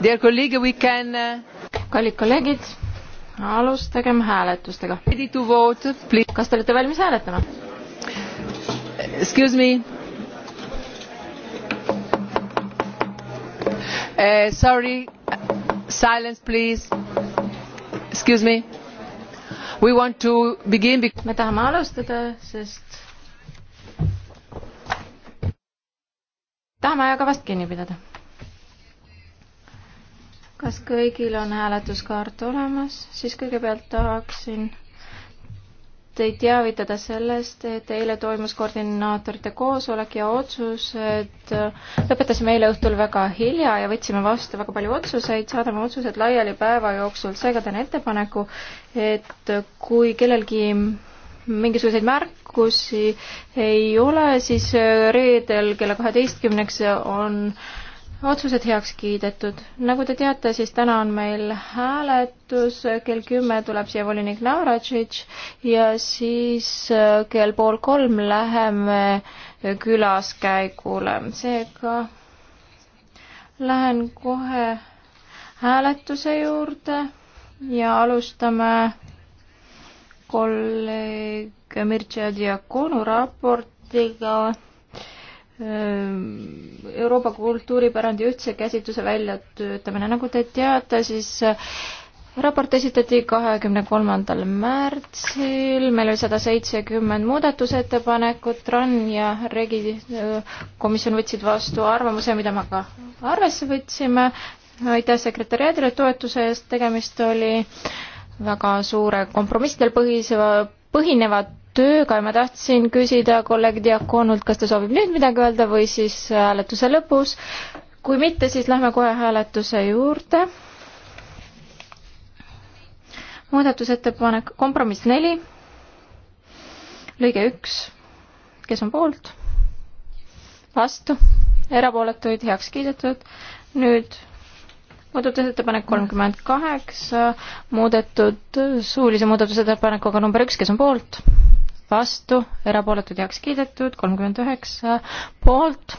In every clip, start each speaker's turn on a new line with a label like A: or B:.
A: Can... Uh,
B: kallid kolleegid, alustagem hääletustega. kas te olete valmis hääletama? Excuse me uh,. Sorry, silence please. Excuse me. We want to begin. me tahame alustada, sest tahame ajakavast kinni pidada kas kõigil on hääletuskaart olemas, siis kõigepealt tahaksin teid teavitada sellest, et eile toimus koordinaatorite koosolek ja otsused, lõpetasime eile õhtul väga hilja ja võtsime vastu väga palju otsuseid, saadame otsused laiali päeva jooksul, seega teen ettepaneku, et kui kellelgi mingisuguseid märkusi ei ole, siis reedel kella kaheteistkümneks on äh, otsused heaks kiidetud. nagu te teate, siis täna on meil hääletus, kell kümme tuleb siia volinik Navratšitš ja siis äh, kell pool kolm läheme külaskäigule. seega lähen kohe hääletuse juurde ja alustame kolleeg Mircea Diakonu raportiga Euroopa kultuuripärandi ühtse käsitluse väljatöötamine, nagu te teate, siis äh, raport esitati kahekümne kolmandal märtsil, meil oli sada seitsekümmend muudatusettepanekut, RAN ja Regi äh, komisjon võtsid vastu arvamuse, mida me ka arvesse võtsime. aitäh sekretäriaadile toetuse eest, tegemist oli väga suure kompromissidel põhiseva, põhineva tööga ja ma tahtsin küsida kolleeg Diakonult, kas ta soovib nüüd midagi öelda või siis hääletuse lõpus. kui mitte, siis lähme kohe hääletuse juurde. muudatusettepanek, kompromiss neli, lõige üks, kes on poolt? vastu, erapooletuid heaks kiidetud. nüüd muudatusettepanek kolmkümmend kaheksa, muudetud suulise muudatusettepanekuga number üks, kes on poolt, vastu, erapooletud heaks kiidetud, kolmkümmend üheksa poolt,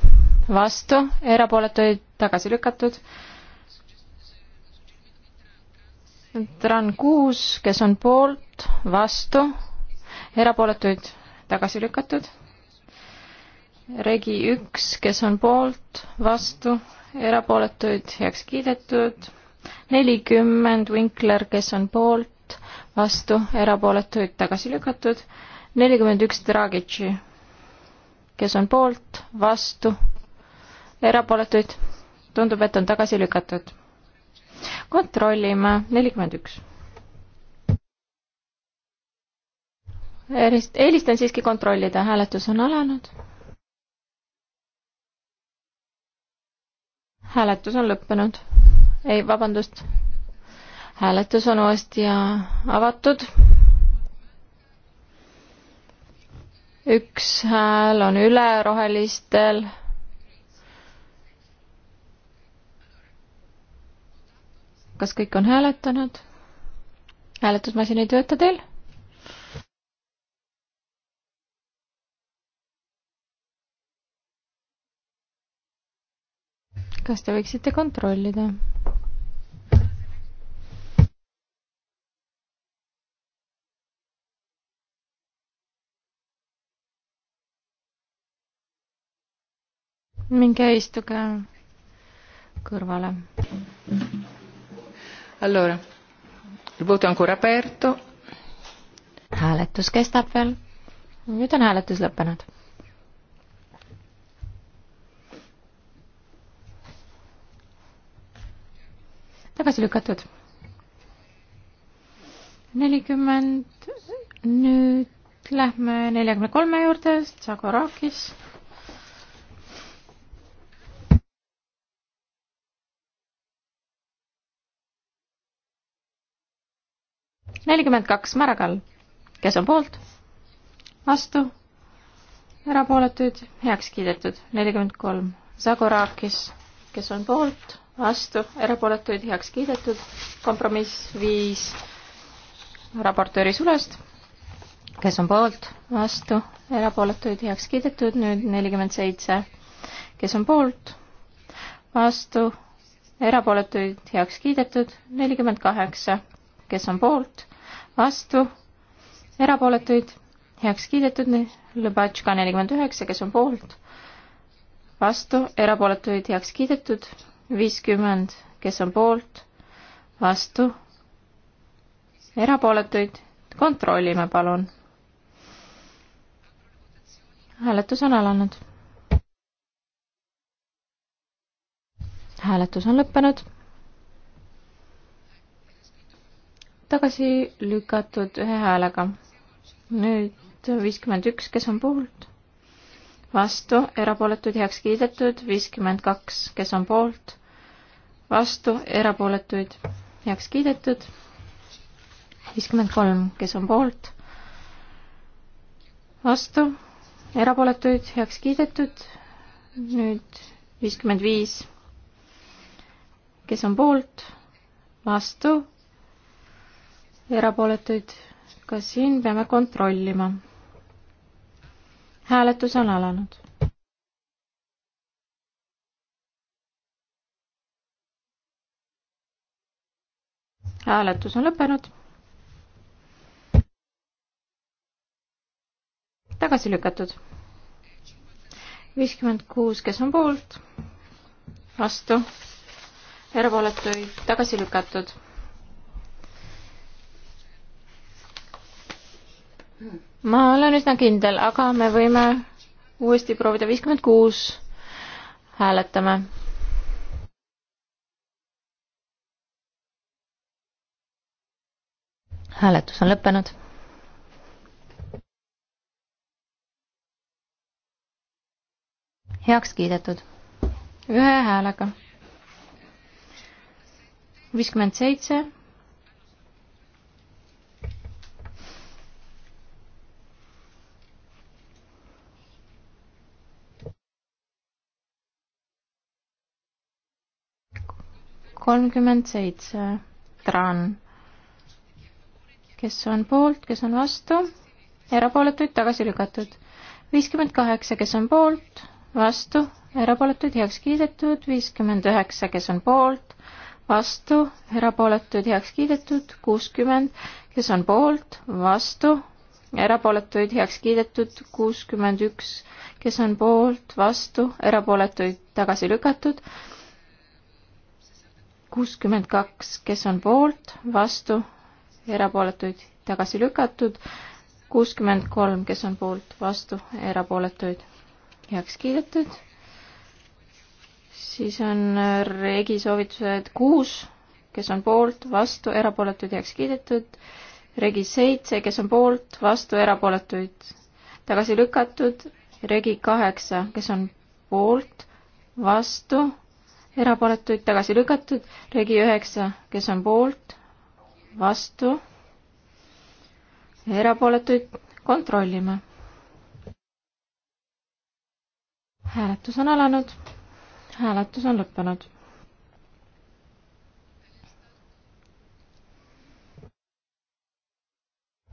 B: vastu, erapooletuid tagasi lükatud. Tran kuus, kes on poolt, vastu, erapooletuid tagasi lükatud. Regi üks, kes on poolt, vastu, erapooletuid heaks kiidetud. nelikümmend Winkler, kes on poolt, vastu, erapooletuid tagasi lükatud nelikümmend üks Dragici, kes on poolt, vastu, erapooletuid, tundub, et on tagasi lükatud. kontrollime, nelikümmend üks. eelistan siiski kontrollida, hääletus on alanud. hääletus on lõppenud. ei, vabandust. hääletus on uuesti avatud üks hääl on üle rohelistel. kas kõik on hääletanud? hääletusmasin ei tööta teil? kas te võiksite kontrollida? minge istuge kõrvale. Allora, il voto è ancora aperto. hääletus kestab veel. nüüd on hääletus lõppenud. tagasi lükatud. nelikümmend, nüüd lähme neljakümne kolme juurde, Tsagorakis nelikümmend kaks, Maragall, kes on poolt, vastu, erapooletuid, heaks kiidetud, nelikümmend kolm, Zagorakis, kes on poolt, vastu, erapooletuid, heaks kiidetud, kompromiss viis raportööri sulest, kes on poolt, vastu, erapooletuid, heaks kiidetud, nüüd nelikümmend seitse, kes on poolt, vastu, erapooletuid heaks kiidetud nelikümmend kaheksa, kes on poolt, vastu, erapooletuid, heaks kiidetud, Lõbatška nelikümmend üheksa, kes on poolt, vastu, erapooletuid, heaks kiidetud, viiskümmend, kes on poolt, vastu, erapooletuid, kontrollime palun. hääletus on alanud hääletus on lõppenud. tagasi lükatud ühe häälega. nüüd viiskümmend üks, kes on poolt? vastu, erapooletud heaks kiidetud, viiskümmend kaks, kes on poolt? vastu, erapooletuid heaks kiidetud, viiskümmend kolm, kes on poolt? vastu, erapooletuid heaks kiidetud, nüüd viiskümmend viis, kes on poolt? vastu, erapooletuid ka siin peame kontrollima. hääletus on alanud. hääletus on lõppenud. tagasi lükatud. viiskümmend kuus, kes on poolt, vastu, erapooletuid tagasi lükatud ma olen üsna kindel, aga me võime uuesti proovida, viiskümmend kuus hääletame.
C: hääletus on lõppenud. heaks kiidetud
B: ühe häälega. viiskümmend seitse kolmkümmend seitse, Tran. kes on poolt, kes on vastu, erapooletuid tagasi lükatud. viiskümmend kaheksa, kes on poolt, vastu, erapooletuid heaks kiidetud, viiskümmend üheksa, kes on poolt, vastu, erapooletuid heaks kiidetud, kuuskümmend, kes on poolt, vastu, erapooletuid heaks kiidetud, kuuskümmend üks, kes on poolt, vastu, erapooletuid tagasi lükatud, kuuskümmend kaks, kes on poolt, vastu, erapooletuid tagasi lükatud, kuuskümmend kolm, kes on poolt, vastu, erapooletuid heaks kiidetud. siis on regi soovitused kuus, kes on poolt, vastu, erapooletuid heaks kiidetud. regi seitse, kes on poolt, vastu, erapooletuid tagasi lükatud. regi kaheksa, kes on poolt, vastu erapooletuid tagasi lükatud, regi üheksa, kes on poolt, vastu, erapooletuid kontrollime. hääletus on alanud, hääletus on lõppenud.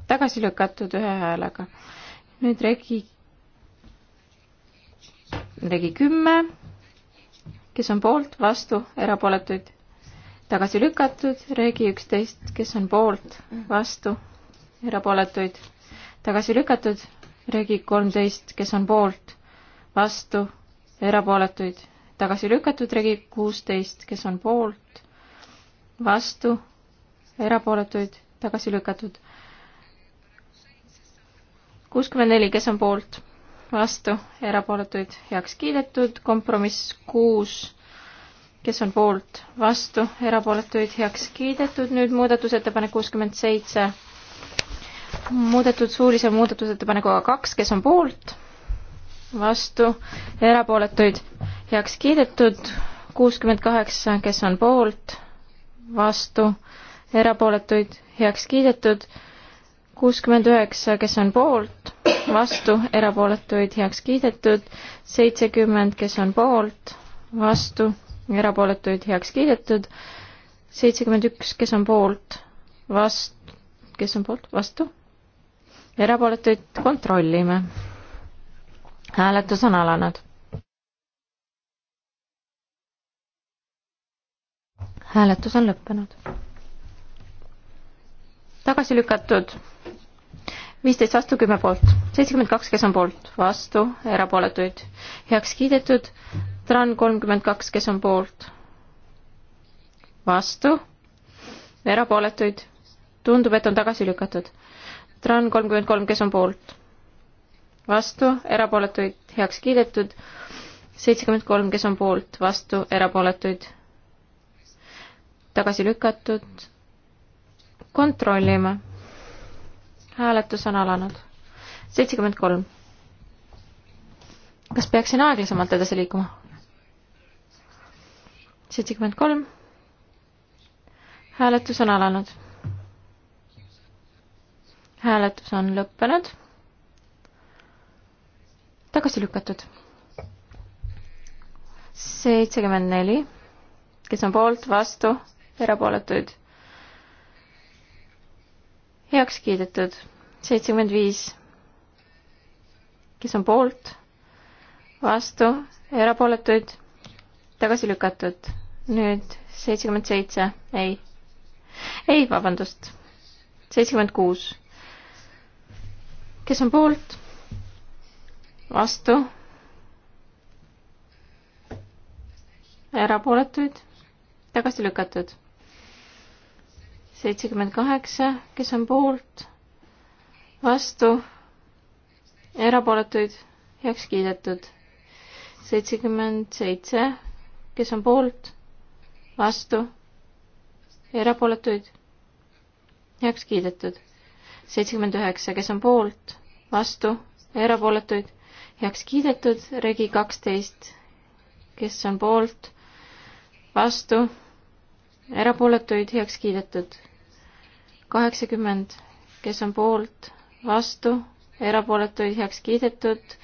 B: tagasi lükatud ühe häälega. nüüd regi, regi kümme kes on poolt, vastu, erapooletuid tagasi lükatud, regi üksteist, kes on poolt, vastu, erapooletuid tagasi lükatud, regi kolmteist, kes on poolt, vastu, erapooletuid tagasi lükatud, regi kuusteist, kes on poolt, vastu, erapooletuid tagasi lükatud. kuuskümmend neli, kes on poolt, vastu, erapooletuid heaks kiidetud, kompromiss kuus, kes on poolt, vastu, erapooletuid heaks kiidetud, nüüd muudatusettepanek kuuskümmend seitse, muudetud suulise muudatusettepanekuga kaks, kes on poolt, vastu, erapooletuid heaks kiidetud, kuuskümmend kaheksa, kes on poolt, vastu, erapooletuid heaks kiidetud, kuuskümmend üheksa, kes on poolt, vastu, erapooletuid heaks kiidetud, seitsekümmend, kes on poolt, vastu, erapooletuid heaks kiidetud, seitsekümmend üks, kes on poolt, vast-, kes on poolt, vastu, erapooletuid kontrollime. hääletus on alanud. hääletus on lõppenud. tagasi lükatud viisteist vastu, kümme poolt, seitsekümmend kaks, kes on poolt, vastu, erapooletuid heaks kiidetud. Tran kolmkümmend kaks, kes on poolt, vastu, erapooletuid, tundub, et on tagasi lükatud. Tran kolmkümmend kolm, kes on poolt, vastu, erapooletuid heaks kiidetud. seitsekümmend kolm, kes on poolt, vastu, erapooletuid tagasi lükatud. kontrollime hääletus on alanud. seitsekümmend kolm. kas peaksin aeglasemalt edasi liikuma? seitsekümmend kolm. hääletus on alanud. hääletus on lõppenud. tagasi lükatud. seitsekümmend neli. kes on poolt, vastu, erapooletuid heaks kiidetud. seitsekümmend viis, kes on poolt, vastu, erapooletuid, tagasi lükatud. nüüd seitsekümmend seitse, ei, ei, vabandust, seitsekümmend kuus, kes on poolt, vastu, erapooletuid, tagasi lükatud seitsekümmend kaheksa, kes on poolt, vastu, erapooletuid, heaks kiidetud. seitsekümmend seitse, kes on poolt, vastu, erapooletuid, heaks kiidetud. seitsekümmend üheksa, kes on poolt, vastu, erapooletuid, heaks kiidetud. regi kaksteist, kes on poolt, vastu, erapooletuid heaks kiidetud kaheksakümmend, kes on poolt, vastu, erapooletuid heaks kiidetud,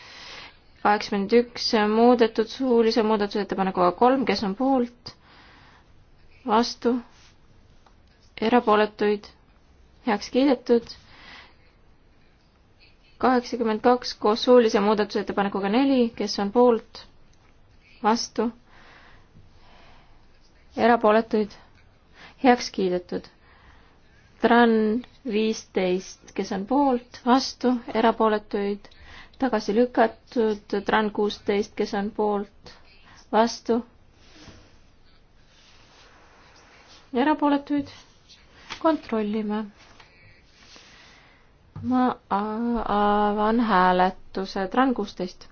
B: kaheksakümmend üks muudetud suulise muudatusettepanekuga kolm, kes on poolt, vastu, erapooletuid heaks kiidetud, kaheksakümmend kaks koos suulise muudatusettepanekuga neli, kes on poolt, vastu, erapooletuid heaks kiidetud Tran viisteist, kes on poolt, vastu, erapooletuid, tagasi lükatud. Tran kuusteist, kes on poolt, vastu, erapooletuid kontrollime. ma avan hääletuse, Tran kuusteist.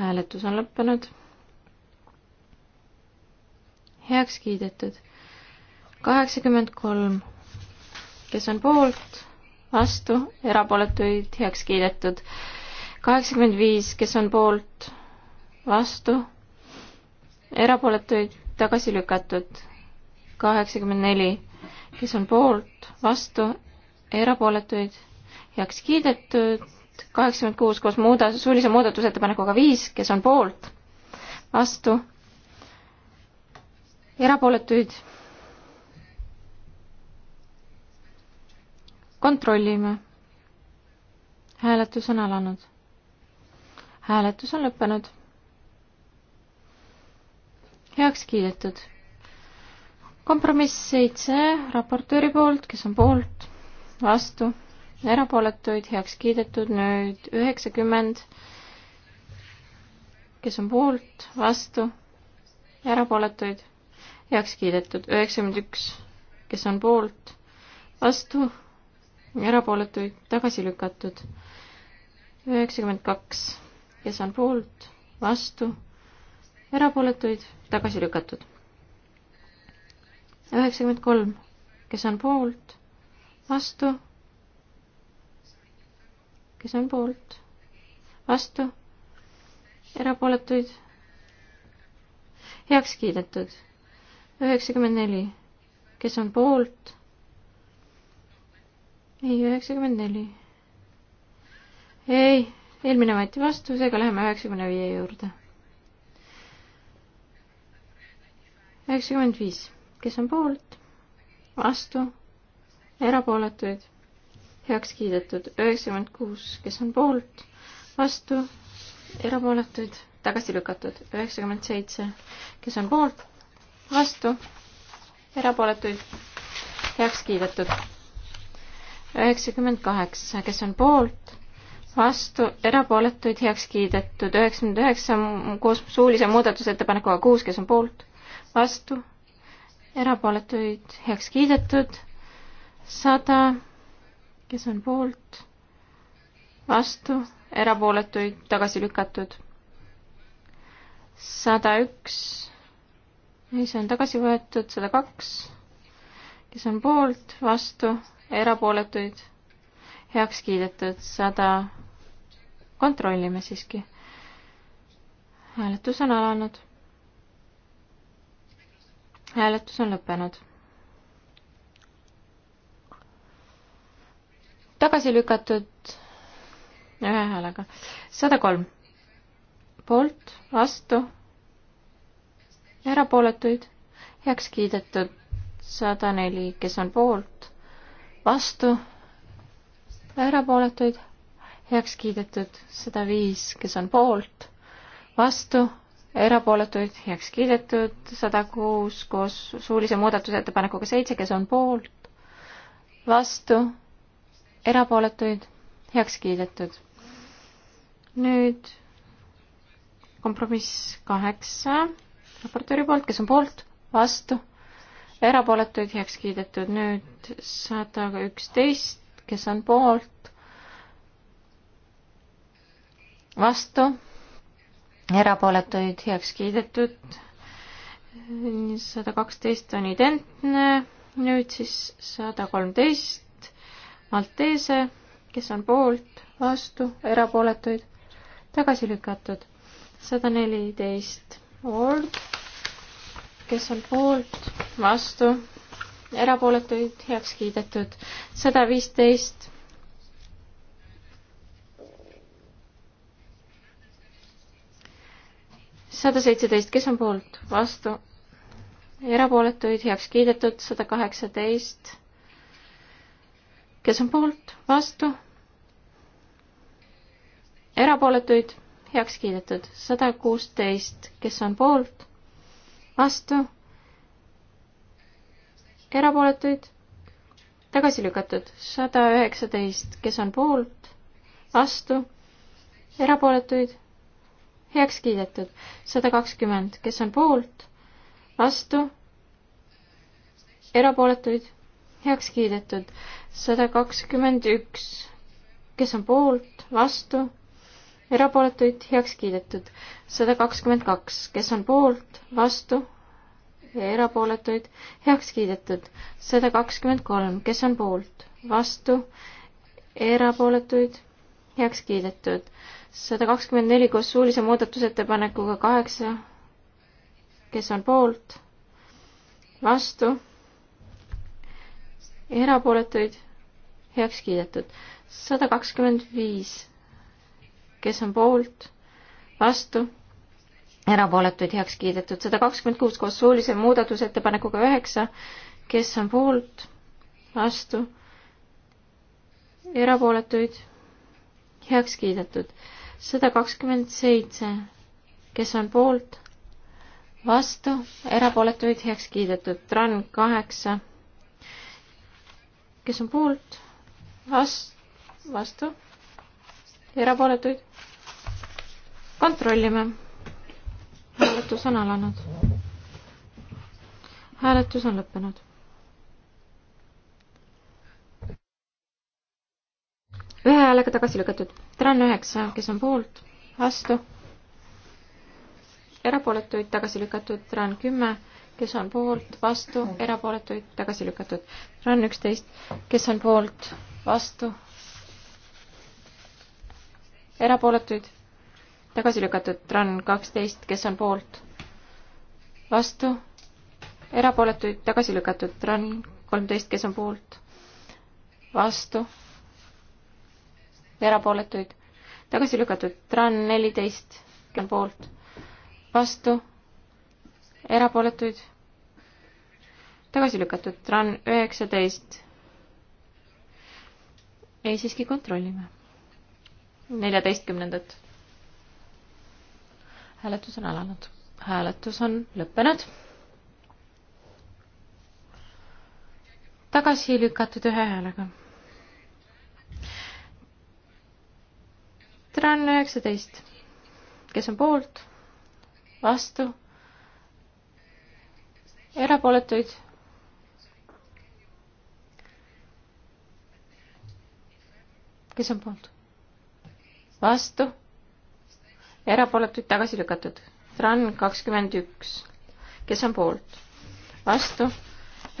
B: hääletus on lõppenud. heaks kiidetud kaheksakümmend kolm, kes on poolt, vastu, erapooletuid heaks kiidetud. kaheksakümmend viis, kes on poolt, vastu, erapooletuid tagasi lükatud. kaheksakümmend neli, kes on poolt, vastu, erapooletuid heaks kiidetud. kaheksakümmend kuus koos muuda-, suulise muudatusettepanekuga viis, kes on poolt, vastu, erapooletuid kontrollime. hääletus on alanud. hääletus on lõppenud. heaks kiidetud. kompromiss seitse raportööri poolt, kes on poolt, vastu, erapooletuid heaks kiidetud, nüüd üheksakümmend, kes on poolt, vastu, erapooletuid heaks kiidetud, üheksakümmend üks, kes on poolt, vastu erapooletuid tagasi lükatud. üheksakümmend kaks, kes on poolt, vastu, erapooletuid tagasi lükatud. üheksakümmend kolm, kes on poolt, vastu, kes on poolt, vastu, erapooletuid heaks kiidetud. üheksakümmend neli, kes on poolt ei, üheksakümmend neli. ei, eelmine võeti vastu, seega läheme üheksakümne viie juurde. üheksakümmend viis, kes on poolt, vastu, erapooletuid, heaks kiidetud. üheksakümmend kuus, kes on poolt, vastu, erapooletuid, tagasi lükatud. üheksakümmend seitse, kes on poolt, vastu, erapooletuid, heaks kiidetud üheksakümmend kaheksa, kes on poolt, vastu, erapooletuid heaks kiidetud, üheksakümmend üheksa koos suulise muudatusettepanekuga kuus, kes on poolt, vastu, erapooletuid heaks kiidetud, sada, kes on poolt, vastu, erapooletuid tagasi lükatud, sada üks, ei, see on tagasi võetud, sada kaks, kes on poolt, vastu erapooletuid heaks kiidetud sada, kontrollime siiski. hääletus on alanud. hääletus on lõppenud. tagasi lükatud ühe häälega, sada kolm poolt, vastu, erapooletuid, heaks kiidetud sada neli, kes on poolt, vastu, erapooletuid, heaks kiidetud sada viis, kes on poolt, vastu, erapooletuid, heaks kiidetud sada kuus koos suulise muudatusettepanekuga seitse, kes on poolt, vastu, erapooletuid, heaks kiidetud. nüüd kompromiss kaheksa raportööri poolt, kes on poolt, vastu erapooletuid heaks kiidetud, nüüd sada üksteist, kes on poolt, vastu,
C: erapooletuid
B: heaks kiidetud, sada kaksteist on identne, nüüd siis sada kolmteist, Maltese, kes on poolt, vastu, erapooletuid, tagasi lükatud, sada neliteist, Old kes on poolt, vastu, erapooletuid heaks kiidetud, sada viisteist. sada seitseteist, kes on poolt, vastu, erapooletuid heaks kiidetud, sada kaheksateist. kes on poolt, vastu, erapooletuid heaks kiidetud, sada kuusteist, kes on poolt vastu, erapooletuid, tagasi lükatud, sada üheksateist, kes on poolt, vastu, erapooletuid, heaks kiidetud, sada kakskümmend, kes on poolt, vastu, erapooletuid, heaks kiidetud, sada kakskümmend üks, kes on poolt, vastu erapooletuid heaks kiidetud. sada kakskümmend kaks, kes on poolt, vastu ja erapooletuid heaks kiidetud. sada kakskümmend kolm, kes on poolt, vastu, erapooletuid heaks kiidetud. sada kakskümmend neli koos suulise muudatusettepanekuga kaheksa, kes on poolt, vastu, erapooletuid heaks kiidetud. sada kakskümmend viis kes on poolt, vastu, erapooletuid heaks kiidetud, sada kakskümmend kuus koos suulise muudatusettepanekuga üheksa, kes on poolt, vastu, erapooletuid heaks kiidetud, sada kakskümmend seitse, kes on poolt, vastu, erapooletuid heaks kiidetud, RAN kaheksa, kes on poolt, vastu, vastu erapooletuid. kontrollime. hääletus on alanud. hääletus on lõppenud. ühe häälega tagasi lükatud. Tran üheksa, kes on poolt, vastu. erapooletuid tagasi lükatud. Tran kümme, kes on poolt, vastu, erapooletuid tagasi lükatud. Tran üksteist, kes on poolt, vastu erapooletuid, tagasi lükatud, tran kaksteist, kes on poolt, vastu, erapooletuid, tagasi lükatud, tran kolmteist, kes on poolt, vastu, erapooletuid, tagasi lükatud, tran neliteist, kes on poolt, vastu, erapooletuid, tagasi lükatud, tran üheksateist, ei siiski kontrollime neljateistkümnendat. hääletus on alanud. hääletus on lõppenud. tagasi lükatud ühe häälega. tran üheksateist, kes on poolt, vastu, erapooletuid kes on poolt? vastu, erapooletuid tagasi lükatud. Tran kakskümmend üks, kes on poolt, vastu,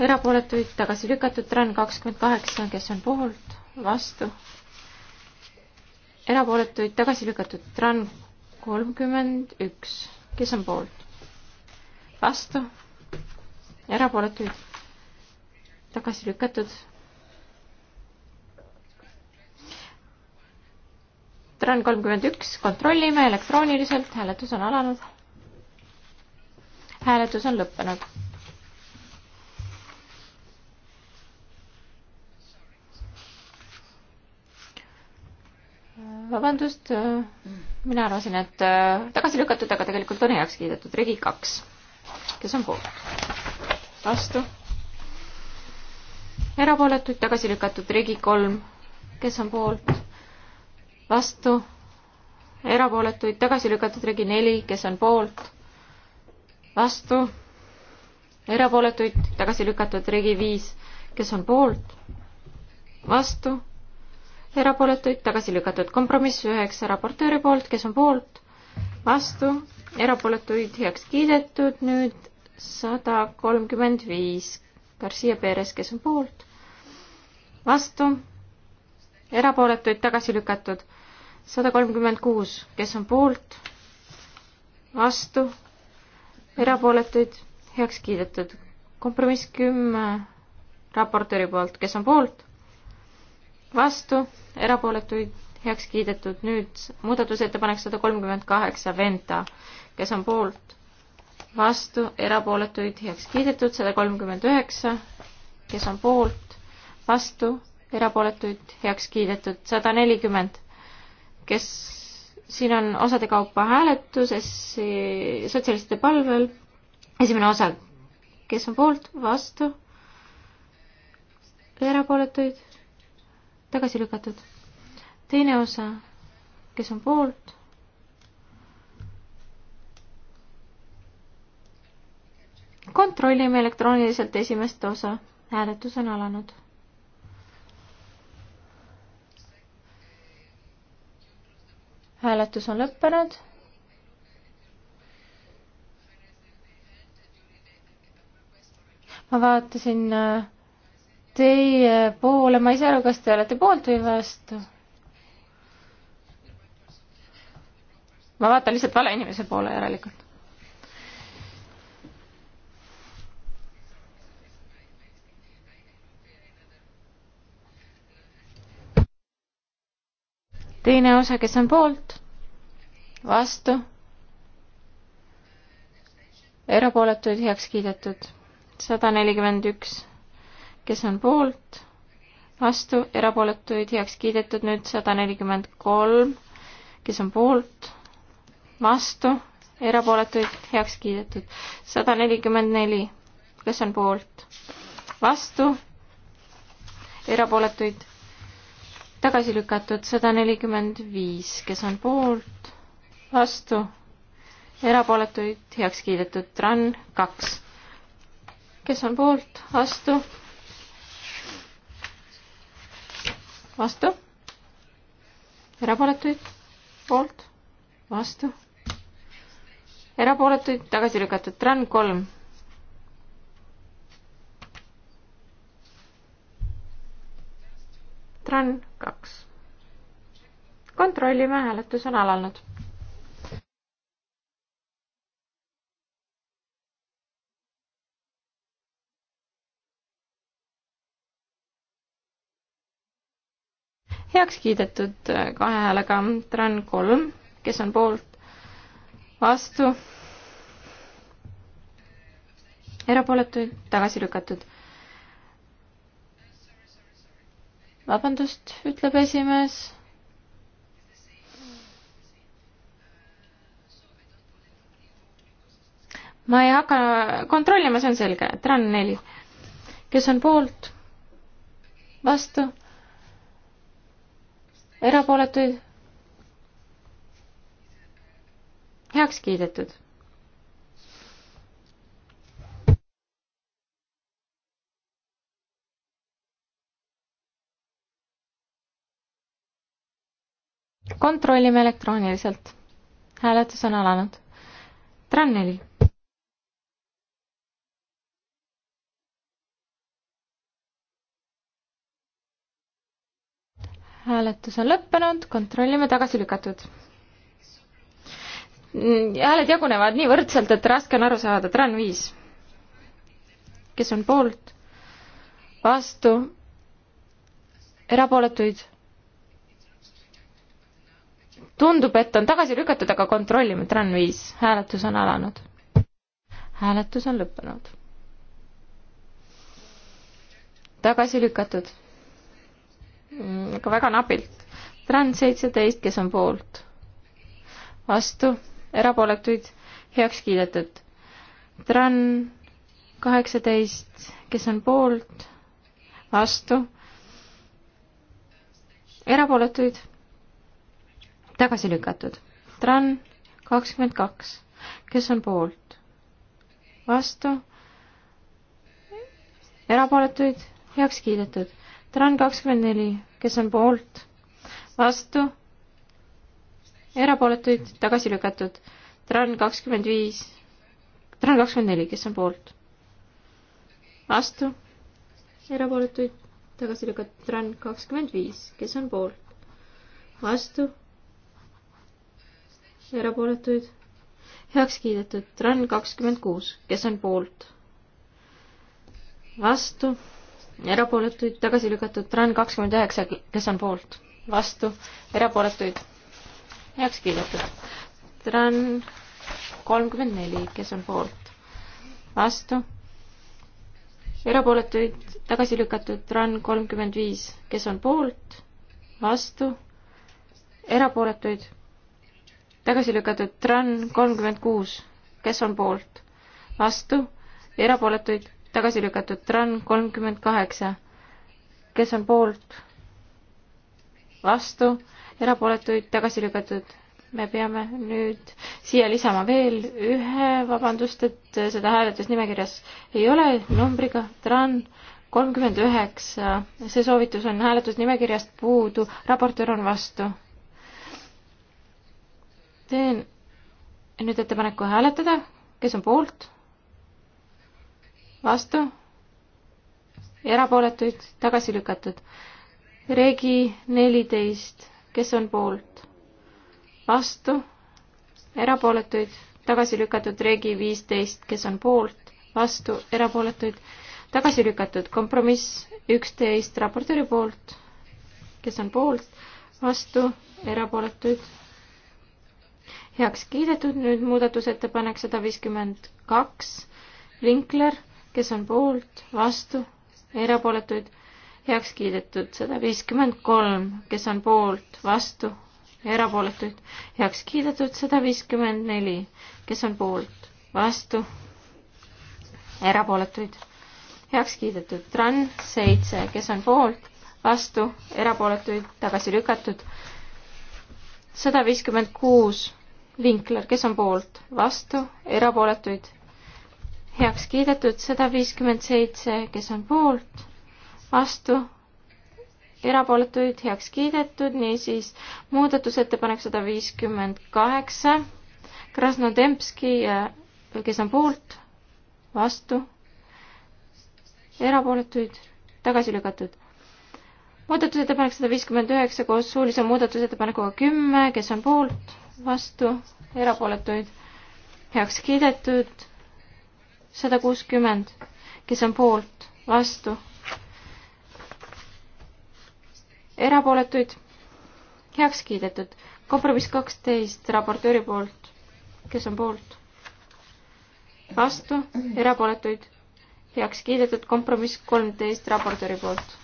B: erapooletuid tagasi lükatud. Tran kakskümmend kaheksa, kes on poolt, vastu, erapooletuid tagasi lükatud. Tran kolmkümmend üks, kes on poolt, vastu, erapooletuid tagasi lükatud tran kolmkümmend üks, kontrollime elektrooniliselt, hääletus on alanud. hääletus on lõppenud. vabandust, mina arvasin, et äh, tagasi lükatud, aga tegelikult on heaks kiidetud. regi kaks, kes on poolt? vastu. erapooletuid tagasi lükatud, regi kolm, kes on poolt? vastu, erapooletuid tagasi lükatud regi neli, kes on poolt, vastu, erapooletuid tagasi lükatud regi viis, kes on poolt, vastu, erapooletuid tagasi lükatud kompromiss üheksa raportööri poolt, kes on poolt, vastu, erapooletuid heaks kiidetud, nüüd sada kolmkümmend viis Garcia Perez, kes on poolt, vastu, erapooletuid tagasi lükatud sada kolmkümmend kuus, kes on poolt, vastu, erapooletuid, heaks kiidetud. kompromiss kümme raportööri poolt, kes on poolt, vastu, erapooletuid, heaks kiidetud. nüüd muudatusettepanek sada kolmkümmend kaheksa, Venta, kes on poolt, vastu, erapooletuid, heaks kiidetud. sada kolmkümmend üheksa, kes on poolt, vastu, erapooletuid, heaks kiidetud. sada nelikümmend kes siin on osade kaupa hääletuses sotsialistide palvel. esimene osa, kes on poolt, vastu, erapooletuid, tagasi lükatud. teine osa, kes on poolt, kontrollime elektrooniliselt esimest osa, hääletus on alanud hääletus on lõppenud. ma vaatasin äh, teie poole, ma ei saa aru, kas te olete poolt või vastu. ma vaatan lihtsalt vale inimese poole järelikult. teine osa, kes on poolt, vastu, erapooletuid heaks kiidetud, sada nelikümmend üks, kes on poolt, vastu, erapooletuid heaks kiidetud, nüüd sada nelikümmend kolm, kes on poolt, vastu, erapooletuid heaks kiidetud, sada nelikümmend neli, kes on poolt, vastu, erapooletuid tagasi lükatud sada nelikümmend viis, kes on poolt, vastu, erapooletuid heaks kiidetud, RAN kaks, kes on poolt, vastu, vastu, erapooletuid, poolt, vastu, erapooletuid tagasi lükatud, RAN kolm Tran kaks. kontrollime, hääletus on alanud. heaks kiidetud kahe häälega Tran kolm, kes on poolt, vastu, erapooletuid tagasi lükatud vabandust, ütleb esimees. ma ei hakka kontrollima, see on selge, tran neli. kes on poolt? vastu? erapooletuid? heaks kiidetud kontrollime elektrooniliselt. hääletus on alanud. Tran neli. hääletus on lõppenud, kontrollime tagasi lükatud. Mm, hääled jagunevad nii võrdselt, et raske on aru saada, Tran viis. kes on poolt, vastu, erapooletuid tundub, et on tagasi lükatud, aga kontrollime, TRAN viis, hääletus on alanud. hääletus on lõppenud. tagasi lükatud. Mm, aga väga napilt. TRAN seitseteist, kes on poolt? vastu, erapooletuid, heaks kiidetud. TRAN kaheksateist, kes on poolt? vastu, erapooletuid tagasi lükatud. Tran kakskümmend kaks, kes on poolt? vastu? erapooletuid? heaks kiidetud. Tran kakskümmend neli, kes on poolt? vastu? erapooletuid? tagasi lükatud. Tran kakskümmend viis, Tran kakskümmend neli, kes on poolt? vastu? erapooletuid? tagasi lükatud. Tran kakskümmend viis, kes on poolt? vastu? erapooletuid, heaks kiidetud. Run kakskümmend kuus, kes on poolt? vastu, erapooletuid, tagasi lükatud. Run kakskümmend üheksa, kes on poolt? vastu, erapooletuid, heaks kiidetud. Run kolmkümmend neli, kes on poolt? vastu, erapooletuid, tagasi lükatud. Run kolmkümmend viis, kes on poolt? vastu, erapooletuid tagasi lükatud Tran kolmkümmend kuus, kes on poolt, vastu, erapooletuid tagasi lükatud Tran kolmkümmend kaheksa, kes on poolt, vastu, erapooletuid tagasi lükatud. me peame nüüd siia lisama veel ühe, vabandust, et seda hääletusnimekirjas ei ole numbriga Tran kolmkümmend üheksa, see soovitus on hääletusnimekirjast puudu, raportöör on vastu teen nüüd ettepaneku hääletada, kes on poolt, vastu, erapooletuid, tagasi lükatud. Regi neliteist, kes on poolt, vastu, erapooletuid, tagasi lükatud. Regi viisteist, kes on poolt, vastu, erapooletuid, tagasi lükatud. kompromiss üksteist raportööri poolt, kes on poolt, vastu, erapooletuid heaks kiidetud, nüüd muudatusettepanek sada viiskümmend kaks, Vinkler, kes on poolt, vastu, erapooletuid, heaks kiidetud, sada viiskümmend kolm, kes on poolt, vastu, erapooletuid, heaks kiidetud, sada viiskümmend neli, kes on poolt, vastu, erapooletuid, heaks kiidetud, Tran seitse, kes on poolt, vastu, erapooletuid, tagasi lükatud, sada viiskümmend kuus Vinkler, kes on poolt, vastu, erapooletuid, heaks kiidetud, sada viiskümmend seitse, kes on poolt, vastu, erapooletuid, heaks kiidetud, niisiis muudatusettepanek sada viiskümmend kaheksa, Krasnodemski, kes on poolt, vastu, erapooletuid, tagasi lükatud muudatusettepanek sada viiskümmend üheksa koos suulise muudatusettepanekuga kümme, kes on poolt, vastu, erapooletuid heaks kiidetud sada kuuskümmend, kes on poolt, vastu, erapooletuid heaks kiidetud. kompromiss kaksteist raportööri poolt, kes on poolt, vastu, erapooletuid heaks kiidetud. kompromiss kolmteist raportööri poolt,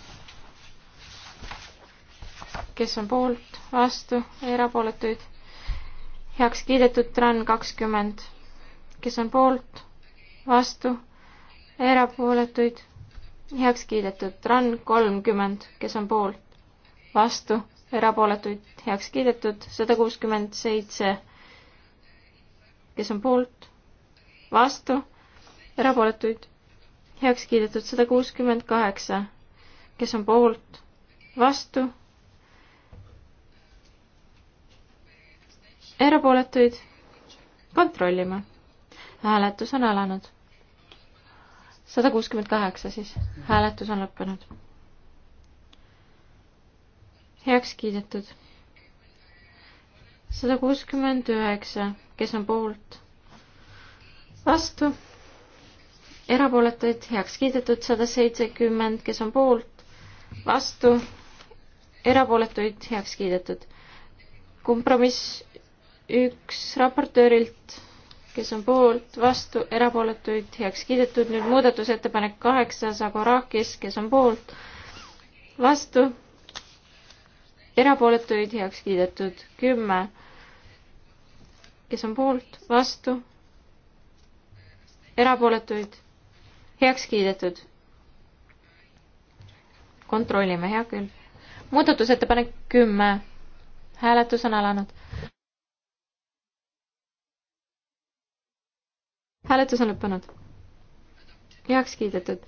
B: kes on poolt, vastu, erapooletuid heaks kiidetud TRAN kakskümmend, kes on poolt, vastu, erapooletuid, heaks kiidetud TRAN kolmkümmend, kes on poolt, vastu, erapooletuid, heaks kiidetud sada kuuskümmend seitse, kes on poolt, vastu, erapooletuid, heaks kiidetud sada kuuskümmend kaheksa, kes on poolt, vastu erapooletuid kontrollime. hääletus on alanud. sada kuuskümmend kaheksa siis, hääletus on lõppenud. heaks kiidetud. sada kuuskümmend üheksa, kes on poolt? vastu. erapooletuid heaks kiidetud sada seitsekümmend, kes on poolt? vastu. erapooletuid heaks kiidetud. kompromiss üks raportöörilt, kes on poolt, vastu, erapooletuid heaks kiidetud, nüüd muudatusettepanek kaheksa, Zagorakis, kes on poolt, vastu, erapooletuid heaks kiidetud, kümme, kes on poolt, vastu, erapooletuid heaks kiidetud. kontrollime, hea küll. muudatusettepanek kümme, hääletus on alanud hääletus on lõppenud. heaks kiidetud.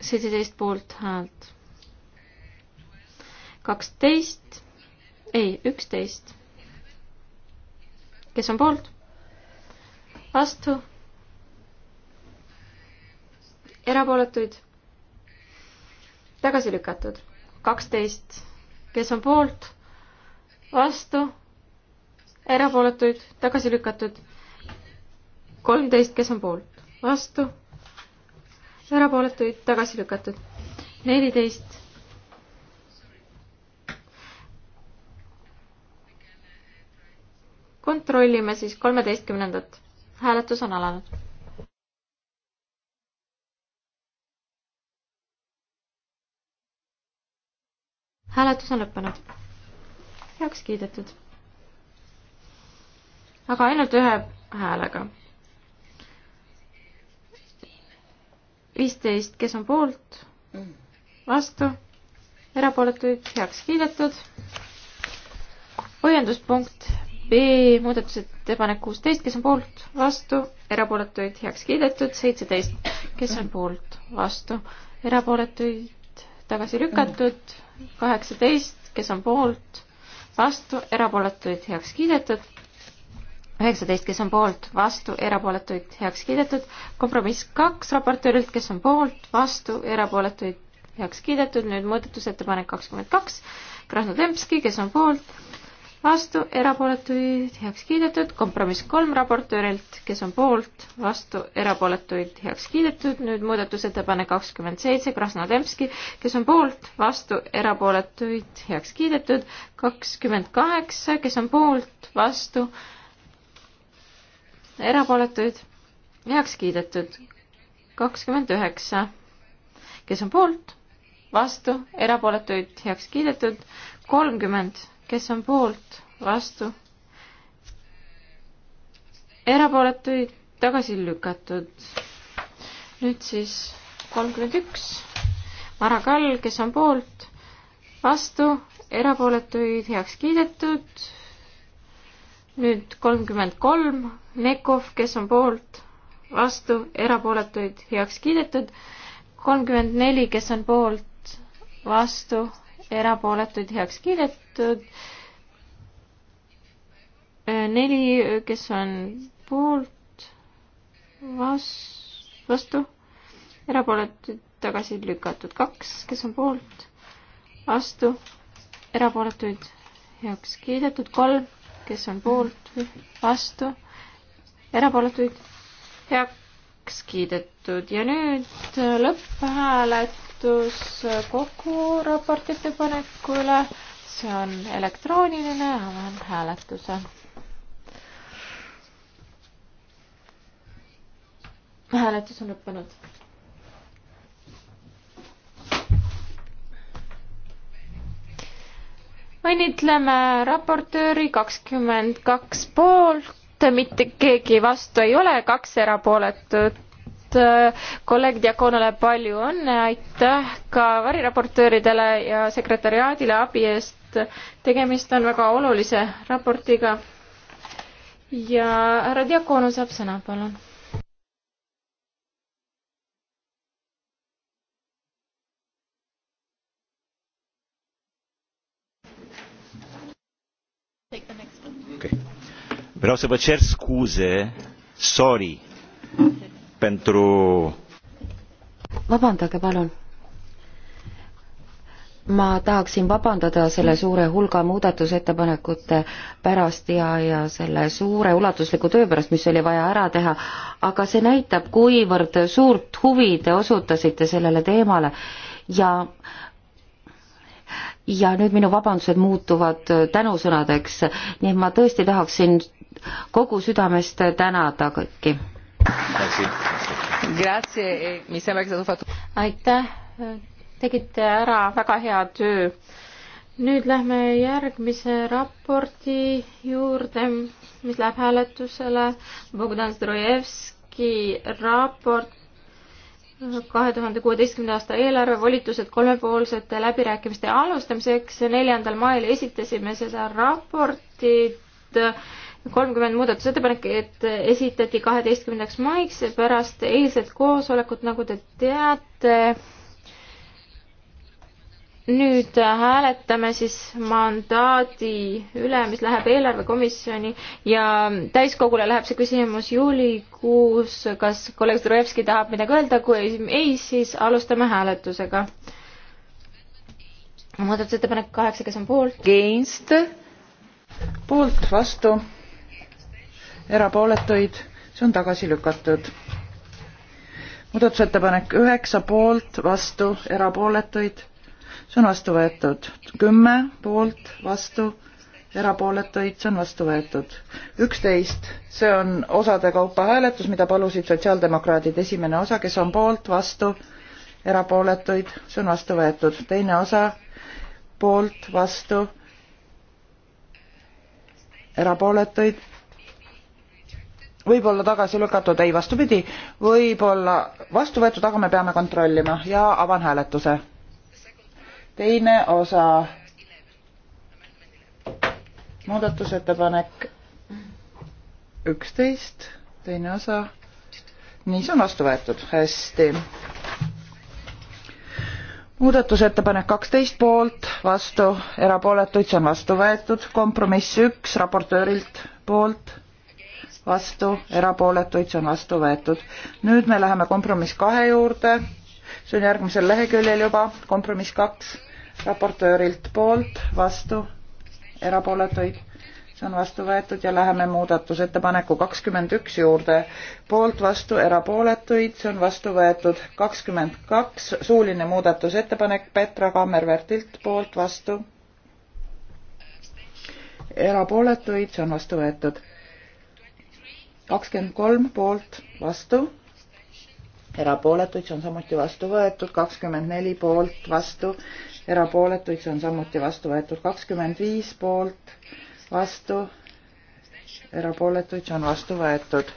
B: seitseteist poolt häält. kaksteist, ei, üksteist. kes on poolt? vastu? erapooletuid? tagasi lükatud. kaksteist, kes on poolt? vastu? erapooletuid tagasi lükatud kolmteist, kes on poolt, vastu, erapooletuid tagasi lükatud. neliteist. kontrollime siis kolmeteistkümnendat. hääletus on alanud. hääletus on lõppenud. heaks kiidetud. aga ainult ühe häälega viisteist, kes on poolt, vastu, erapooletuid heaks kiidetud. põhjenduspunkt B muudatusettepanek kuusteist, kes on poolt, vastu, erapooletuid heaks kiidetud, seitseteist, kes on poolt, vastu, erapooletuid tagasi lükatud, kaheksateist, kes on poolt, vastu, erapooletuid heaks kiidetud üheksateist, kes on poolt, vastu, erapooletuid heaks kiidetud. kompromiss kaks raportöörilt, kes on poolt, vastu, erapooletuid heaks kiidetud. nüüd muudatusettepanek kakskümmend kaks, Krasnodemski, kes on poolt, vastu, erapooletuid heaks kiidetud. kompromiss kolm raportöörilt, kes on poolt, vastu, erapooletuid heaks kiidetud. nüüd muudatusettepanek kakskümmend seitse, Krasnodemski, kes on poolt, vastu, erapooletuid heaks kiidetud. kakskümmend kaheksa, kes on poolt, vastu, erapooletuid, heaks kiidetud. kakskümmend üheksa, kes on poolt, vastu, erapooletuid, heaks kiidetud. kolmkümmend, kes on poolt, vastu, erapooletuid, tagasi lükatud. nüüd siis kolmkümmend üks, Mara Kall, kes on poolt, vastu, erapooletuid, heaks kiidetud nüüd kolmkümmend kolm, Nekov, kes on poolt, vastu, erapooletuid heaks kiidetud, kolmkümmend neli, kes on poolt, vastu, erapooletuid heaks kiidetud, äh, neli, kes on poolt, vas-, vastu, erapooletuid tagasi lükatud, kaks, kes on poolt, vastu, erapooletuid heaks kiidetud, kolm kes on poolt, vastu, erapooletuid heaks kiidetud ja nüüd lõpphääletus kogu raporti ettepaneku üle. see on elektrooniline, avan hääletuse. hääletus on lõppenud õnnitleme raportööri kakskümmend kaks poolt, mitte keegi vastu ei ole, kaks erapooletut. kolleeg Diakonale palju õnne, aitäh ka variraportööridele ja sekretäriaadile abi eest. tegemist on väga olulise raportiga. ja härra Diakonu saab sõna, palun
A: Vreau să vă cer scuze, sorry, pentru...
C: vabandage, palun. ma tahaksin vabandada selle suure hulga muudatusettepanekute pärast ja, ja selle suure ulatusliku töö pärast, mis oli vaja ära teha, aga see näitab, kuivõrd suurt huvi te osutasite sellele teemale ja ja nüüd minu vabandused muutuvad tänusõnadeks, nii et ma tõesti tahaksin kogu südamest tänada kõiki.
B: Eh, aitäh, tegite ära väga hea töö. nüüd lähme järgmise raporti juurde, mis läheb hääletusele. Bogdan Zdrojevski raport kahe tuhande kuueteistkümnenda aasta eelarve volitused kolmepoolsete läbirääkimiste alustamiseks. neljandal mail esitasime seda raportit kolmkümmend muudatusettepanekut esitati kaheteistkümnendaks maiks pärast eilset koosolekut, nagu te teate. nüüd hääletame siis mandaadi üle, mis läheb eelarvekomisjoni ja täiskogule läheb see küsimus juulikuus. kas kolleeg Zdrojevski tahab midagi öelda, kui ei, siis alustame hääletusega. muudatusettepanek kaheksa, kes on poolt?
D: Against. poolt, vastu erapooletuid, see on tagasi lükatud. muudatusettepanek üheksa poolt, vastu, erapooletuid, see on vastu võetud. kümme poolt, vastu, erapooletuid, see on vastu võetud. üksteist, see on osade kaupa hääletus, mida palusid sotsiaaldemokraadid, esimene osa, kes on poolt, vastu, erapooletuid, see on vastu võetud. teine osa, poolt, vastu, erapooletuid võib-olla tagasi lükatud, ei vastupidi, võib-olla vastu võetud, aga me peame kontrollima ja avan hääletuse. teine osa. muudatusettepanek üksteist, teine osa. nii, see on vastu võetud, hästi. muudatusettepanek kaksteist poolt, vastu, erapooletuid, see on vastu võetud, kompromiss üks raportöörilt poolt vastu, erapooletuid, see on vastu võetud. nüüd me läheme kompromiss kahe juurde, see on järgmisel leheküljel juba, kompromiss kaks, raportöörilt poolt, vastu, erapooletuid, see on vastu võetud ja läheme muudatusettepaneku kakskümmend üks juurde, poolt, vastu, erapooletuid, see on vastu võetud, kakskümmend kaks, suuline muudatusettepanek Petra Kammervertilt, poolt, vastu, erapooletuid, see on vastu võetud kakskümmend kolm poolt vastu, erapooletuid, see on samuti vastu võetud, kakskümmend neli poolt vastu, erapooletuid, see on samuti vastu võetud, kakskümmend viis poolt vastu, erapooletuid, see on vastu võetud.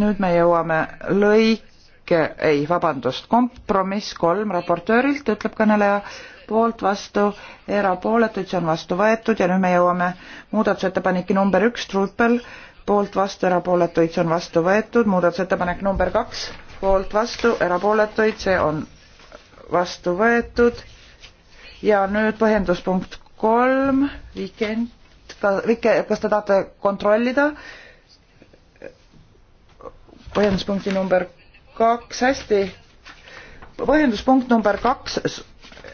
D: nüüd me jõuame lõike, ei, vabandust, kompromiss kolm raportöörilt, ütleb kõneleja poolt vastu, erapooletuid, see on vastu võetud ja nüüd me jõuame muudatusettepaneki number üks, Truppel poolt vastu, erapooletuid, see on vastu võetud, muudatusettepanek number kaks, poolt vastu, erapooletuid, see on vastu võetud ja nüüd põhjenduspunkt kolm, Weekend, Vike, kas te tahate kontrollida? põhjenduspunkti number kaks, hästi. põhjenduspunkt number kaks,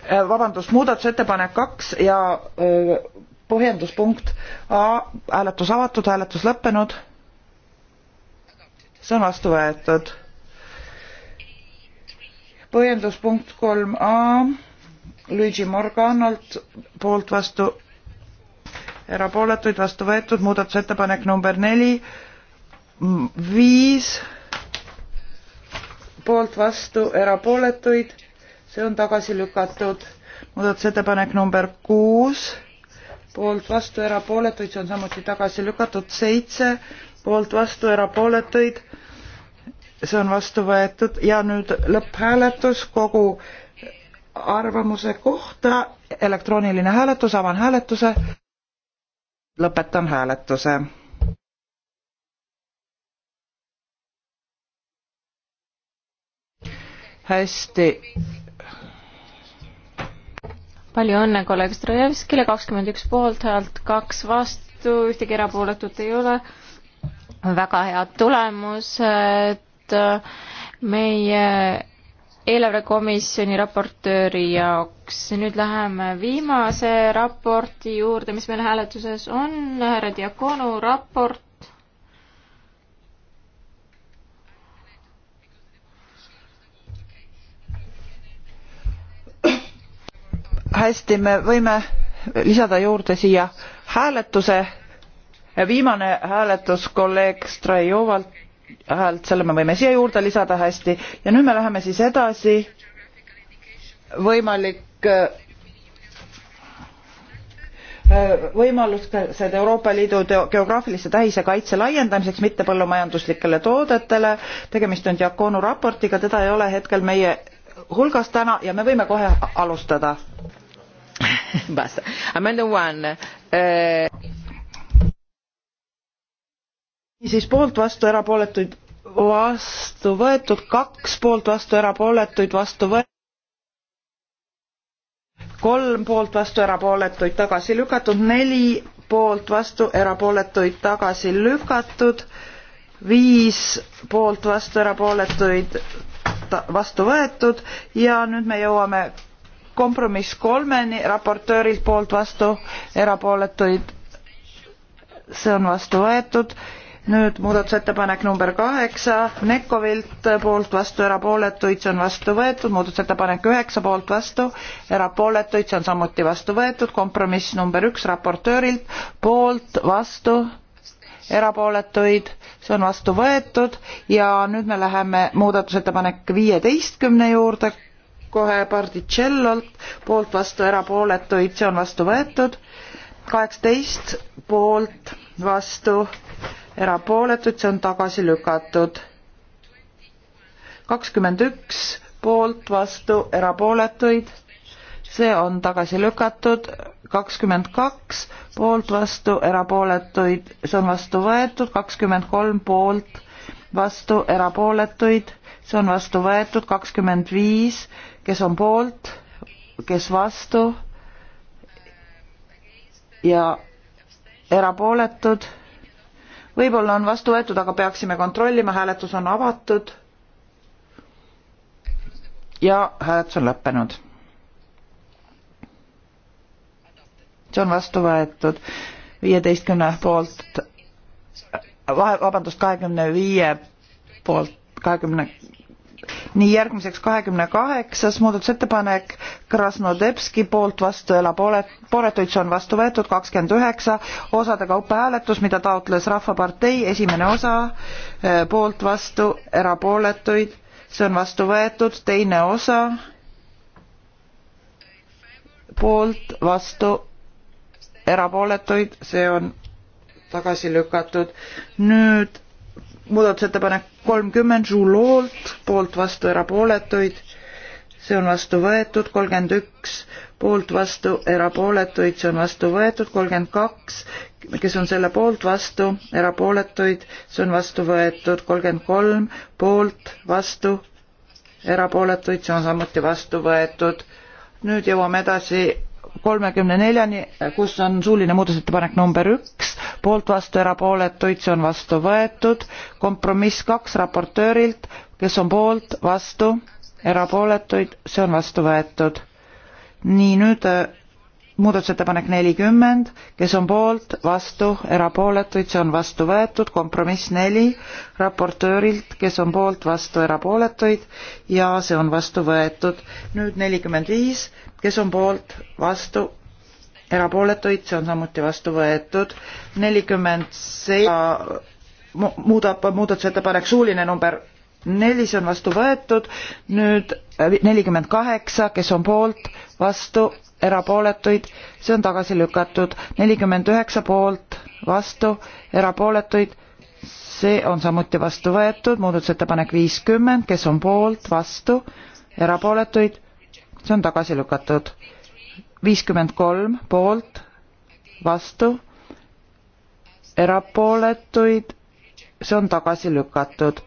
D: äh, vabandust, muudatusettepanek kaks ja öö, äh, põhjenduspunkt A, hääletus avatud, hääletus lõppenud. see on vastu võetud. põhjenduspunkt kolm A, Luigi Morganalt poolt vastu, erapooletuid vastu võetud, muudatusettepanek number neli, viis, poolt vastu, erapooletuid, see on tagasi lükatud. muudatusettepanek number kuus poolt vastu erapooletuid, see on samuti tagasi lükatud, seitse poolt vastu erapooletuid, see on vastu võetud ja nüüd lõpphääletus kogu arvamuse kohta, elektrooniline hääletus, avan hääletuse, lõpetan hääletuse.
B: hästi palju õnne kolleeg Strojevskile, kakskümmend üks poolthäält, kaks vastu, ühtegi erapooletut ei ole. väga head tulemused äh, meie eelarvekomisjoni raportööri jaoks. nüüd läheme viimase raporti juurde, mis meil hääletuses on, härra Diakonu raport
D: hästi, me võime lisada juurde siia hääletuse. viimane hääletus kolleeg Strajovalt häält, selle me võime siia juurde lisada hästi ja nüüd me läheme siis edasi. võimalik äh, äh, võimalused Euroopa Liidu geograafilise tähise kaitse laiendamiseks mittepõllumajanduslikele toodetele. tegemist on Diakonu raportiga, teda ei ole hetkel meie hulgas täna ja me võime kohe alustada. basta. Amendment one eh.... siis poolt, vastu, erapooletuid, vastu võetud, kaks poolt, vastu, erapooletuid, vastu võetud kolm poolt vastu erapooletuid tagasi lükatud neli poolt vastu erapooletuid tagasi lükatud viis poolt vastu erapooletuid vastu võetud ja nüüd me jõuame kompromiss kolmeni, raportöörilt poolt vastu, erapooletuid, see on vastu võetud. nüüd muudatusettepanek number kaheksa, Nekovilt poolt vastu, erapooletuid, see on vastu võetud, muudatusettepanek üheksa poolt vastu, erapooletuid, see on samuti vastu võetud, kompromiss number üks raportöörilt poolt vastu, erapooletuid see on vastu võetud ja nüüd me läheme muudatusettepanek viieteistkümne juurde kohe Bardicellolt, poolt vastu erapooletuid, see on vastu võetud. kaheksateist poolt vastu erapooletuid, see on tagasi lükatud. kakskümmend üks poolt vastu erapooletuid, see on tagasi lükatud. kakskümmend kaks poolt vastu erapooletuid, see on vastu võetud. kakskümmend kolm poolt vastu erapooletuid, see on vastu võetud. kakskümmend viis kes on poolt, kes vastu ja erapooletud. võib-olla on vastu võetud, aga peaksime kontrollima, hääletus on avatud. ja hääletus on lõppenud. see on vastu võetud viieteistkümne poolt, vabandust, kahekümne viie poolt, kahekümne 20 nii järgmiseks kahekümne kaheksas muudatusettepanek Krasnodebski poolt vastu elab pooletuid, see on vastu võetud, kakskümmend üheksa osade kaupa hääletus, mida taotles Rahvapartei, esimene osa eh, poolt vastu erapooletuid, see on vastu võetud, teine osa poolt vastu erapooletuid, see on tagasi lükatud. nüüd muudatusettepanek kolmkümmend Žuloolt, poolt vastu erapooletuid, see on vastu võetud, kolmkümmend üks poolt vastu erapooletuid, see on vastu võetud, kolmkümmend kaks, kes on selle poolt vastu erapooletuid, see on vastu võetud, kolmkümmend kolm poolt vastu erapooletuid, see on samuti vastu võetud. nüüd jõuame edasi kolmekümne neljani, kus on suuline muudatusettepanek number üks, poolt vastu erapooletuid, see on vastu võetud, kompromiss kaks raportöörilt, kes on poolt, vastu, erapooletuid, see on vastu võetud. nii, nüüd muudatusettepanek nelikümmend, kes on poolt, vastu, erapooletuid, see on vastu võetud, kompromiss neli raportöörilt, kes on poolt, vastu, erapooletuid ja see on vastu võetud. nüüd nelikümmend viis, kes on poolt, vastu, erapooletuid, see on samuti vastu võetud. nelikümmend seitse muudab muudatusettepanek suuline number nelis on vastu võetud, nüüd äh, nelikümmend kaheksa, kes on poolt, vastu, erapooletuid, see on tagasi lükatud, nelikümmend üheksa poolt, vastu, erapooletuid, see on samuti vastu võetud, muudatusettepanek viiskümmend, kes on poolt, vastu, erapooletuid, see on tagasi lükatud, viiskümmend kolm poolt, vastu, erapooletuid, see on tagasi lükatud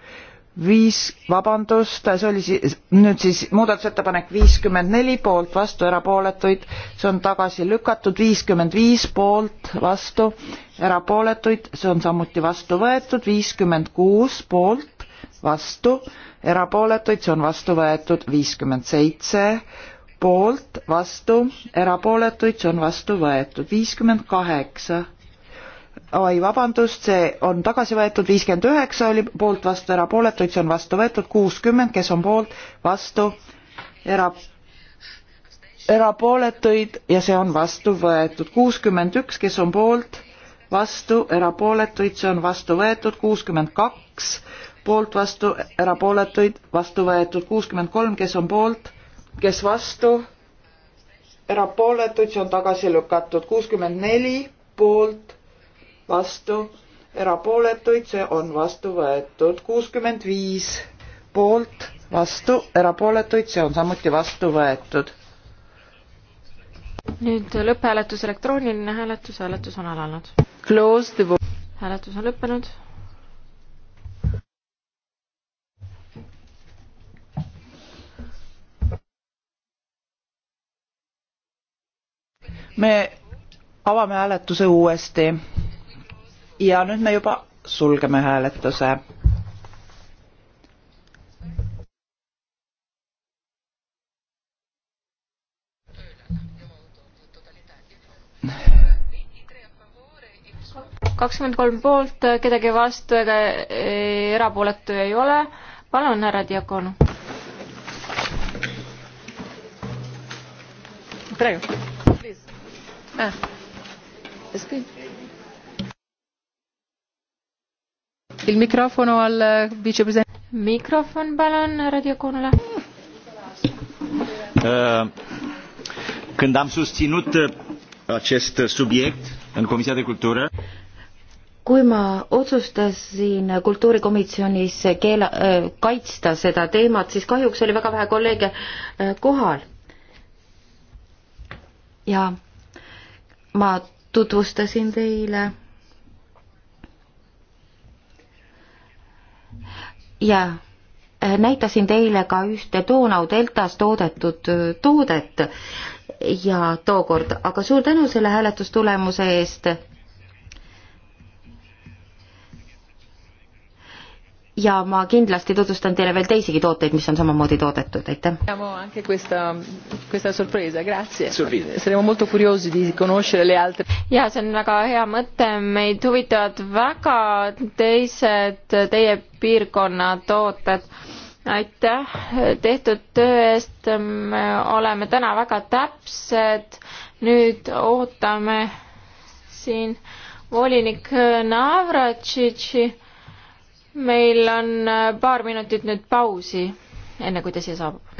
D: viis, vabandust, see oli siis nüüd siis muudatusettepanek viiskümmend neli poolt, vastu, erapooletuid, see on tagasi lükatud, viiskümmend viis poolt, vastu, erapooletuid, see on samuti vastu võetud, viiskümmend kuus poolt, vastu, erapooletuid, see on vastu võetud, viiskümmend seitse poolt, vastu, erapooletuid, see on vastu võetud, viiskümmend kaheksa oi, vabandust, see on tagasi võetud, viiskümmend üheksa oli poolt, vastu, erapooletuid, see on vastu võetud, kuuskümmend, kes on poolt, vastu, era-, erapooletuid ja see on vastu võetud, kuuskümmend üks, kes on poolt, vastu, erapooletuid, see on vastu võetud, kuuskümmend kaks, poolt, vastu, erapooletuid, vastu võetud, kuuskümmend kolm, kes on poolt, kes vastu, erapooletuid, see on tagasi lükatud, kuuskümmend neli, poolt vastu, erapooletuid, see on vastu võetud. kuuskümmend viis poolt, vastu, erapooletuid, see on samuti vastu võetud.
B: nüüd lõpphääletus, elektrooniline hääletus, hääletus on alanud. hääletus on lõppenud.
D: me avame hääletuse uuesti ja nüüd me juba sulgeme hääletuse.
B: kakskümmend kolm poolt, kedagi vastu ega e, erapooletu ei ole. palun, härra Diakonu. praegu. Ah. mikrofonu all vicepresident. mikrofon palun härra Diaconule.
A: Eh, când am susținut eh, acest subiect în Comisia de Cultură,
C: kui ma otsustasin kultuurikomisjonis keela äh,, kaitsta seda teemat, siis kahjuks oli väga vähe kolleege äh, kohal. ja ma tutvustasin teile ja äh, näitasin teile ka ühte Donau deltas toodetud äh, toodet ja tookord, aga suur tänu selle hääletustulemuse eest ja ma kindlasti tutvustan teile veel teisigi tooteid, mis on samamoodi toodetud, aitäh.
B: ja see on väga hea mõte, meid huvitavad väga teised teie piirkonna tooted. aitäh tehtud töö eest, me oleme täna väga täpsed, nüüd ootame siin volinik Navratšitši meil on äh, paar minutit nüüd pausi, enne kui ta siia saabub.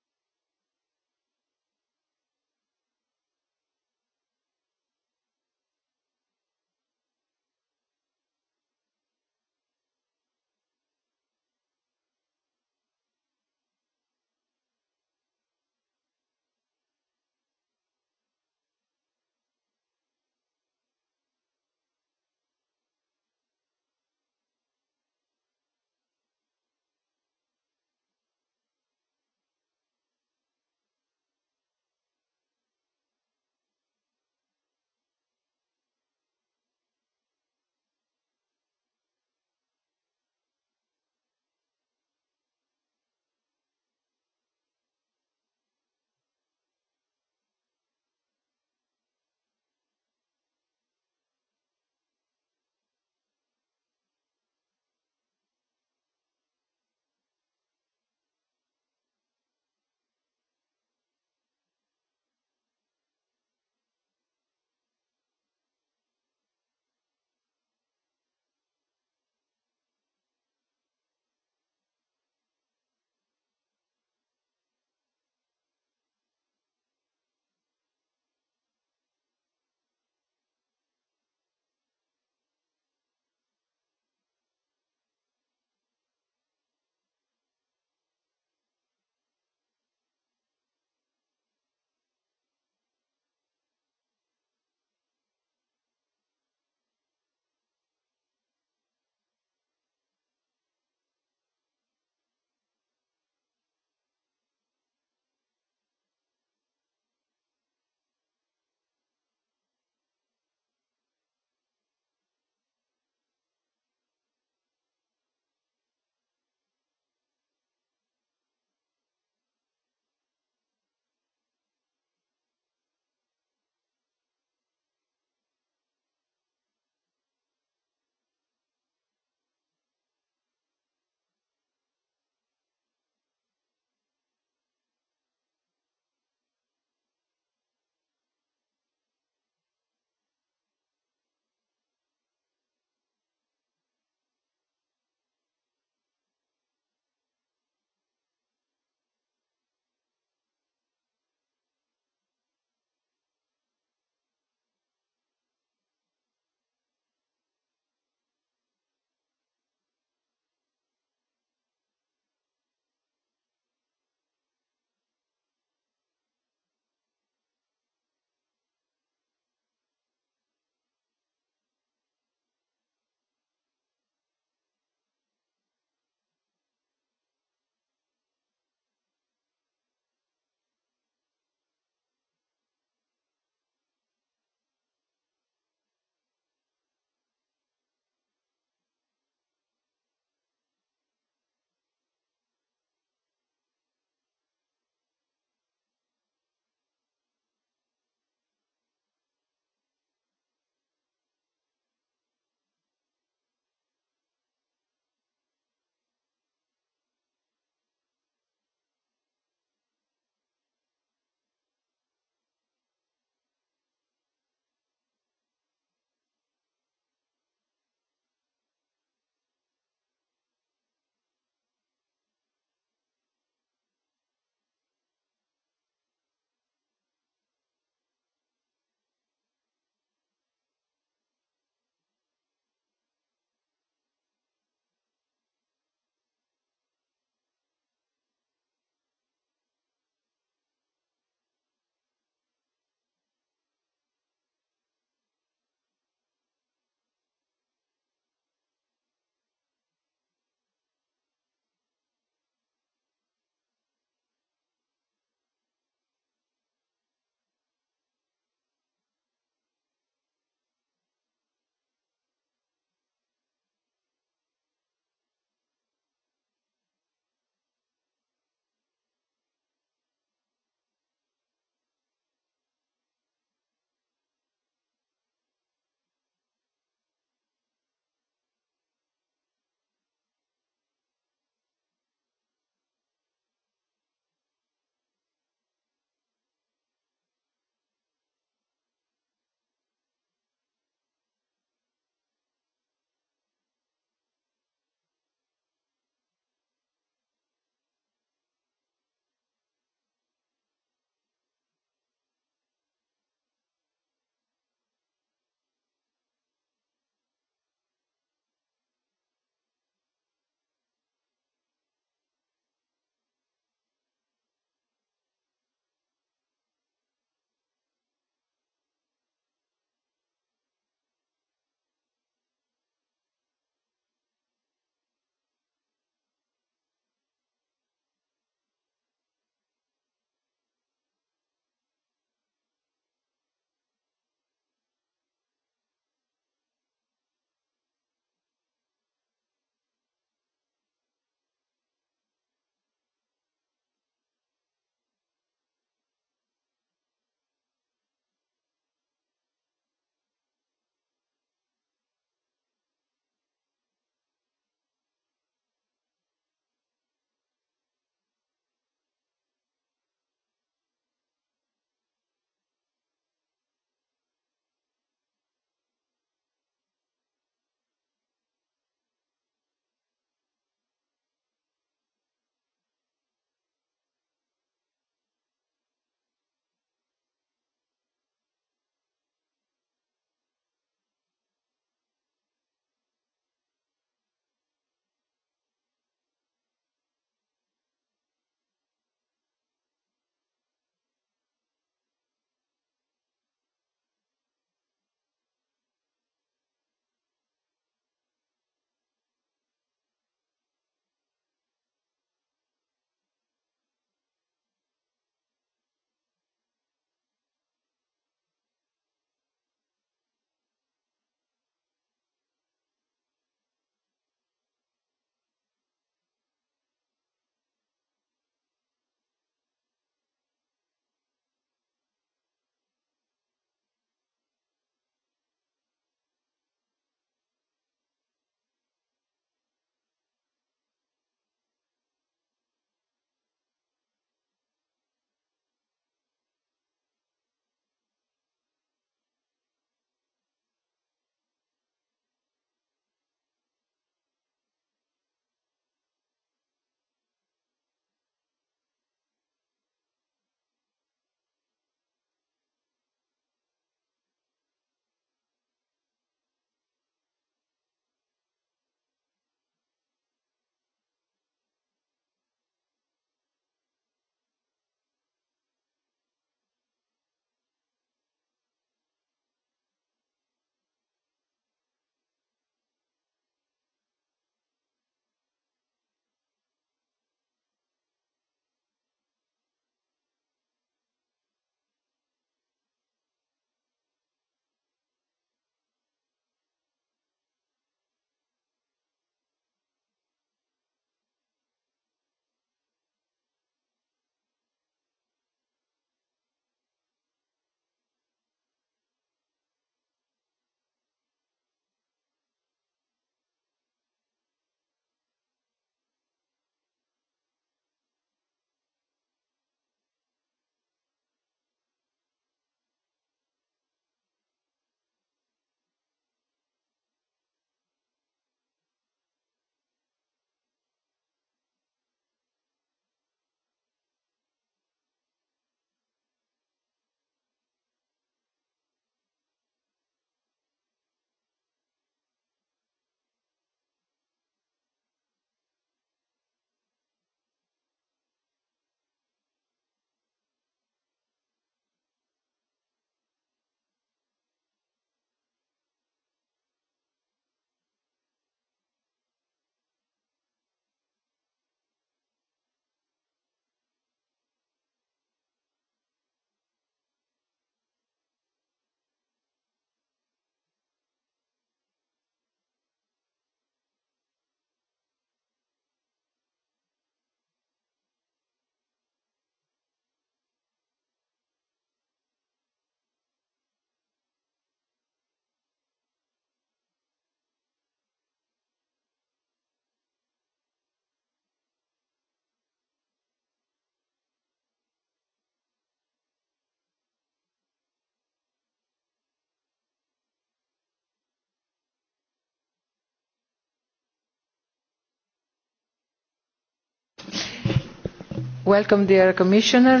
B: Welcome, dear commissioner.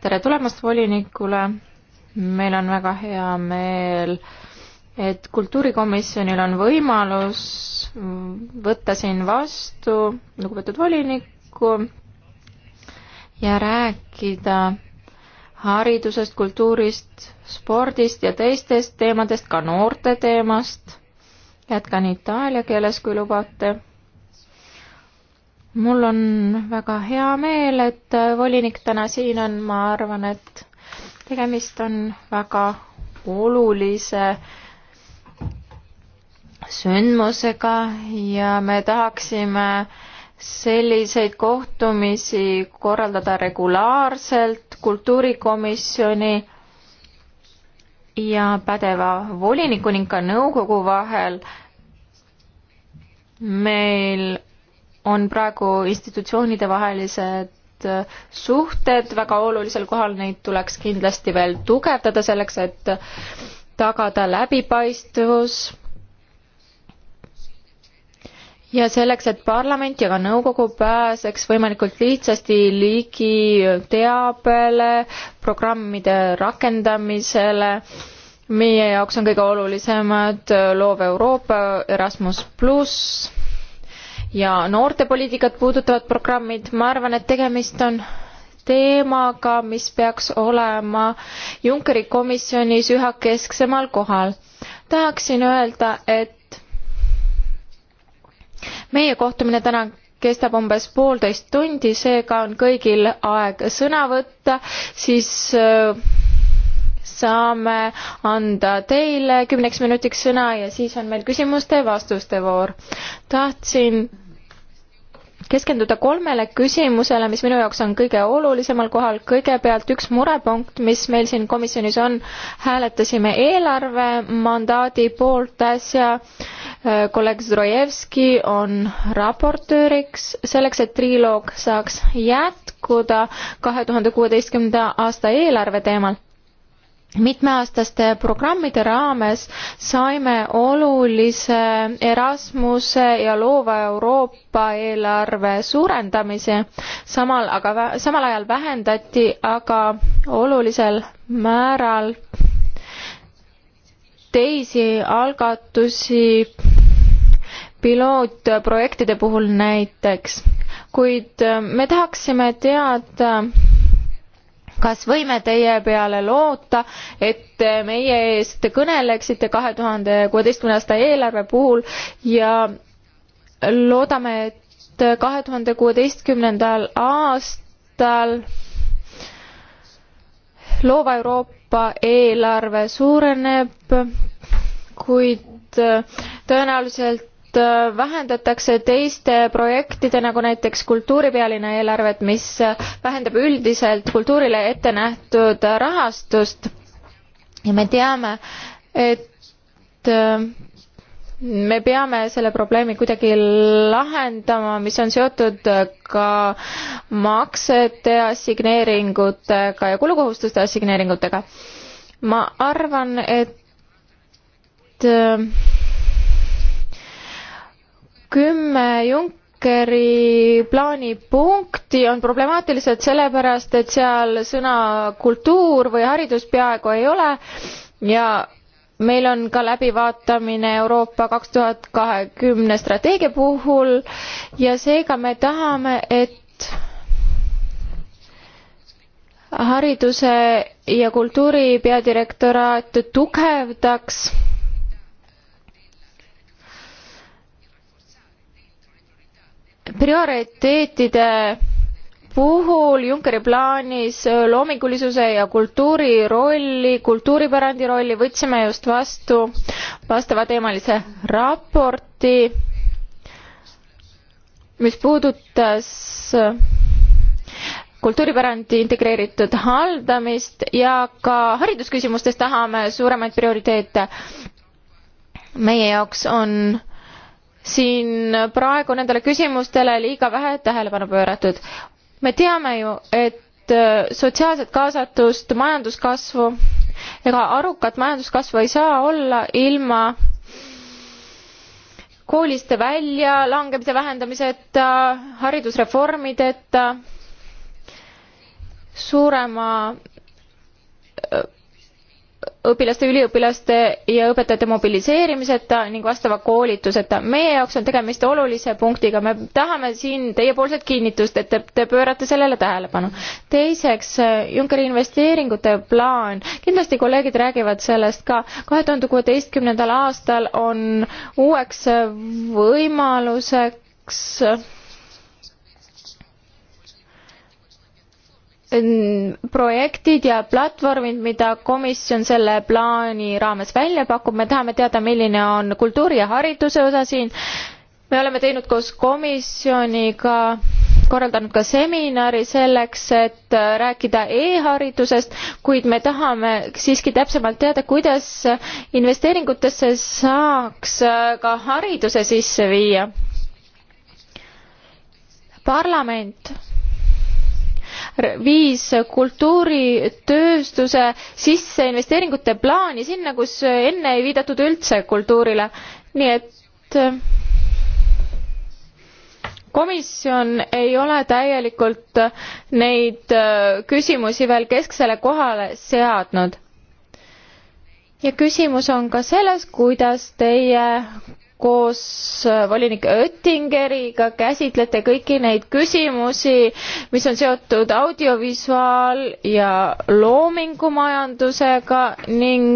B: tere tulemast volinikule. meil on väga hea meel, et kultuurikomisjonil on võimalus võtta siin vastu lugupeetud volinikku ja rääkida haridusest, kultuurist, spordist ja teistest teemadest, ka noorte teemast. jätkan itaalia keeles, kui lubate mul on väga hea meel, et äh, volinik täna siin on, ma arvan, et tegemist on väga olulise
C: sündmusega
B: ja me tahaksime selliseid kohtumisi korraldada regulaarselt kultuurikomisjoni ja pädeva voliniku ning ka nõukogu vahel. meil on praegu institutsioonide vahelised äh, suhted väga olulisel kohal, neid tuleks kindlasti veel tugevdada selleks, et tagada läbipaistvus ja selleks, et parlament ja ka nõukogu pääseks võimalikult lihtsasti ligi teabele, programmide rakendamisele, meie jaoks on kõige olulisemad Loov Euroopa, Erasmus pluss ja noortepoliitikat puudutavad programmid, ma arvan, et tegemist on teemaga, mis peaks olema Junckeri komisjonis üha kesksemal kohal. tahaksin öelda, et meie kohtumine täna kestab umbes poolteist tundi, seega on kõigil aeg sõna võtta, siis äh, saame anda teile kümneks minutiks sõna ja siis on meil küsimuste-vastuste voor. tahtsin keskenduda kolmele küsimusele, mis minu jaoks on kõige olulisemal kohal. kõigepealt üks murepunkt, mis meil siin komisjonis on, hääletasime eelarve mandaadi poolt äsja. Äh, kolleeg Zdrojevski on raportööriks selleks, et triloog saaks jätkuda kahe tuhande kuueteistkümnenda aasta eelarve teemal mitmeaastaste programmide raames saime olulise Erasmuse ja Loova Euroopa eelarve suurendamise, samal aga, samal ajal vähendati aga olulisel määral teisi algatusi pilootprojektide puhul näiteks, kuid me tahaksime teada, kas võime teie peale loota, et meie eest kõneleksite kahe tuhande kuueteistkümne aasta eelarve puhul ja loodame, et kahe tuhande kuueteistkümnendal aastal loova Euroopa eelarve suureneb, kuid tõenäoliselt Äh, vähendatakse teiste projektide nagu näiteks kultuuripealinna eelarvet, mis äh, vähendab üldiselt kultuurile ette nähtud rahastust. ja me teame, et äh, me peame selle probleemi kuidagi lahendama, mis on seotud ka maksete assigneeringutega ja kulukohustuste assigneeringutega. ma arvan, et kümme junk-, Junckeri plaani punkti on problemaatilised sellepärast, et seal sõna kultuur või haridus peaaegu ei ole ja meil on ka läbivaatamine Euroopa kaks tuhat kahekümne strateegia puhul ja seega me tahame, et hariduse ja kultuuri peadirektoraat tugevdaks prioriteetide puhul Junckeri plaanis loomingulisuse ja kultuuri rolli, kultuuripärandi rolli võtsime just vastu vastavateemalise raporti, mis puudutas kultuuripärandi integreeritud haldamist ja ka haridusküsimustes tahame suuremaid prioriteete. meie jaoks on äh, siin praegu nendele küsimustele liiga vähe tähelepanu pööratud. me teame ju, et äh, sotsiaalset kaasatust, majanduskasvu, ega arukat majanduskasvu ei saa olla ilma koolist väljalangemise vähendamiseta, haridusreformideta, suurema äh, õpilaste, üliõpilaste ja õpetajate mobiliseerimiseta ning vastava koolituseta. meie jaoks on tegemist olulise punktiga, me tahame siin teiepoolset kinnitust, et te, te pöörate sellele tähelepanu. teiseks, Junckeri investeeringute plaan, kindlasti kolleegid räägivad sellest ka, kahe tuhande kuueteistkümnendal aastal on uueks võimaluseks projektid ja platvormid, mida komisjon selle plaani raames välja pakub, me tahame teada, milline on kultuuri ja hariduse osa siin. me oleme teinud koos komisjoniga korraldanud ka seminari selleks, et äh, rääkida e-haridusest, kuid me tahame siiski täpsemalt teada, kuidas investeeringutesse saaks äh, ka hariduse sisse viia. parlament viis kultuuritööstuse sisse investeeringute plaani sinna, kus enne ei viidatud üldse kultuurile. nii et äh, komisjon ei ole täielikult neid äh, küsimusi veel kesksele kohale seadnud ja küsimus on ka selles, kuidas teie koos äh, volinik Oettingeriga käsitlete kõiki neid küsimusi, mis on seotud audiovisuaal- ja loomingumajandusega ning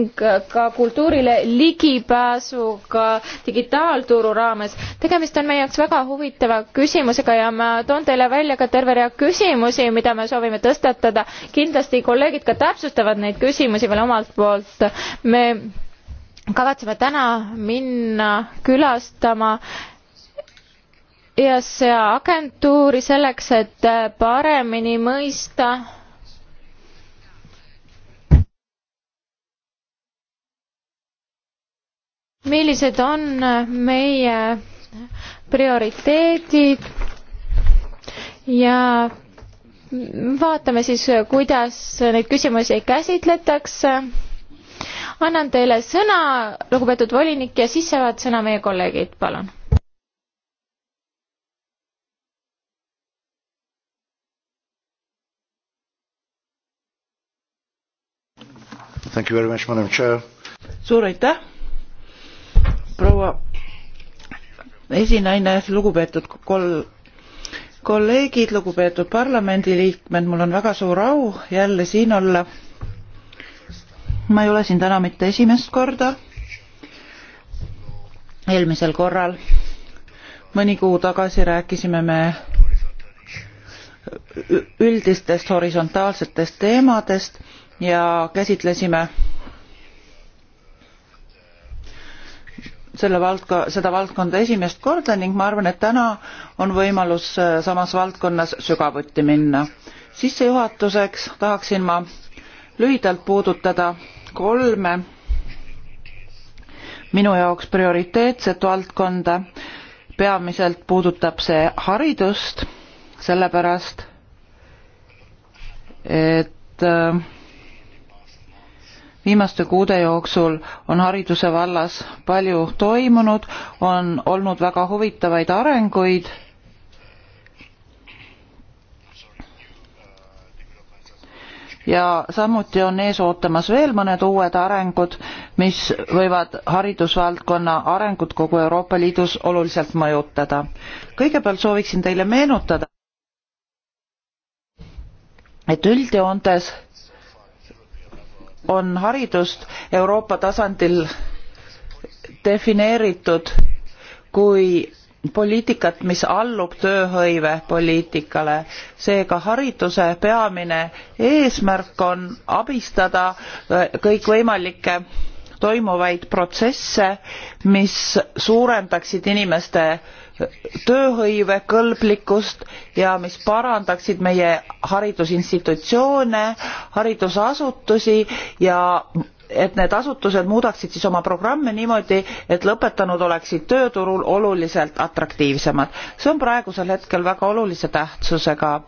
B: ka kultuurile ligipääsuga digitaalturu raames. tegemist on meie jaoks väga huvitava küsimusega ja ma toon teile välja ka terve rea küsimusi, mida me soovime tõstatada. kindlasti kolleegid ka täpsustavad neid küsimusi veel omalt poolt. me kavatseme täna minna külastama EASA agentuuri selleks, et paremini mõista millised on meie prioriteedid ja vaatame siis, kuidas neid küsimusi käsitletakse annan teile sõna, lugupeetud volinik, ja siis saavad sõna meie kolleegid, palun.
D: suur aitäh, proua esinaine, lugupeetud kol-, kolleegid, lugupeetud parlamendiliikmed, mul on väga suur au jälle siin olla ma ei ole siin täna mitte esimest korda. eelmisel korral mõni kuu tagasi rääkisime me üldistest horisontaalsetest teemadest ja käsitlesime selle valdko- seda valdkonda esimest korda ning ma arvan et täna on võimalus äh, samas valdkonnas sügavuti minna sissejuhatuseks tahaksin ma lühidalt puudutada kolme minu jaoks prioriteetset valdkonda. peamiselt puudutab see haridust, sellepärast et äh, viimaste kuude jooksul on hariduse vallas palju toimunud, on olnud väga huvitavaid arenguid ja samuti on ees ootamas veel mõned uued arengud, mis võivad haridusvaldkonna arengut kogu Euroopa Liidus oluliselt mõjutada. kõigepealt sooviksin teile meenutada, et üldjoontes on haridust Euroopa tasandil defineeritud kui poliitikat, mis allub tööhõivepoliitikale. seega hariduse peamine eesmärk on abistada äh, kõikvõimalikke toimuvaid protsesse, mis suurendaksid inimeste äh, tööhõive kõlblikkust ja mis parandaksid meie haridusinstitutsioone, haridusasutusi ja et need asutused muudaksid siis oma programme niimoodi, et lõpetanud oleksid tööturul oluliselt atraktiivsemad. see on praegusel hetkel väga olulise tähtsusega.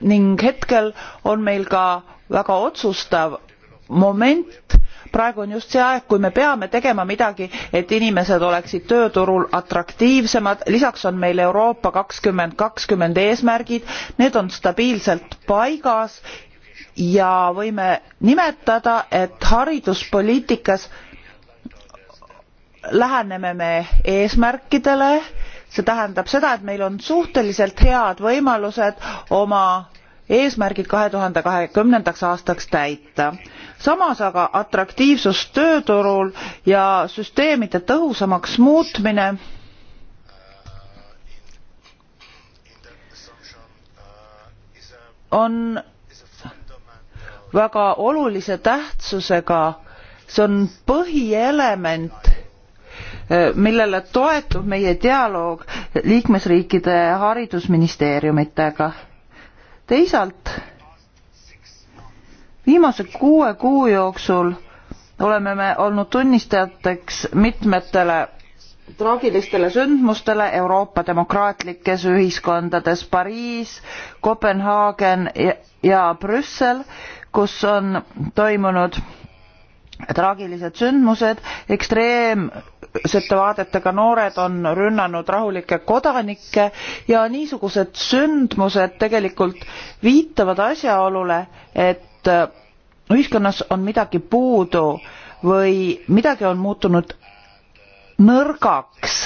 D: ning hetkel on meil ka väga otsustav moment, praegu on just see aeg, kui me peame tegema midagi, et inimesed oleksid tööturul atraktiivsemad, lisaks on meil Euroopa kakskümmend kakskümmend eesmärgid, need on stabiilselt paigas ja võime nimetada, et hariduspoliitikas läheneme me eesmärkidele, see tähendab seda, et meil on suhteliselt head võimalused oma eesmärgid kahe tuhande kahekümnendaks aastaks täita. samas aga atraktiivsus tööturul ja süsteemide tõhusamaks muutmine on väga olulise tähtsusega see on põhielement eh, millele toetub meie dialoog liikmesriikide haridusministeeriumitega teisalt viimase kuue kuu jooksul oleme me olnud tunnistajateks mitmetele traagilistele sündmustele Euroopa demokraatlikes ühiskondades Pariis, Kopenhaagen ja Brüssel kus on toimunud traagilised sündmused, ekstreemsete vaadetega noored on rünnanud rahulikke kodanikke ja niisugused sündmused tegelikult viitavad asjaolule, et äh, ühiskonnas on midagi puudu või midagi on muutunud nõrgaks.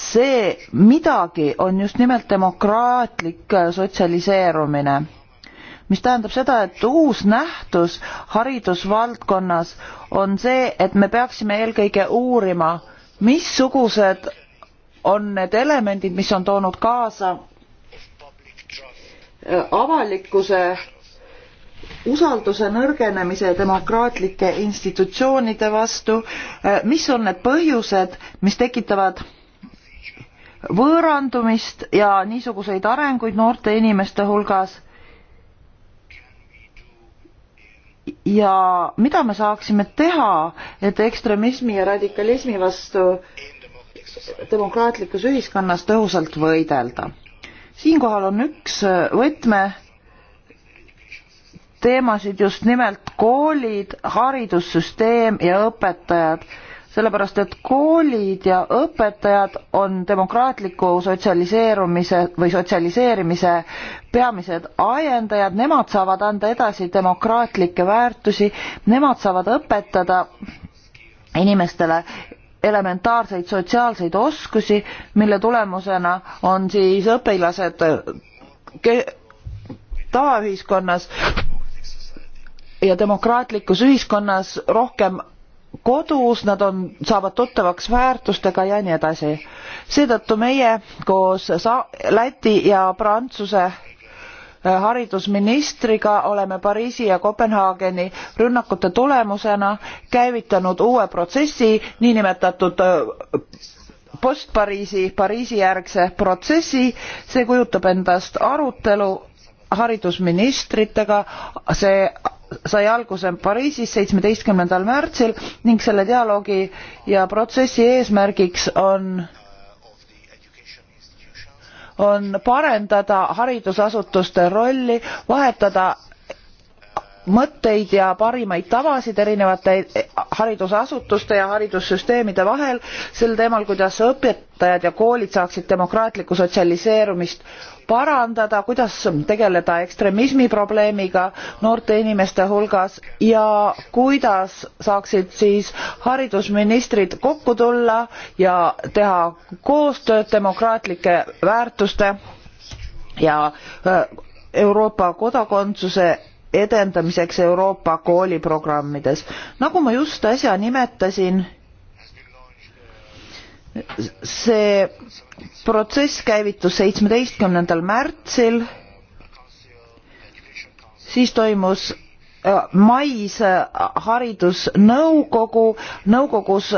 D: see midagi on just nimelt demokraatlik äh, sotsialiseerumine mis tähendab seda, et uus nähtus haridusvaldkonnas on see, et me peaksime eelkõige uurima, missugused on need elemendid, mis on toonud kaasa avalikkuse usalduse nõrgenemise demokraatlike institutsioonide vastu, mis on need põhjused, mis tekitavad võõrandumist ja niisuguseid arenguid noorte inimeste hulgas ja mida me saaksime teha, et ekstremismi ja radikalismi vastu demokraatlikus ühiskonnas tõhusalt võidelda. siinkohal on üks võtme teemasid just nimelt koolid, haridussüsteem ja õpetajad sellepärast et koolid ja õpetajad on demokraatliku sotsialiseerumise või sotsialiseerimise peamised ajendajad, nemad saavad anda edasi demokraatlikke väärtusi, nemad saavad õpetada inimestele elementaarseid sotsiaalseid oskusi, mille tulemusena on siis õpilased tavaühiskonnas ja demokraatlikus ühiskonnas rohkem kodus, nad on, saavad tuttavaks väärtustega ja nii edasi. seetõttu meie koos Sa Läti ja Prantsuse äh, haridusministriga oleme Pariisi ja Kopenhaageni rünnakute tulemusena käivitanud uue protsessi, niinimetatud äh, post-Pariisi, Pariisi järgse protsessi. see kujutab endast arutelu haridusministritega, see sai alguse Pariisis seitsmeteistkümnendal märtsil ning selle dialoogi ja protsessi eesmärgiks on on parendada haridusasutuste rolli vahetada mõtteid ja parimaid tavasid erinevate eh, haridusasutuste ja haridussüsteemide vahel sel teemal kuidas õpetajad ja koolid saaksid demokraatlikku sotsialiseerumist parandada kuidas tegeleda ekstremismi probleemiga noorte inimeste hulgas ja kuidas saaksid siis haridusministrid kokku tulla ja teha koostööd demokraatlike väärtuste ja eh, euroopa kodakondsuse edendamiseks Euroopa kooliprogrammides. nagu ma just äsja nimetasin, see protsess käivitus seitsmeteistkümnendal märtsil, siis toimus äh, mais haridusnõukogu, nõukogus,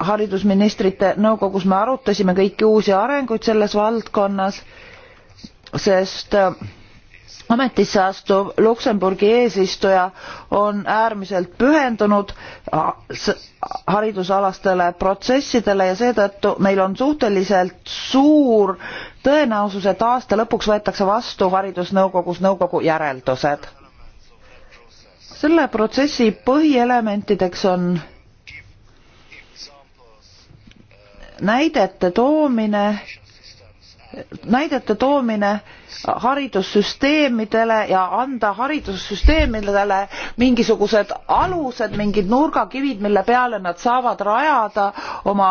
D: haridusministrite nõukogus me arutasime kõiki uusi arenguid selles valdkonnas, sest äh, ametisse astuv Luksemburgi eesistuja on äärmiselt pühendunud haridusalastele protsessidele ja seetõttu meil on suhteliselt suur tõenäosus, et aasta lõpuks võetakse vastu haridusnõukogus nõukogu järeldused. selle protsessi põhielementideks on näidete toomine näidete toomine haridussüsteemidele ja anda haridussüsteemidele mingisugused alused mingid nurgakivid mille peale nad saavad rajada oma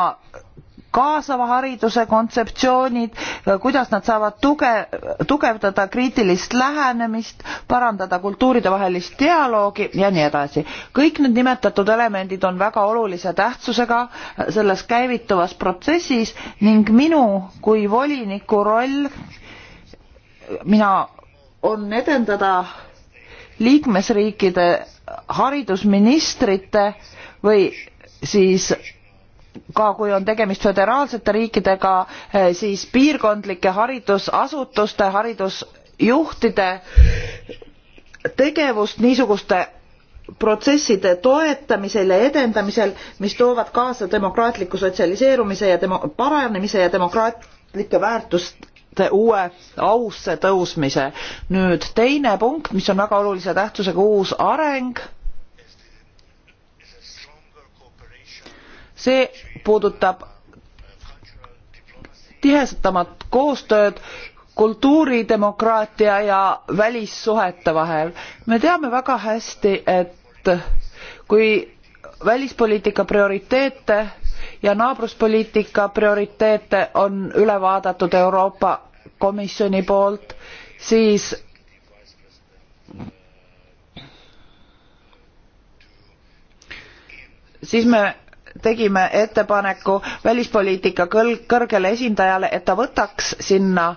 D: kaasava hariduse kontseptsioonid, kuidas nad saavad tuge, tugevdada kriitilist lähenemist, parandada kultuuridevahelist dialoogi ja nii edasi. kõik need nimetatud elemendid on väga olulise tähtsusega selles käivituvas protsessis ning minu kui voliniku roll, mina, on edendada liikmesriikide haridusministrite või siis ka kui on tegemist föderaalsete riikidega eh, siis piirkondlike haridusasutuste haridusjuhtide tegevust niisuguste protsesside toetamisel ja edendamisel mis toovad kaasa demokraatliku sotsialiseerumise ja demo- paranemise ja demokraatlike väärtuste uue ausse tõusmise. nüüd teine punkt mis on väga olulise tähtsusega uus areng see puudutab tihestamat koostööd kultuuridemokraatia ja välissuhete vahel. me teame väga hästi, et kui välispoliitika prioriteete ja naabruspoliitika prioriteete on üle vaadatud Euroopa Komisjoni poolt, siis siis me tegime ettepaneku välispoliitika kõrgele esindajale, et ta võtaks sinna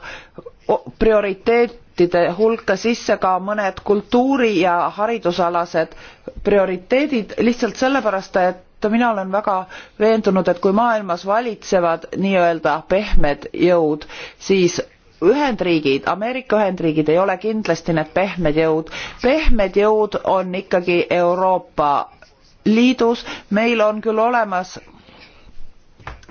D: prioriteetide hulka sisse ka mõned kultuuri ja haridusalased prioriteedid lihtsalt sellepärast, et mina olen väga veendunud, et kui maailmas valitsevad nii-öelda pehmed jõud, siis Ühendriigid, Ameerika Ühendriigid ei ole kindlasti need pehmed jõud. pehmed jõud on ikkagi Euroopa liidus meil on küll olemas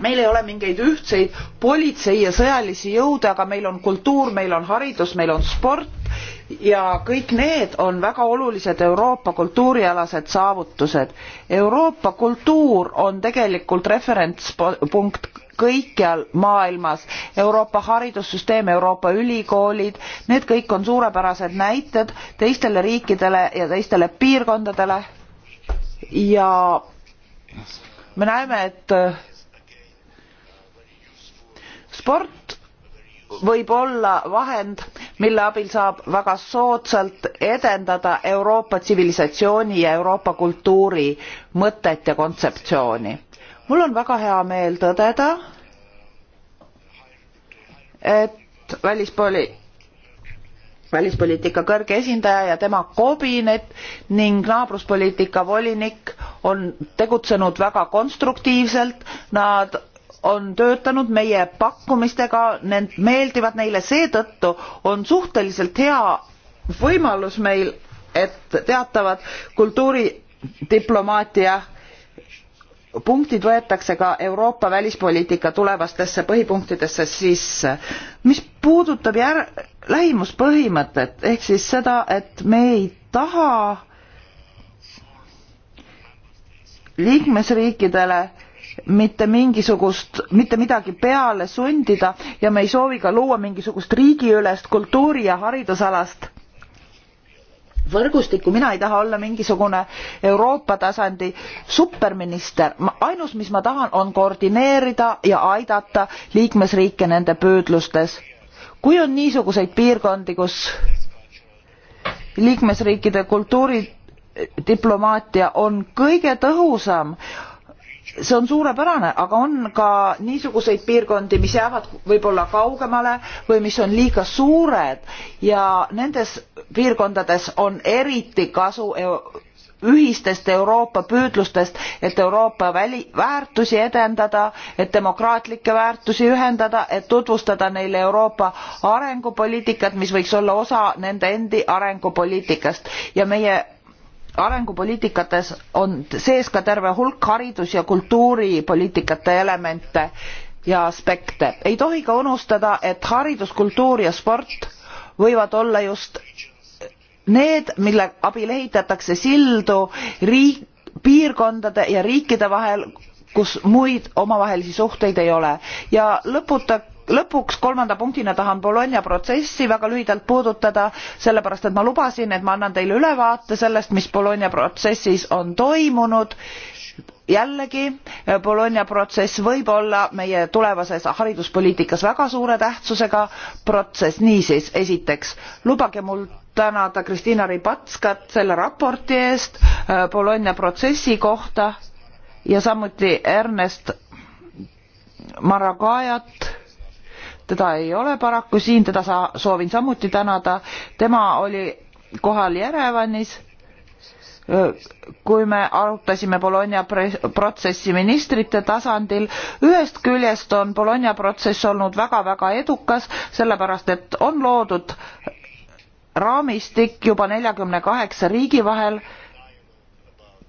D: meil ei ole mingeid ühtseid politsei ja sõjalisi jõude aga meil on kultuur meil on haridus meil on sport ja kõik need on väga olulised euroopa kultuurialased saavutused euroopa kultuur on tegelikult referentspunkt kõikjal maailmas euroopa haridussüsteem euroopa ülikoolid need kõik on suurepärased näited teistele riikidele ja teistele piirkondadele ja me näeme, et äh, sport võib olla vahend, mille abil saab väga soodsalt edendada Euroopa tsivilisatsiooni ja Euroopa kultuuri mõtet ja kontseptsiooni. mul on väga hea meel tõdeda, et välispoli-, välispoliitika kõrge esindaja ja tema kabinet ning naabruspoliitika volinik on tegutsenud väga konstruktiivselt nad on töötanud meie pakkumistega need meeldivad neile seetõttu on suhteliselt hea võimalus meil et teatavad kultuuridiplomaatia punktid võetakse ka Euroopa välispoliitika tulevastesse põhipunktidesse sisse. mis puudutab jär-, lähimuspõhimõtet ehk siis seda, et me ei taha liikmesriikidele mitte mingisugust, mitte midagi peale sundida ja me ei soovi ka luua mingisugust riigiülest kultuuri ja haridusalast võrgustikku, mina ei taha olla mingisugune Euroopa tasandi superminister. ainus, mis ma tahan, on koordineerida ja aidata liikmesriike nende püüdlustes. kui on niisuguseid piirkondi, kus liikmesriikide kultuuridiplomaatia on kõige tõhusam, see on suurepärane, aga on ka niisuguseid piirkondi, mis jäävad võib-olla kaugemale või mis on liiga suured ja nendes piirkondades on eriti kasu ühistest Euroopa püüdlustest, et Euroopa väli, väärtusi edendada, et demokraatlikke väärtusi ühendada, et tutvustada neile Euroopa arengupoliitikat, mis võiks olla osa nende endi arengupoliitikast ja meie arengupoliitikates on sees ka terve hulk haridus ja kultuuripoliitikate elemente ja aspekte ei tohi ka unustada et haridus kultuur ja sport võivad olla just need mille abil ehitatakse sildu riik piirkondade ja riikide vahel kus muid omavahelisi suhteid ei ole ja lõputa lõpuks kolmanda punktina tahan bologna protsessi väga lühidalt puudutada sellepärast et ma lubasin et ma annan teile ülevaate sellest mis bologna protsessis on toimunud jällegi bologna protsess võib olla meie tulevases hariduspoliitikas väga suure tähtsusega protsess niisiis esiteks lubage mul tänada Kristina Ribatskat selle raporti eest äh, bologna protsessi kohta ja samuti Ernest Maragajat teda ei ole paraku siin, teda sa-, soovin samuti tänada, tema oli kohal Jerevanis, kui me arutasime Bologna protsessi ministrite tasandil, ühest küljest on Bologna protsess olnud väga-väga edukas, sellepärast et on loodud raamistik juba neljakümne kaheksa riigi vahel,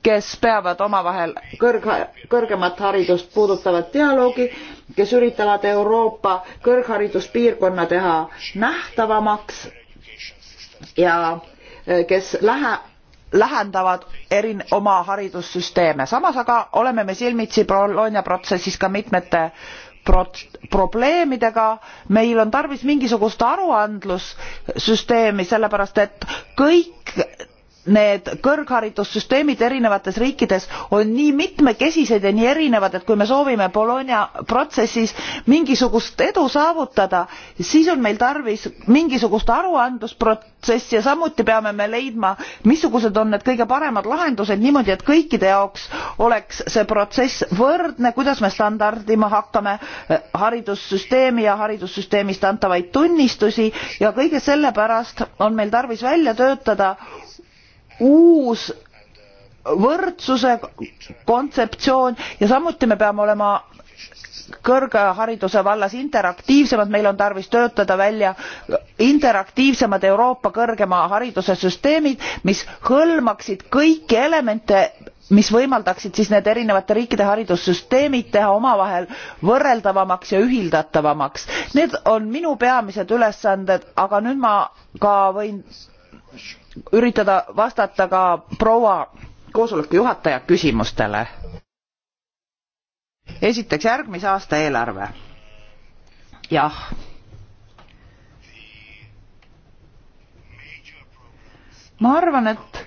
D: kes peavad omavahel kõrg, kõrgemat haridust puudutavat dialoogi kes üritavad Euroopa kõrghariduspiirkonna teha nähtavamaks ja eh, kes lähe, lähendavad erin- oma haridussüsteeme. samas aga oleme me silmitsi Bologna protsessis ka mitmete prot-, probleemidega, meil on tarvis mingisugust aruandlussüsteemi, sellepärast et kõik need kõrgharidussüsteemid erinevates riikides on nii mitmekesised ja nii erinevad et kui me soovime bologna protsessis mingisugust edu saavutada siis on meil tarvis mingisugust aruandlusprotsessi ja samuti peame me leidma missugused on need kõige paremad lahendused niimoodi et kõikide jaoks oleks see protsess võrdne kuidas me standardima hakkame haridussüsteemi ja haridussüsteemist antavaid tunnistusi ja kõige selle pärast on meil tarvis välja töötada uus võrdsuse kontseptsioon ja samuti me peame olema kõrghariduse vallas interaktiivsemad meil on tarvis töötada välja interaktiivsemad euroopa kõrgema hariduse süsteemid mis hõlmaksid kõiki elemente mis võimaldaksid siis need erinevate riikide haridussüsteemid teha omavahel võrreldavamaks ja ühildatavamaks. need on minu peamised ülesanded aga nüüd ma ka võin üritada vastata ka proua koosoleku juhataja küsimustele. esiteks järgmise aasta eelarve. jah. ma arvan, et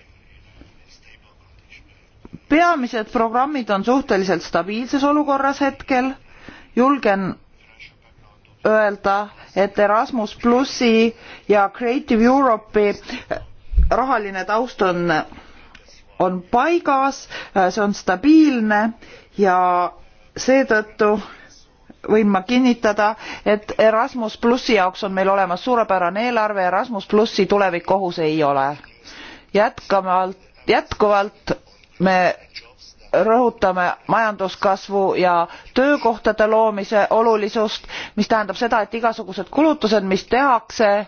D: peamised programmid on suhteliselt stabiilses olukorras hetkel. julgen öelda, et Erasmus plussi ja Creative Europe'i rahaline taust on, on paigas, see on stabiilne ja seetõttu võin ma kinnitada et erasmus plussi jaoks on meil olemas suurepärane eelarve erasmus plussi tulevik ohus ei ole jätkuvalt me rõhutame majanduskasvu ja töökohtade loomise olulisust mis tähendab seda et igasugused kulutused mis tehakse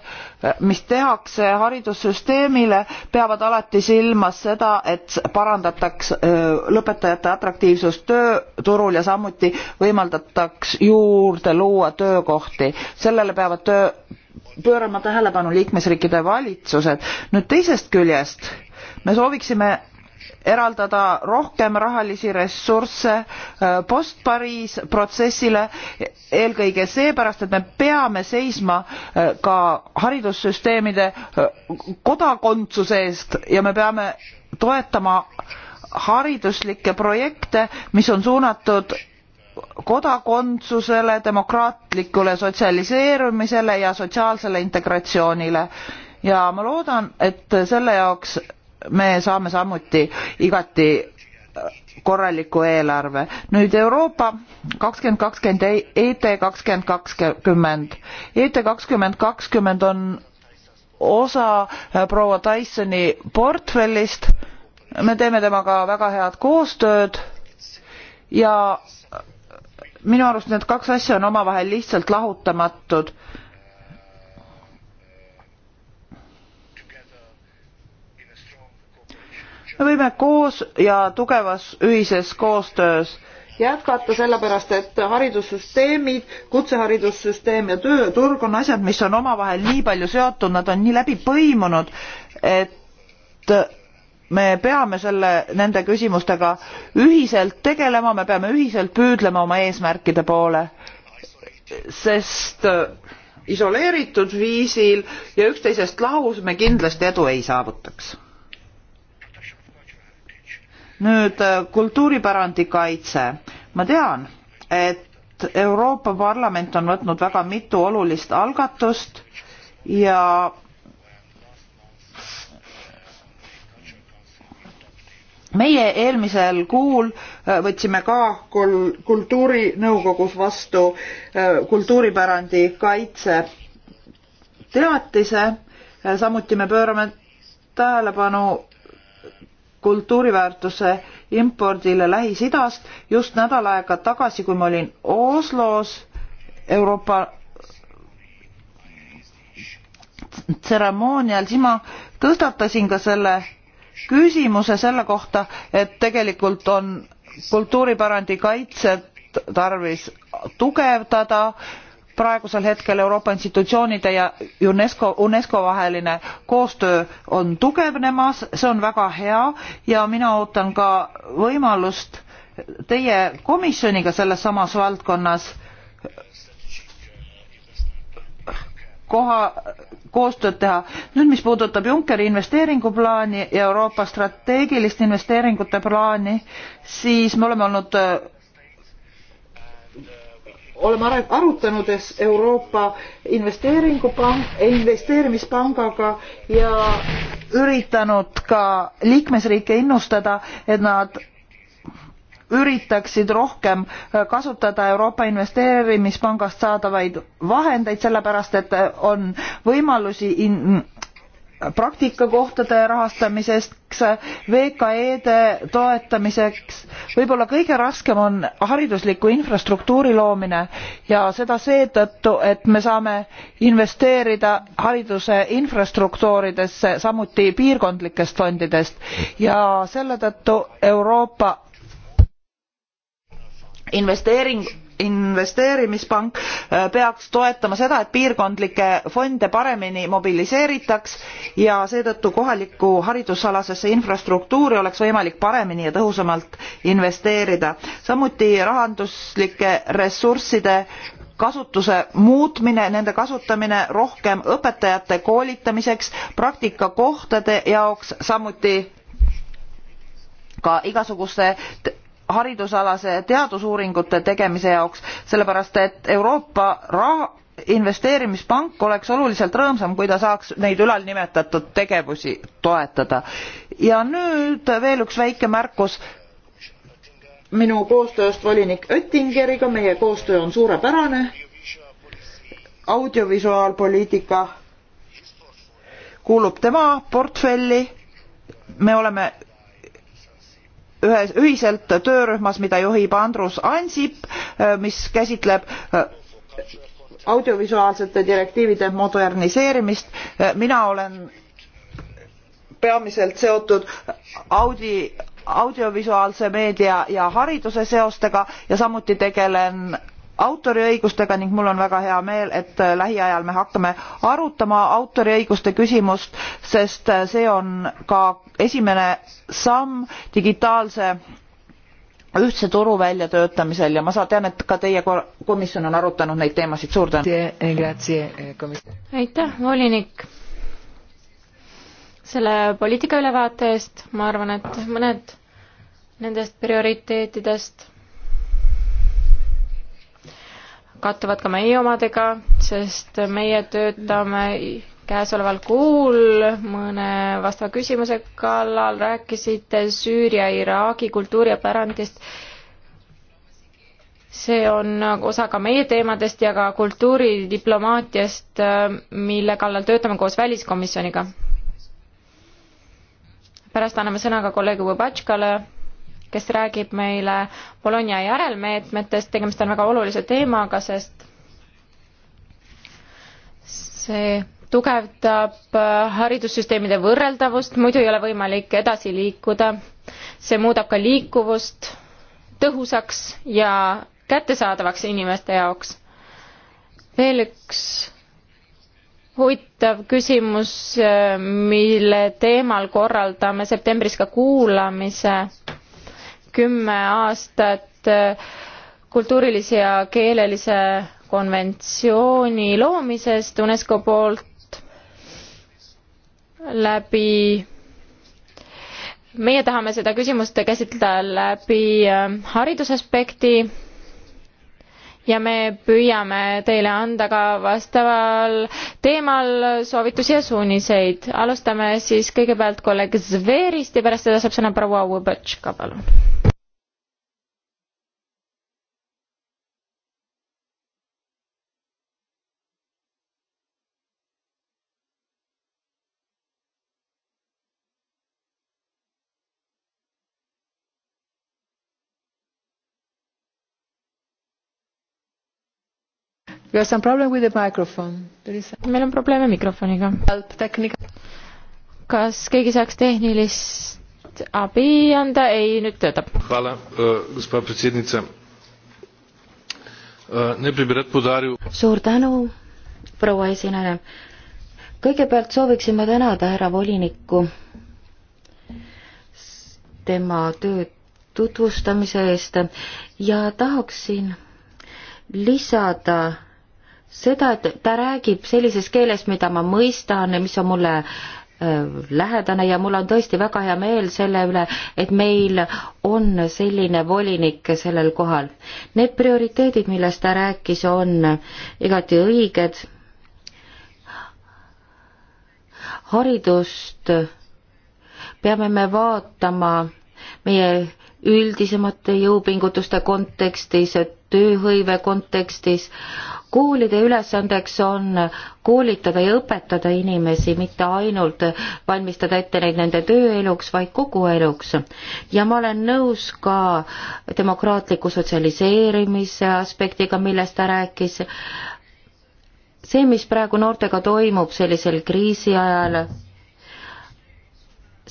D: mis tehakse haridussüsteemile peavad alati silmas seda et parandataks lõpetajate atraktiivsust tööturul ja samuti võimaldataks juurde luua töökohti sellele peavad töö pöörama tähelepanu liikmesriikide valitsused nüüd teisest küljest me sooviksime eraldada rohkem rahalisi ressursse äh, post pariis protsessile eelkõige seepärast et me peame seisma äh, ka haridussüsteemide äh, kodakondsuse eest ja me peame toetama hariduslikke projekte mis on suunatud kodakondsusele demokraatlikule sotsialiseerumisele ja sotsiaalsele integratsioonile ja ma loodan et selle jaoks me saame samuti igati korraliku eelarve. nüüd Euroopa kakskümmend kakskümmend, ET kakskümmend kakskümmend. ET kakskümmend kakskümmend on osa äh, proua Dysoni portfellist. me teeme temaga väga head koostööd ja minu arust need kaks asja on omavahel lihtsalt lahutamatud me võime koos ja tugevas ühises koostöös jätkata, sellepärast et haridussüsteemid, kutseharidussüsteem ja tööturg on asjad, mis on omavahel nii palju seotud, nad on nii läbi põimunud, et me peame selle, nende küsimustega ühiselt tegelema, me peame ühiselt püüdlema oma eesmärkide poole, sest äh, isoleeritud viisil ja üksteisest lahus me kindlasti edu ei saavutaks nüüd äh, kultuuripärandi kaitse. ma tean, et Euroopa Parlament on võtnud väga mitu olulist algatust ja meie eelmisel kuul äh, võtsime ka kultuurinõukogus vastu äh, kultuuripärandi kaitse teatise, samuti me pöörame tähelepanu kultuuriväärtuse impordile Lähis-Idast. just nädal aega tagasi, kui ma olin Oslos Euroopa tseremoonial, siis ma tõstatasin ka selle küsimuse selle kohta, et tegelikult on kultuuripärandi kaitset tarvis tugevdada praegusel hetkel euroopa institutsioonide ja UNESCO, unesco vaheline koostöö on tugevnemas see on väga hea ja mina ootan ka võimalust teie komisjoniga selles samas valdkonnas koha koostööd teha. nüüd mis puudutab junckeri investeeringuplaani ja euroopa strateegilist investeeringute plaani siis me oleme olnud oleme arutanud Euroopa investeeringupank, investeerimispangaga ja üritanud ka liikmesriike innustada, et nad üritaksid rohkem äh, kasutada Euroopa Investeerimispangast saadavaid vahendeid, sellepärast et äh, on võimalusi in praktikakohtade rahastamiseks, VKE-de toetamiseks. võib-olla kõige raskem on haridusliku infrastruktuuri loomine ja seda seetõttu, et me saame investeerida hariduse infrastruktuuridesse, samuti piirkondlikest fondidest ja selle tõttu Euroopa investeering investeerimispank äh, peaks toetama seda et piirkondlikke fonde paremini mobiliseeritaks ja seetõttu kohalikku haridusalasesse infrastruktuuri oleks võimalik paremini ja tõhusamalt investeerida samuti rahanduslike ressursside kasutuse muutmine nende kasutamine rohkem õpetajate koolitamiseks praktikakohtade jaoks samuti ka igasuguste haridusalase teadusuuringute tegemise jaoks, sellepärast et Euroopa raha, investeerimispank oleks oluliselt rõõmsam, kui ta saaks neid ülalnimetatud tegevusi toetada. ja nüüd veel üks väike märkus minu koostööst volinik Oettingeriga, meie koostöö on suurepärane. audiovisuaalpoliitika kuulub tema portfelli. me oleme ühes ühiselt töörühmas mida juhib andrus ansip äh, mis käsitleb äh, audiovisuaalsete direktiivide moderniseerimist äh, mina olen peamiselt seotud audi audiovisuaalse meedia ja hariduse seostega ja samuti tegelen autoriõigustega ning mul on väga hea meel, et äh, lähiajal me hakkame arutama autoriõiguste küsimust, sest äh, see on ka esimene samm digitaalse ühtse turu väljatöötamisel ja ma saan, tean, et ka teie komisjon on arutanud neid teemasid, suur tänu.
B: aitäh, volinik, selle poliitika ülevaate eest, ma arvan, et mõned nendest prioriteetidest kattuvad ka meie omadega, sest meie töötame käesoleval kuul mõne vastava küsimuse kallal, rääkisite Süüria-Iraagi kultuuri ja pärandist. see on osa ka meie teemadest ja ka kultuuridiplomaatiast, mille kallal töötame koos väliskomisjoniga. pärast anname sõna ka kolleeg Võbatškale kes räägib meile Bologna järelmeetmetest, tegemist on väga olulise teemaga, sest see tugevdab äh, haridussüsteemide võrreldavust, muidu ei ole võimalik edasi liikuda. see muudab ka liikuvust tõhusaks ja kättesaadavaks inimeste jaoks. veel üks huvitav küsimus, äh, mille teemal korraldame septembris ka kuulamise kümme aastat äh, kultuurilise ja keelelise konventsiooni loomisest UNESCO poolt läbi meie tahame seda küsimust käsitleda läbi äh, haridusaspekti ja me püüame teile anda ka vastaval teemal soovitusi ja suuniseid. alustame siis kõigepealt kolleeg Zverist ja pärast seda saab sõna proua Võbõtška, palun meil on probleeme mikrofoniga. kas keegi saaks tehnilist abi anda? ei, nüüd töötab.
A: E, e,
C: suur tänu, proua esineja. kõigepealt sooviksin ma tänada härra volinikku tema töö tutvustamise eest ja tahaksin lisada seda, et ta räägib sellises keeles, mida ma mõistan, mis on mulle äh, lähedane ja mul on tõesti väga hea meel selle üle, et meil on selline volinik sellel kohal. Need prioriteedid, millest ta rääkis, on igati õiged. haridust peame me vaatama meie üldisemate jõupingutuste kontekstis, et tööhõive kontekstis. koolide ülesandeks on koolitada ja õpetada inimesi, mitte ainult valmistada ette neid nende tööeluks, vaid kogu eluks. ja ma olen nõus ka demokraatliku sotsialiseerimise aspektiga, millest ta rääkis. see, mis praegu noortega toimub sellisel kriisi ajal,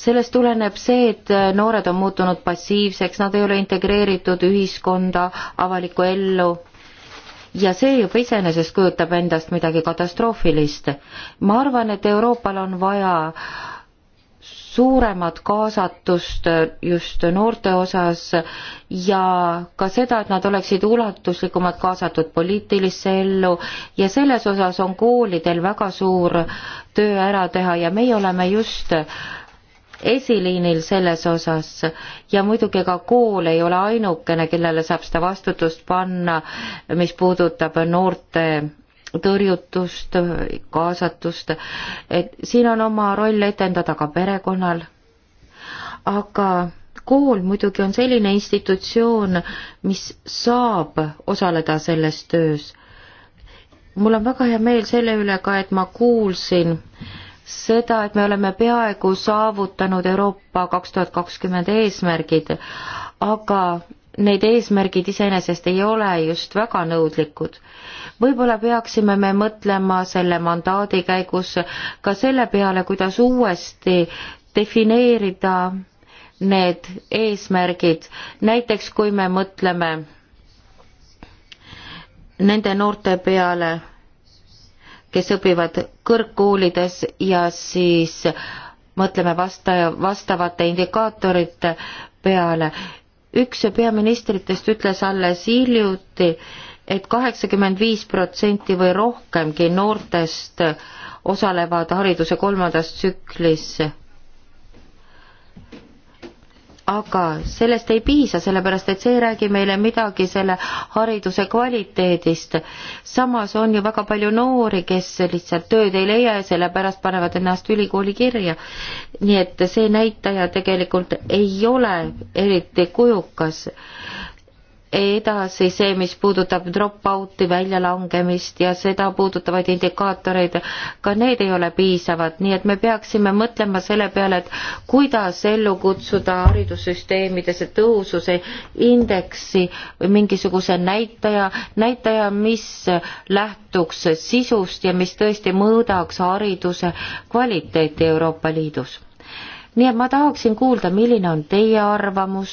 C: sellest tuleneb see, et äh, noored on muutunud passiivseks, nad ei ole integreeritud ühiskonda, avalikku ellu ja see juba iseenesest kujutab endast midagi katastroofilist. ma arvan, et Euroopal on vaja suuremat kaasatust äh, just noorte osas ja ka seda, et nad oleksid ulatuslikumalt kaasatud poliitilisse ellu ja selles osas on koolidel väga suur töö ära teha ja meie oleme just äh, esiliinil selles osas ja muidugi ega kool ei ole ainukene, kellele saab seda vastutust panna, mis puudutab noorte tõrjutust, kaasatust, et siin on oma roll etendada ka perekonnal. aga kool muidugi on selline institutsioon, mis saab osaleda selles töös. mul on väga hea meel selle üle ka, et ma kuulsin äh, seda, et me oleme peaaegu saavutanud Euroopa kaks tuhat kakskümmend eesmärgid, aga need eesmärgid iseenesest ei ole just väga nõudlikud. võib-olla peaksime me mõtlema selle mandaadi käigus ka selle peale, kuidas uuesti defineerida need eesmärgid, näiteks kui me mõtleme nende noorte peale, kes õpivad kõrgkoolides ja siis mõtleme vastaja, vastavate indikaatorite peale. üks peaministritest ütles alles hiljuti, et kaheksakümmend viis protsenti või rohkemgi noortest osalevad hariduse kolmandas tsüklis aga sellest ei piisa, sellepärast et see ei räägi meile midagi selle hariduse kvaliteedist. samas on ju väga palju noori, kes lihtsalt tööd ei leia ja sellepärast panevad ennast ülikooli kirja. nii et see näitaja tegelikult ei ole eriti kujukas edasi see, mis puudutab drop-out'i väljalangemist ja seda puudutavaid indikaatoreid, ka need ei ole piisavad, nii et me peaksime mõtlema selle peale, et kuidas ellu kutsuda haridussüsteemides tõhususe indeksi või mingisuguse näitaja, näitaja, mis lähtuks sisust ja mis tõesti mõõdaks hariduse kvaliteeti Euroopa Liidus nii et ma tahaksin kuulda, milline on teie arvamus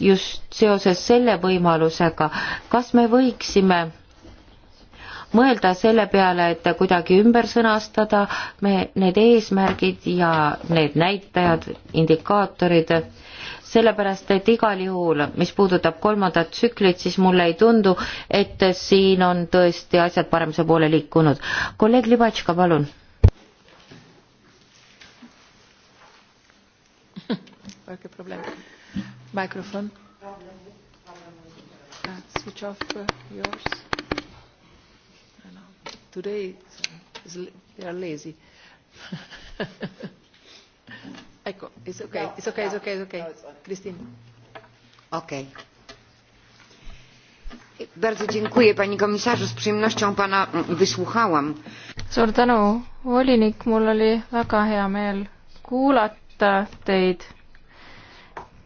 C: just seoses selle võimalusega, kas me võiksime mõelda selle peale, et kuidagi ümber sõnastada me need eesmärgid ja need näitajad, indikaatorid, sellepärast et igal juhul, mis puudutab kolmandat tsüklit, siis mulle ei tundu, et siin on tõesti asjad paremuse poole liikunud. kolleeg Libatška, palun
B: Welke probleem? Microfoon. Uh, ah, switch off uh,
A: yours. I ah, know. Today it's, it's, they are lazy. ecco, it's okay, no, it's okay, no, it's okay, it's okay. No, it's okay. Christine.
C: Okay. Bardzo dziękuję pani komisarzu, z przyjemnością pana wysłuchałam. Suur tänu,
B: volinik, mul oli väga hea meel kuulata kuulata teid.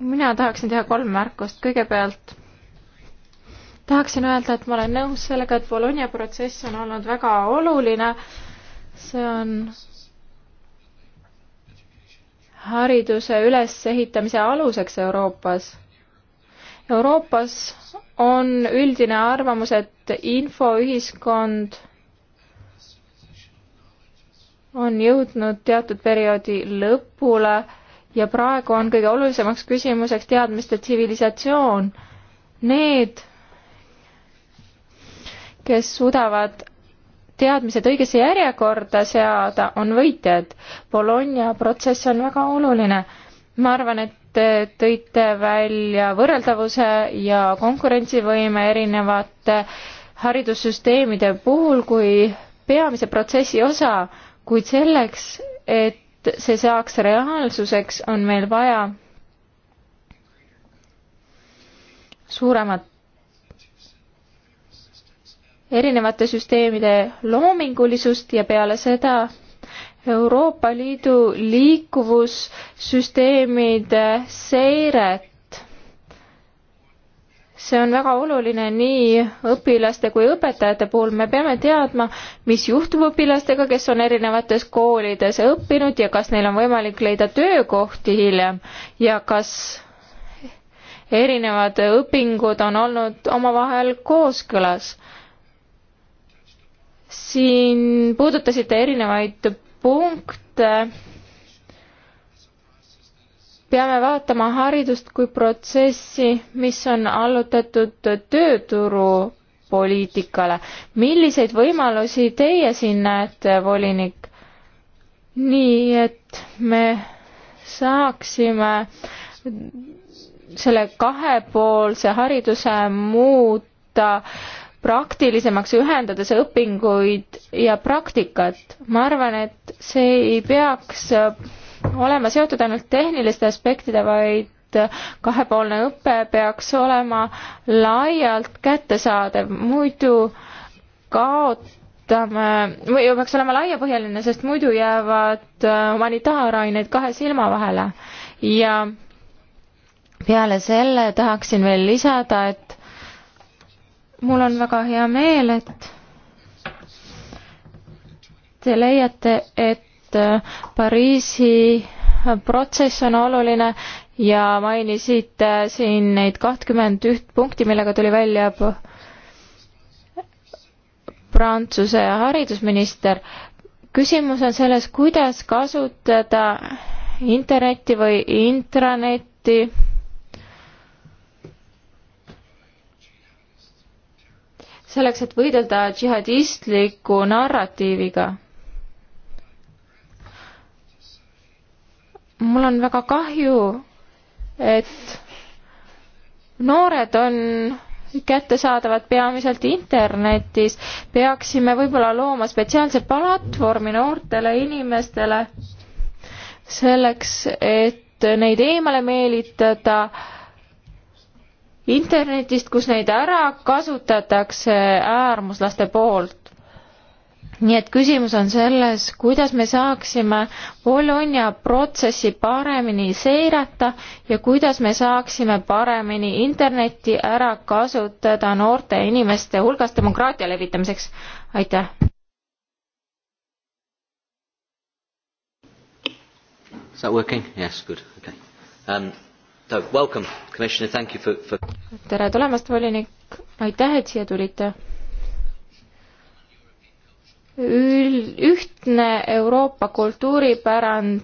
B: mina tahaksin teha kolm märkust. kõigepealt tahaksin öelda, et ma olen nõus sellega, et Bologna protsess on olnud väga oluline. see on hariduse ülesehitamise aluseks Euroopas. Euroopas on üldine arvamus, et infoühiskond on jõudnud teatud perioodi lõpule ja praegu on kõige olulisemaks küsimuseks teadmiste tsivilisatsioon. Need, kes suudavad teadmised õigesse järjekorda seada, on võitjad. Bologna protsess on väga oluline. ma arvan, et te tõite välja võrreldavuse ja konkurentsivõime erinevate haridussüsteemide puhul kui peamise protsessi osa kuid selleks, et see saaks reaalsuseks, on meil vaja suuremat erinevate süsteemide loomingulisust ja peale seda Euroopa Liidu liikuvussüsteemide seiret see on väga oluline nii õpilaste kui õpetajate puhul, me peame teadma, mis juhtub õpilastega, kes on erinevates koolides õppinud ja kas neil on võimalik leida töökohti hiljem ja kas erinevad õpingud on olnud omavahel kooskõlas. siin puudutasite erinevaid punkte peame vaatama haridust kui protsessi, mis on allutatud tööturu poliitikale. milliseid võimalusi teie siin näete, volinik? nii et me saaksime selle kahepoolse hariduse muuta praktilisemaks, ühendades õpinguid ja praktikat. ma arvan, et see ei peaks olema seotud ainult tehniliste aspektide, vaid kahepoolne õpe peaks olema laialt kättesaadav, muidu kaotame, või peaks olema laiapõhjaline, sest muidu jäävad äh, humanitaarained kahe silma vahele. ja peale selle tahaksin veel lisada, et mul on väga hea meel, et te leiate, et et äh, Pariisi äh, protsess on oluline ja mainisite äh, siin neid kahtkümmend üht punkti, millega tuli välja Prantsuse haridusminister. küsimus on selles, kuidas kasutada internetti või intranetti selleks, et võidelda džihadistliku narratiiviga mul on väga kahju, et noored on kättesaadavad peamiselt internetis, peaksime võib-olla looma spetsiaalse platvormi noortele inimestele selleks, et neid eemale meelitada internetist, kus neid ära kasutatakse äärmuslaste poolt nii et küsimus on selles, kuidas me saaksime Bologna protsessi paremini seirata ja kuidas me saaksime paremini internetti ära kasutada noorte inimeste hulgas demokraatia levitamiseks. aitäh!
A: Is that working? Yes, good. Okay. Um,
B: so welcome, Commissioner. Thank you for, for... tere tulemast, volinik. aitäh, et siia tulite ül-, ühtne Euroopa kultuuripärand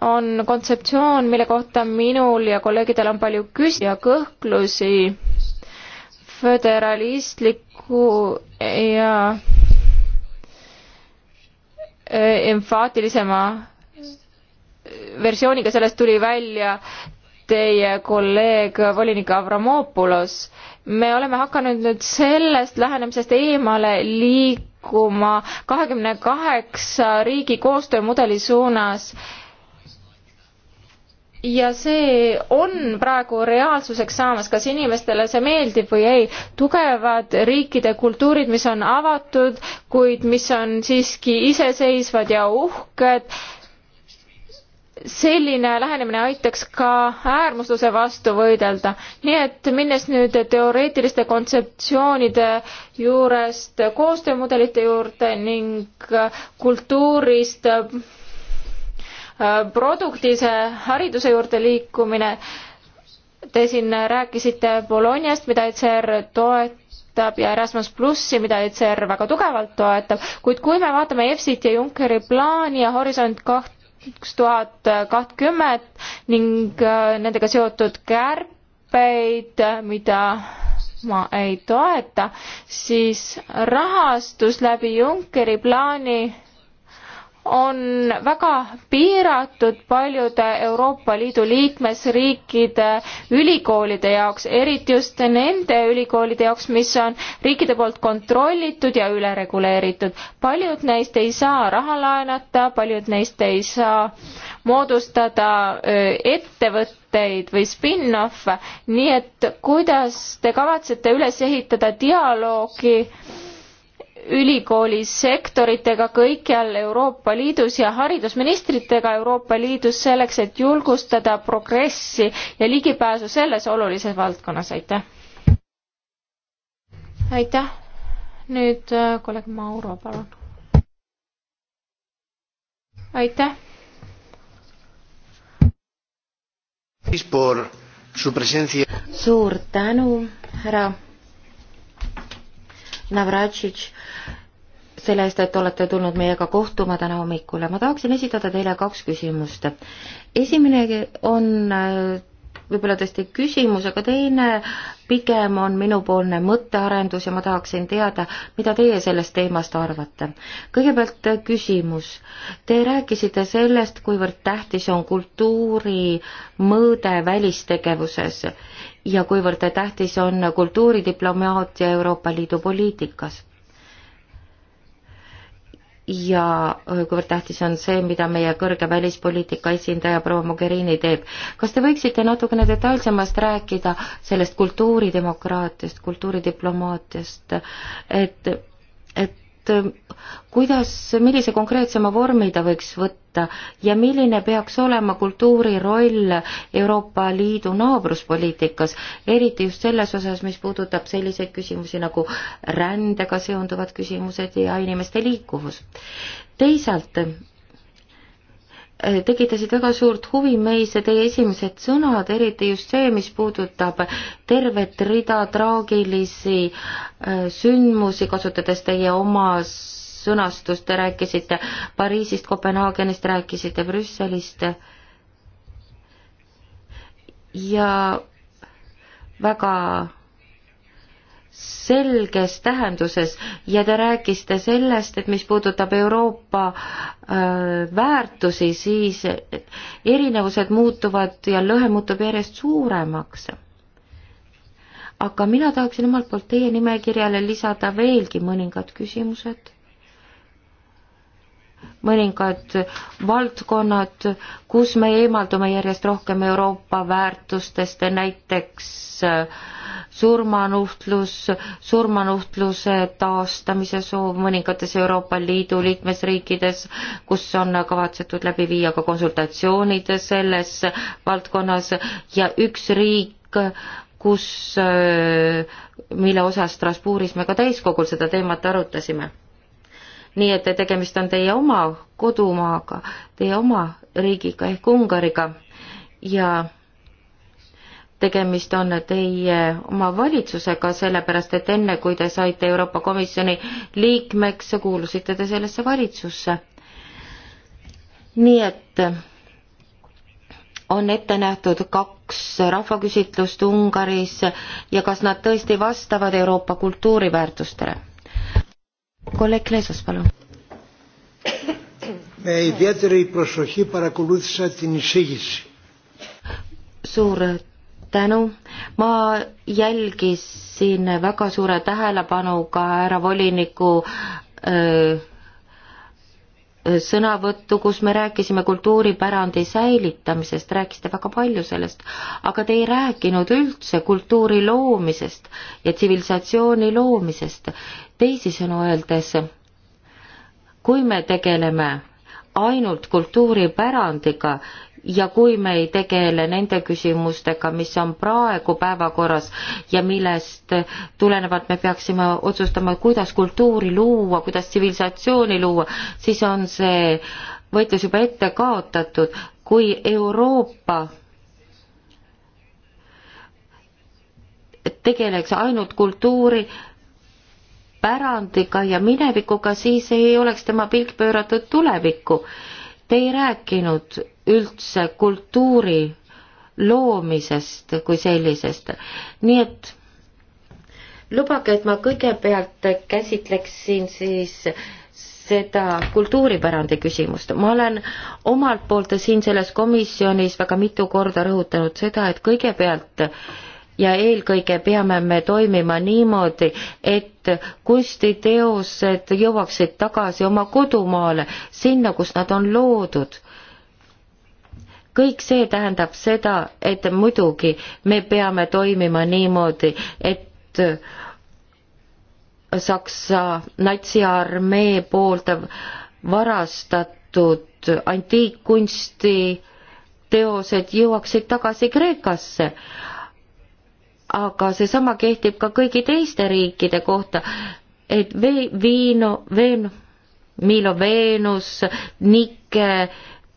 B: on kontseptsioon, mille kohta minul ja kolleegidel on palju küsimusi ja kõhklusi föderalistliku ja e, emfaatilisema versiooniga sellest tuli välja teie kolleeg volinik Avramopoulos me oleme hakanud nüüd sellest lähenemisest eemale liikuma kahekümne kaheksa riigi koostöömudeli suunas. ja see on praegu reaalsuseks saamas, kas inimestele see meeldib või ei. tugevad riikide kultuurid, mis on avatud, kuid mis on siiski iseseisvad ja uhked selline lähenemine aitaks ka äärmusluse vastu võidelda. nii et minnes nüüd teoreetiliste kontseptsioonide juurest koostöömudelite juurde ning kultuurist äh, produktiivse hariduse juurde liikumine, te siin rääkisite Bolognast, mida ECR toetab ja Erasmus plussi, mida ECR väga tugevalt toetab, kuid kui me vaatame EFSit ja Junckeri plaani ja Horisont kaht kaks tuhat kakskümmend ning äh, nendega seotud kärpeid, mida ma ei toeta, siis rahastus läbi Junckeri plaani on väga piiratud paljude Euroopa Liidu liikmesriikide ülikoolide jaoks, eriti just nende ülikoolide jaoks, mis on riikide poolt kontrollitud ja ülereguleeritud. paljud neist ei saa raha laenata, paljud neist ei saa moodustada ettevõtteid või spin-off'e, nii et kuidas te kavatsete üles ehitada dialoogi ülikoolisektoritega kõikjal Euroopa Liidus ja haridusministritega Euroopa Liidus selleks, et julgustada progressi ja ligipääsu selles olulises valdkonnas, aitäh! aitäh, nüüd äh, kolleeg Mauro, palun. aitäh!
C: suur tänu, härra Navratšitš selle eest, et olete tulnud meiega kohtuma täna hommikul ja ma tahaksin esitada teile kaks küsimust. esimene on äh, võib-olla tõesti küsimus, aga teine pigem on minupoolne mõttearendus ja ma tahaksin teada, mida teie sellest teemast arvate. kõigepealt äh, küsimus. Te rääkisite sellest, kuivõrd tähtis on kultuuri mõõde välistegevuses ja kuivõrd tähtis on kultuuridiplomaatia Euroopa Liidu poliitikas. ja kuivõrd tähtis on see, mida meie kõrge välispoliitika esindaja proua Mogherini teeb. kas te võiksite natukene detailsemast rääkida sellest kultuuridemokraatiast, kultuuridiplomaatiast, et Äh, kuidas, millise konkreetsema vormi ta võiks võtta ja milline peaks olema kultuuri roll Euroopa Liidu naabruspoliitikas, eriti just selles osas, mis puudutab selliseid küsimusi nagu rändega seonduvad küsimused ja inimeste liikuvus. teisalt Äh, tekitasid väga suurt huvi meis ja teie esimesed sõnad, eriti just see, mis puudutab tervet rida traagilisi äh, sündmusi, kasutades teie oma sõnastust, te rääkisite Pariisist, Kopenhaagenist, rääkisite Brüsselist ja väga selges tähenduses ja te rääkisite sellest, et mis puudutab Euroopa äh, väärtusi, siis erinevused muutuvad ja lõhe muutub järjest suuremaks. aga mina tahaksin omalt poolt teie nimekirjale lisada veelgi mõningad küsimused mõningad valdkonnad, kus me eemaldume järjest rohkem Euroopa väärtustest, näiteks äh, surmanuhtlus, surmanuhtluse taastamise soov mõningates Euroopa Liidu liikmesriikides, kus on kavatsetud läbi viia ka konsultatsioonid selles valdkonnas ja üks riik, kus, äh, mille osas Strasbourgis me ka täiskogul seda teemat arutasime nii et tegemist on teie oma kodumaaga, teie oma riigiga ehk Ungariga ja tegemist on teie oma valitsusega, sellepärast et enne, kui te saite Euroopa Komisjoni liikmeks, kuulusite te sellesse valitsusse. nii et on ette nähtud kaks rahvaküsitlust Ungaris ja kas nad tõesti vastavad Euroopa kultuuriväärtustele kolleeg Kleesos, palun. suur tänu, ma jälgisin väga suure tähelepanuga härra voliniku öö, äh, sõnavõttu, kus me rääkisime kultuuripärandi säilitamisest, rääkisite väga palju sellest, aga te ei rääkinud üldse kultuuri loomisest ja tsivilisatsiooni loomisest teisisõnu öeldes, kui me tegeleme ainult kultuuripärandiga ja kui me ei tegele nende küsimustega, mis on praegu päevakorras ja millest tulenevalt me peaksime otsustama, kuidas kultuuri luua, kuidas tsivilisatsiooni luua, siis on see võitlus juba ette kaotatud, kui Euroopa tegeleks ainult kultuuri pärandiga ja minevikuga, siis ei oleks tema pilk pööratud tulevikku. Te ei rääkinud üldse kultuuri loomisest kui sellisest, nii et lubage, et ma kõigepealt käsitleksin siis seda kultuuripärandi küsimust. ma olen omalt poolt siin selles komisjonis väga mitu korda rõhutanud seda, et kõigepealt ja eelkõige peame me toimima niimoodi, et kunstiteosed jõuaksid tagasi oma kodumaale, sinna, kus nad on loodud. kõik see tähendab seda, et muidugi me peame toimima niimoodi, et Saksa natsiarmee poolt varastatud antiikkunsti teosed jõuaksid tagasi Kreekasse aga seesama kehtib ka kõigi teiste riikide kohta, et vee-, viino, veen-, Milo Veenus, Nike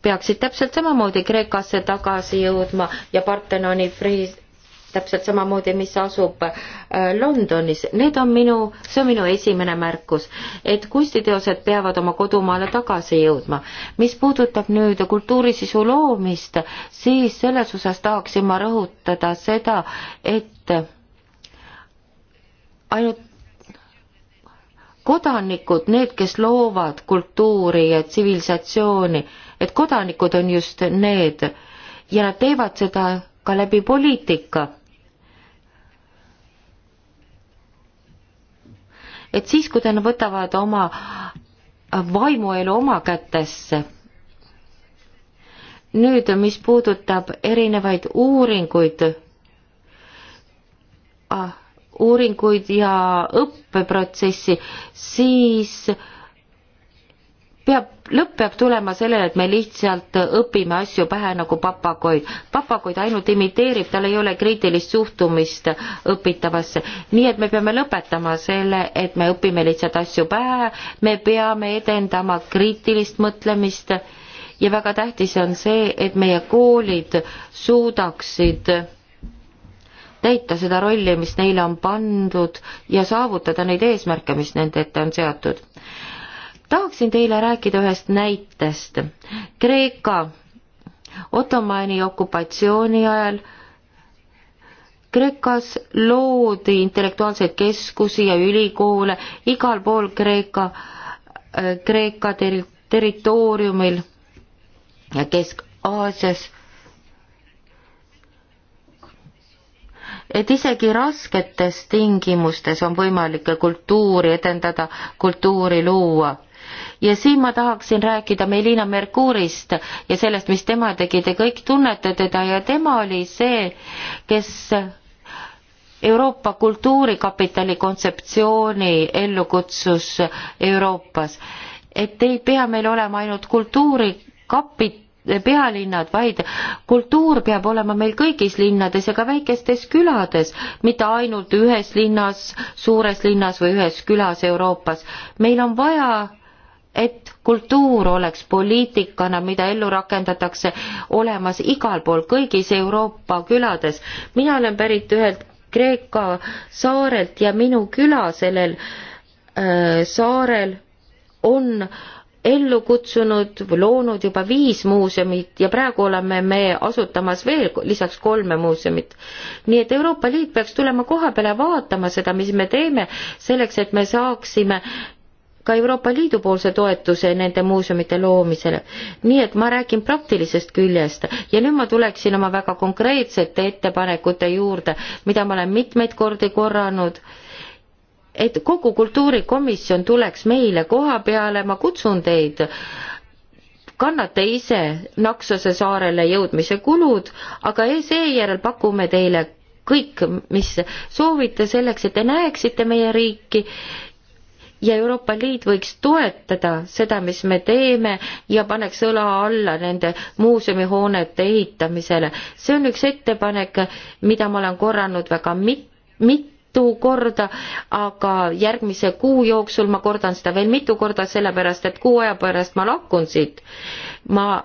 C: peaksid täpselt samamoodi Kreekasse tagasi jõudma ja Partenoni friis-, täpselt samamoodi, mis asub äh, Londonis. Need on minu, see on minu esimene märkus, et kunstiteosed peavad oma kodumaale tagasi jõudma. mis puudutab nüüd kultuurisisu loomist, siis selles osas tahaksin ma rõhutada seda, et ainult kodanikud, need, kes loovad kultuuri ja tsivilisatsiooni, et kodanikud on just need ja nad teevad seda ka läbi poliitika et siis, kui nad võtavad oma vaimuelu oma kätesse, nüüd, mis puudutab erinevaid uuringuid, ah, uuringuid ja õppeprotsessi, siis äh, peab, lõpp peab tulema sellele, et me lihtsalt õpime asju pähe nagu papagoid. papagoid ainult imiteerib, tal ei ole kriitilist suhtumist õpitavasse. nii et me peame lõpetama selle, et me õpime lihtsalt asju pähe, me peame edendama kriitilist mõtlemist ja väga tähtis on see, et meie koolid suudaksid täita seda rolli, mis neile on pandud ja saavutada neid eesmärke, mis nende ette on seatud tahaksin teile rääkida ühest näitest. Kreeka Ottomani okupatsiooni ajal Kreekas loodi intellektuaalseid keskusi ja ülikoole igal pool Kreeka, äh, Kreeka ter-, territooriumil ja Kesk-Aasias. et isegi rasketes tingimustes on võimalik kultuuri edendada, kultuuri luua ja siin ma tahaksin rääkida Melina Merkuurist ja sellest, mis tema tegi, te kõik tunnete teda ja tema oli see, kes Euroopa kultuurikapitali kontseptsiooni ellu kutsus Euroopas. et ei pea meil olema ainult kultuurikapital, pealinnad, vaid kultuur peab olema meil kõigis linnades ja ka väikestes külades, mitte ainult ühes linnas, suures linnas või ühes külas Euroopas. meil on vaja et kultuur oleks poliitikana, mida ellu rakendatakse, olemas igal pool, kõigis Euroopa külades. mina olen pärit ühelt Kreeka saarelt ja minu küla sellel äh, saarel on ellu kutsunud või loonud juba viis muuseumit ja praegu oleme me asutamas veel lisaks kolme muuseumit. nii et Euroopa Liit peaks tulema koha peale vaatama seda, mis me teeme, selleks et me saaksime ka Euroopa Liidu poolse toetuse nende muuseumite loomisele. nii et ma räägin praktilisest küljest ja nüüd ma tuleksin oma väga konkreetsete ettepanekute juurde, mida ma olen mitmeid kordi korranud et kogu kultuurikomisjon tuleks meile koha peale, ma kutsun teid, kannate ise Naksose saarele jõudmise kulud, aga seejärel pakume teile kõik, mis soovite selleks, et te näeksite meie riiki ja Euroopa Liit võiks toetada seda, mis me teeme ja paneks õla alla nende muuseumihoonete ehitamisele. see on üks ettepanek, mida ma olen korranud väga mit-, mitu korda, aga järgmise kuu jooksul ma kordan seda veel mitu korda, sellepärast et kuu aja pärast ma lahkun siit. ma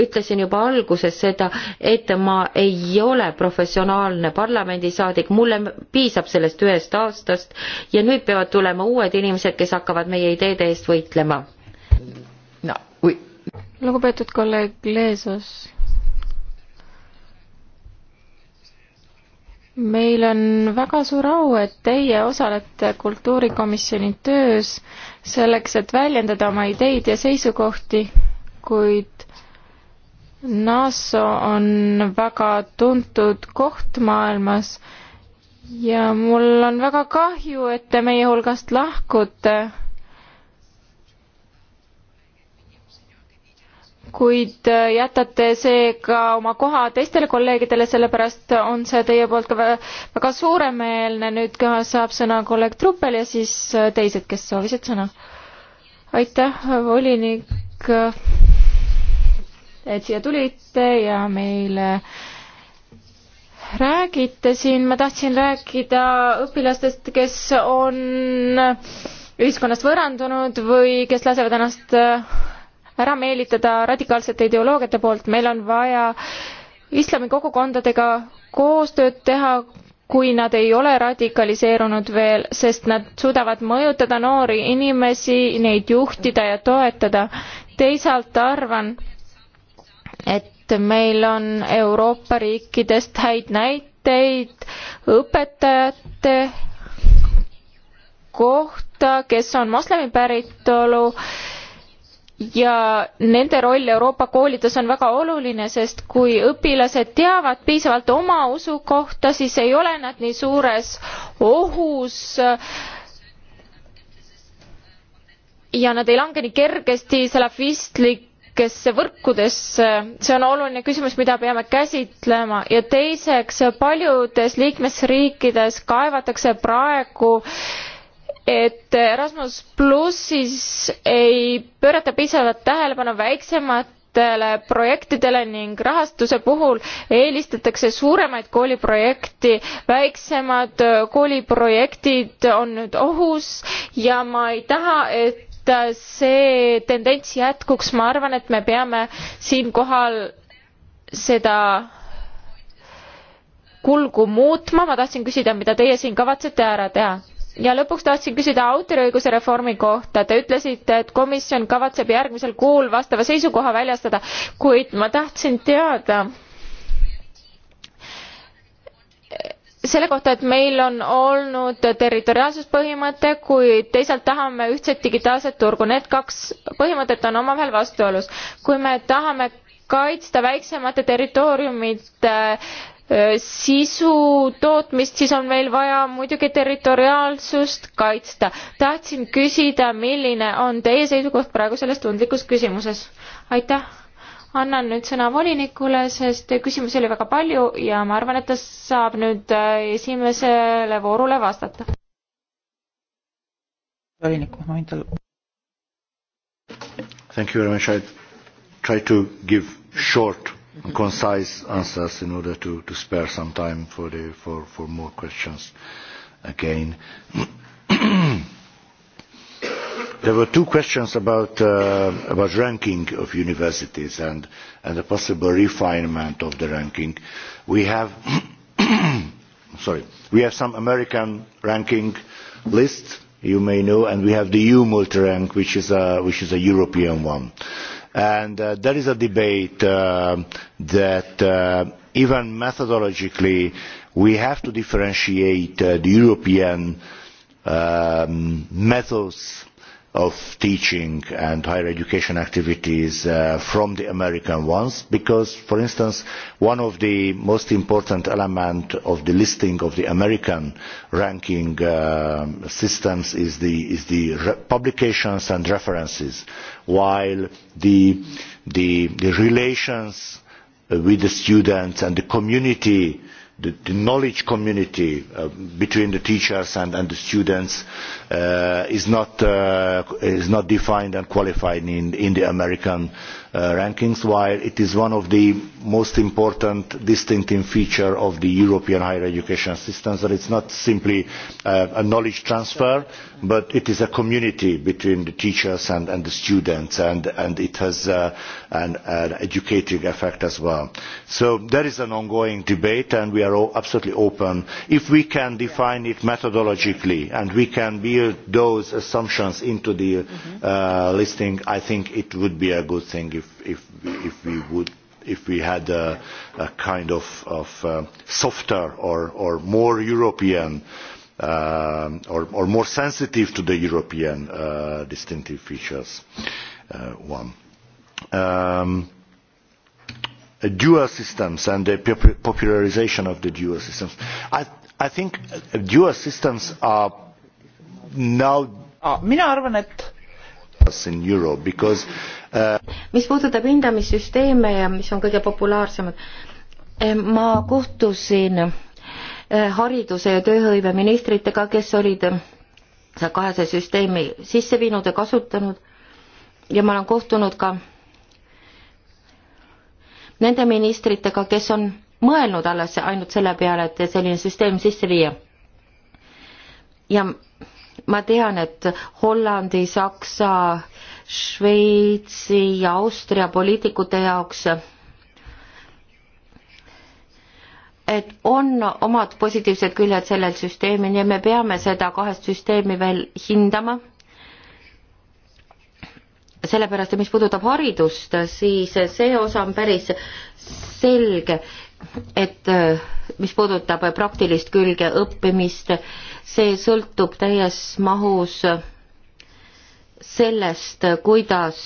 C: ütlesin juba alguses seda, et ma ei ole professionaalne parlamendisaadik, mulle piisab sellest ühest aastast ja nüüd peavad tulema uued inimesed, kes hakkavad meie ideede eest võitlema no,.
B: lugupeetud kolleeg Leesos. meil on väga suur au, et teie osalete kultuurikomisjoni töös selleks, et väljendada oma ideid ja seisukohti, kuid NATO on väga tuntud koht maailmas ja mul on väga kahju, et te meie hulgast lahkute. kuid äh, jätate seega oma koha teistele kolleegidele, sellepärast on see teie poolt ka väga suuremeelne. nüüd saab sõna kolleeg Truppel ja siis äh, teised, kes soovisid sõna. aitäh, äh, volinik et siia tulite ja meile räägite siin, ma tahtsin rääkida õpilastest, kes on ühiskonnast võõrandunud või kes lasevad ennast ära meelitada radikaalsete ideoloogiate poolt, meil on vaja islami kogukondadega koostööd teha, kui nad ei ole radikaliseerunud veel, sest nad suudavad mõjutada noori inimesi, neid juhtida ja toetada. teisalt arvan, et meil on Euroopa riikidest häid näiteid õpetajate kohta, kes on moslemi päritolu ja nende roll Euroopa koolides on väga oluline, sest kui õpilased teavad piisavalt oma usu kohta, siis ei ole nad nii suures ohus ja nad ei lange nii kergesti salafistlik kõikidesse võrkudesse, see on oluline küsimus, mida peame käsitlema ja teiseks, paljudes liikmesriikides kaevatakse praegu et Erasmus plussis ei pöörata piisavalt tähelepanu väiksematele projektidele ning rahastuse puhul eelistatakse suuremaid kooliprojekti. väiksemad kooliprojektid on nüüd ohus ja ma ei taha, et Äh, see tendents jätkuks, ma arvan, et me peame siinkohal seda kulgu muutma, ma tahtsin küsida, mida teie siin kavatsete ära teha? ja lõpuks tahtsin küsida autoriõiguse reformi kohta. Te ütlesite, et komisjon kavatseb järgmisel kuul vastava seisukoha väljastada, kuid ma tahtsin teada, selle kohta, et meil on olnud territoriaalsuspõhimõte, kuid teisalt tahame ühtset digitaalset turgu. Need kaks põhimõtet on omavahel vastuolus. kui me tahame kaitsta väiksemate territooriumite äh, sisu tootmist, siis on meil vaja muidugi territoriaalsust kaitsta. tahtsin küsida, milline on teie seisukoht praegu selles tundlikus küsimuses? aitäh annan nüüd sõna volinikule, sest küsimusi oli väga palju ja ma arvan, et ta saab nüüd äh, esimesele voorule vastata.
D: volinik Mahmedov.
A: Thank you very much, I try to give short and concise answers in order to, to spare some time for the, for, for more questions again there were two questions about, uh, about ranking of universities and, and the possible refinement of the ranking. We have, sorry, we have some American ranking lists, you may know, and we have the EU multi-rank, which, is a, which is a European one. And uh, there is a debate uh, that uh, even methodologically we have to differentiate uh, the European um, methods of teaching and higher education activities uh, from the American ones because, for instance, one of the most important elements of the listing of the American ranking uh, systems is the, is the re- publications and references, while the, the, the relations with the students and the community uh, the, the knowledge community uh, between the teachers and, and the students uh, is, not, uh, is not defined and qualified in, in the American uh, rankings, while it is one of the most important distinctive feature of the European higher education system that it's not simply uh, a knowledge transfer, but it is a community between the teachers and, and the students, and, and it has uh, an, an educating effect as well. So there is an ongoing debate, and we are all absolutely open. If we can define it methodologically, and we can build those assumptions into the mm-hmm. uh, listing, I think it would be a good thing if, if, if we would if we had a, a kind of, of uh, softer or, or more European uh, or, or more sensitive to the European uh, distinctive features uh, one. Um, dual systems and the popularization of the dual systems. I, I think dual systems are
C: now ah, mina arvan, et Uh, mis puudutab hindamissüsteeme ja mis on kõige populaarsemad, eh, ma kohtusin eh, hariduse ja tööhõive ministritega, kes olid eh, kahese süsteemi sisse viinud ja kasutanud ja ma olen kohtunud ka nende ministritega, kes on mõelnud alles ainult selle peale, et selline süsteem sisse viia. ja ma tean, et Hollandi, Saksa, Šveitsi ja Austria poliitikute jaoks et on omad positiivsed küljed sellel süsteemil ja me peame seda kahest süsteemi veel hindama. sellepärast, et mis puudutab haridust, siis see osa on päris selge et äh, mis puudutab praktilist külge õppimist, see sõltub täies mahus sellest, kuidas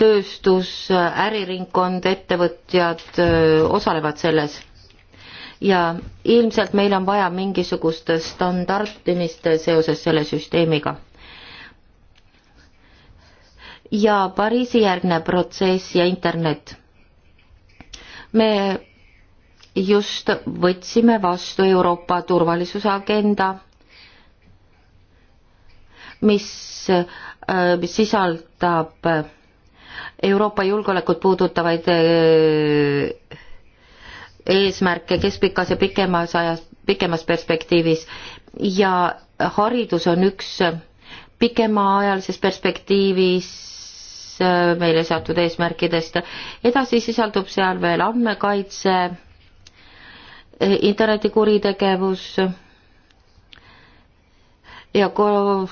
C: tööstus, äriringkond, ettevõtjad äh, osalevad selles. ja ilmselt meil on vaja mingisugust standardimist seoses selle süsteemiga. ja Pariisi järgne protsess ja internet. me just võtsime vastu Euroopa turvalisuse agenda, mis, äh, mis sisaldab Euroopa julgeolekut puudutavaid äh, eesmärke keskpikas ja pikemas ajas, pikemas perspektiivis ja haridus on üks pikemaajalises perspektiivis äh, meile seatud eesmärkidest. edasi sisaldub seal veel andmekaitse internetikuritegevus ja kor-,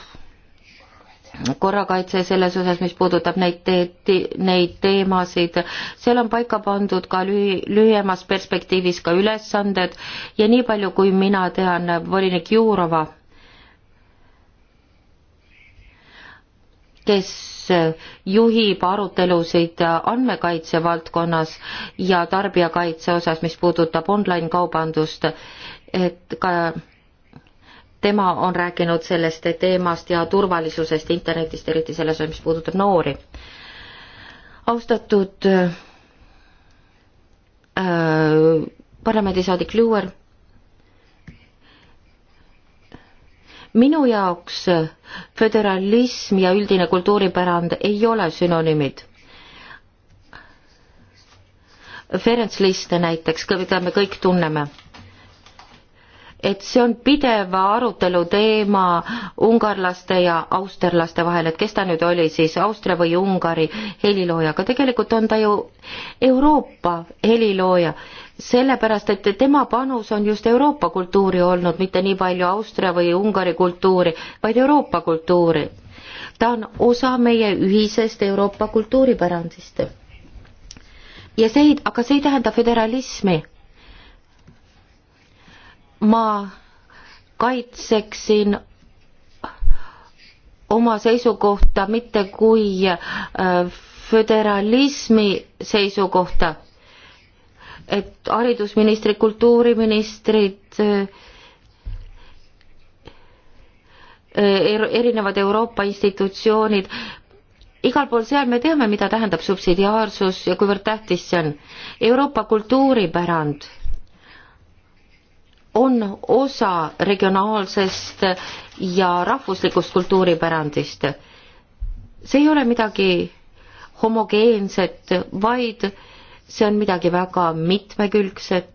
C: korrakaitse selles osas, mis puudutab neid te-, neid teemasid, seal on paika pandud ka lühi-, lühemas perspektiivis ka ülesanded ja nii palju, kui mina tean, volinik Jurova kes äh, juhib arutelusid äh, andmekaitse valdkonnas ja tarbijakaitse osas, mis puudutab online kaubandust, et ka tema on rääkinud sellest teemast ja turvalisusest internetist, eriti selles, mis puudutab noori. austatud äh, äh parlamendisaadik Lüür minu jaoks äh, föderalism ja üldine kultuuripärand ei ole sünonüümid. Ferenc Liste näiteks, keda me kõik tunneme et see on pideva arutelu teema ungarlaste ja austerlaste vahel, et kes ta nüüd oli siis, Austria või Ungari helilooja, aga tegelikult on ta ju Euroopa helilooja sellepärast, et tema panus on just Euroopa kultuuri olnud, mitte nii palju Austria või Ungari kultuuri, vaid Euroopa kultuuri. ta on osa meie ühisest Euroopa kultuuripärandist. ja see, aga see ei tähenda föderalismi. ma kaitseksin oma seisukohta mitte kui äh, föderalismi seisukohta et haridusministrid, kultuuriministrid, eh, er-, erinevad Euroopa institutsioonid, igal pool seal me teame, mida tähendab subsidiaarsus ja kuivõrd tähtis see on. Euroopa kultuuripärand on osa regionaalsest ja rahvuslikust kultuuripärandist. see ei ole midagi homogeenset, vaid äh, see on midagi väga mitmekülgset.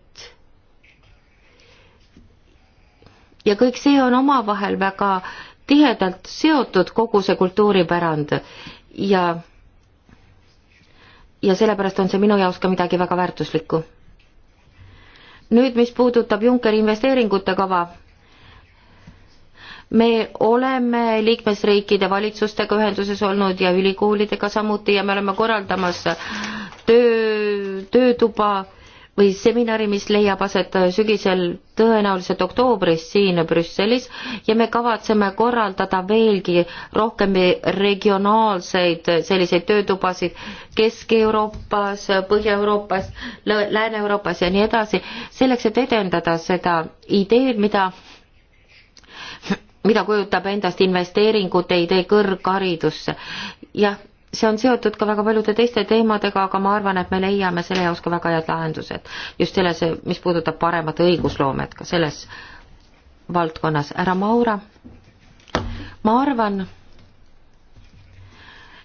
C: ja kõik see on omavahel väga tihedalt seotud, kogu see kultuuripärand ja ja sellepärast on see minu jaoks ka midagi väga väärtuslikku. nüüd, mis puudutab Junckeri investeeringute kava, me oleme liikmesriikide valitsustega ühenduses olnud ja ülikoolidega samuti ja me oleme korraldamas äh, töö, töötuba või seminari, mis leiab aset sügisel tõenäoliselt oktoobris siin Brüsselis ja me kavatseme korraldada veelgi rohkem regionaalseid selliseid töötubasid Kesk-Euroopas, Põhja-Euroopas, Lääne-Euroopas ja nii edasi, selleks, et edendada seda ideed, mida mida kujutab endast investeeringute idee kõrgharidusse. jah see on seotud ka väga paljude teiste teemadega, aga ma arvan, et me leiame selle jaoks ka väga head lahendused. just selles, mis puudutab paremat õigusloomet ka selles valdkonnas. härra Maura, ma arvan,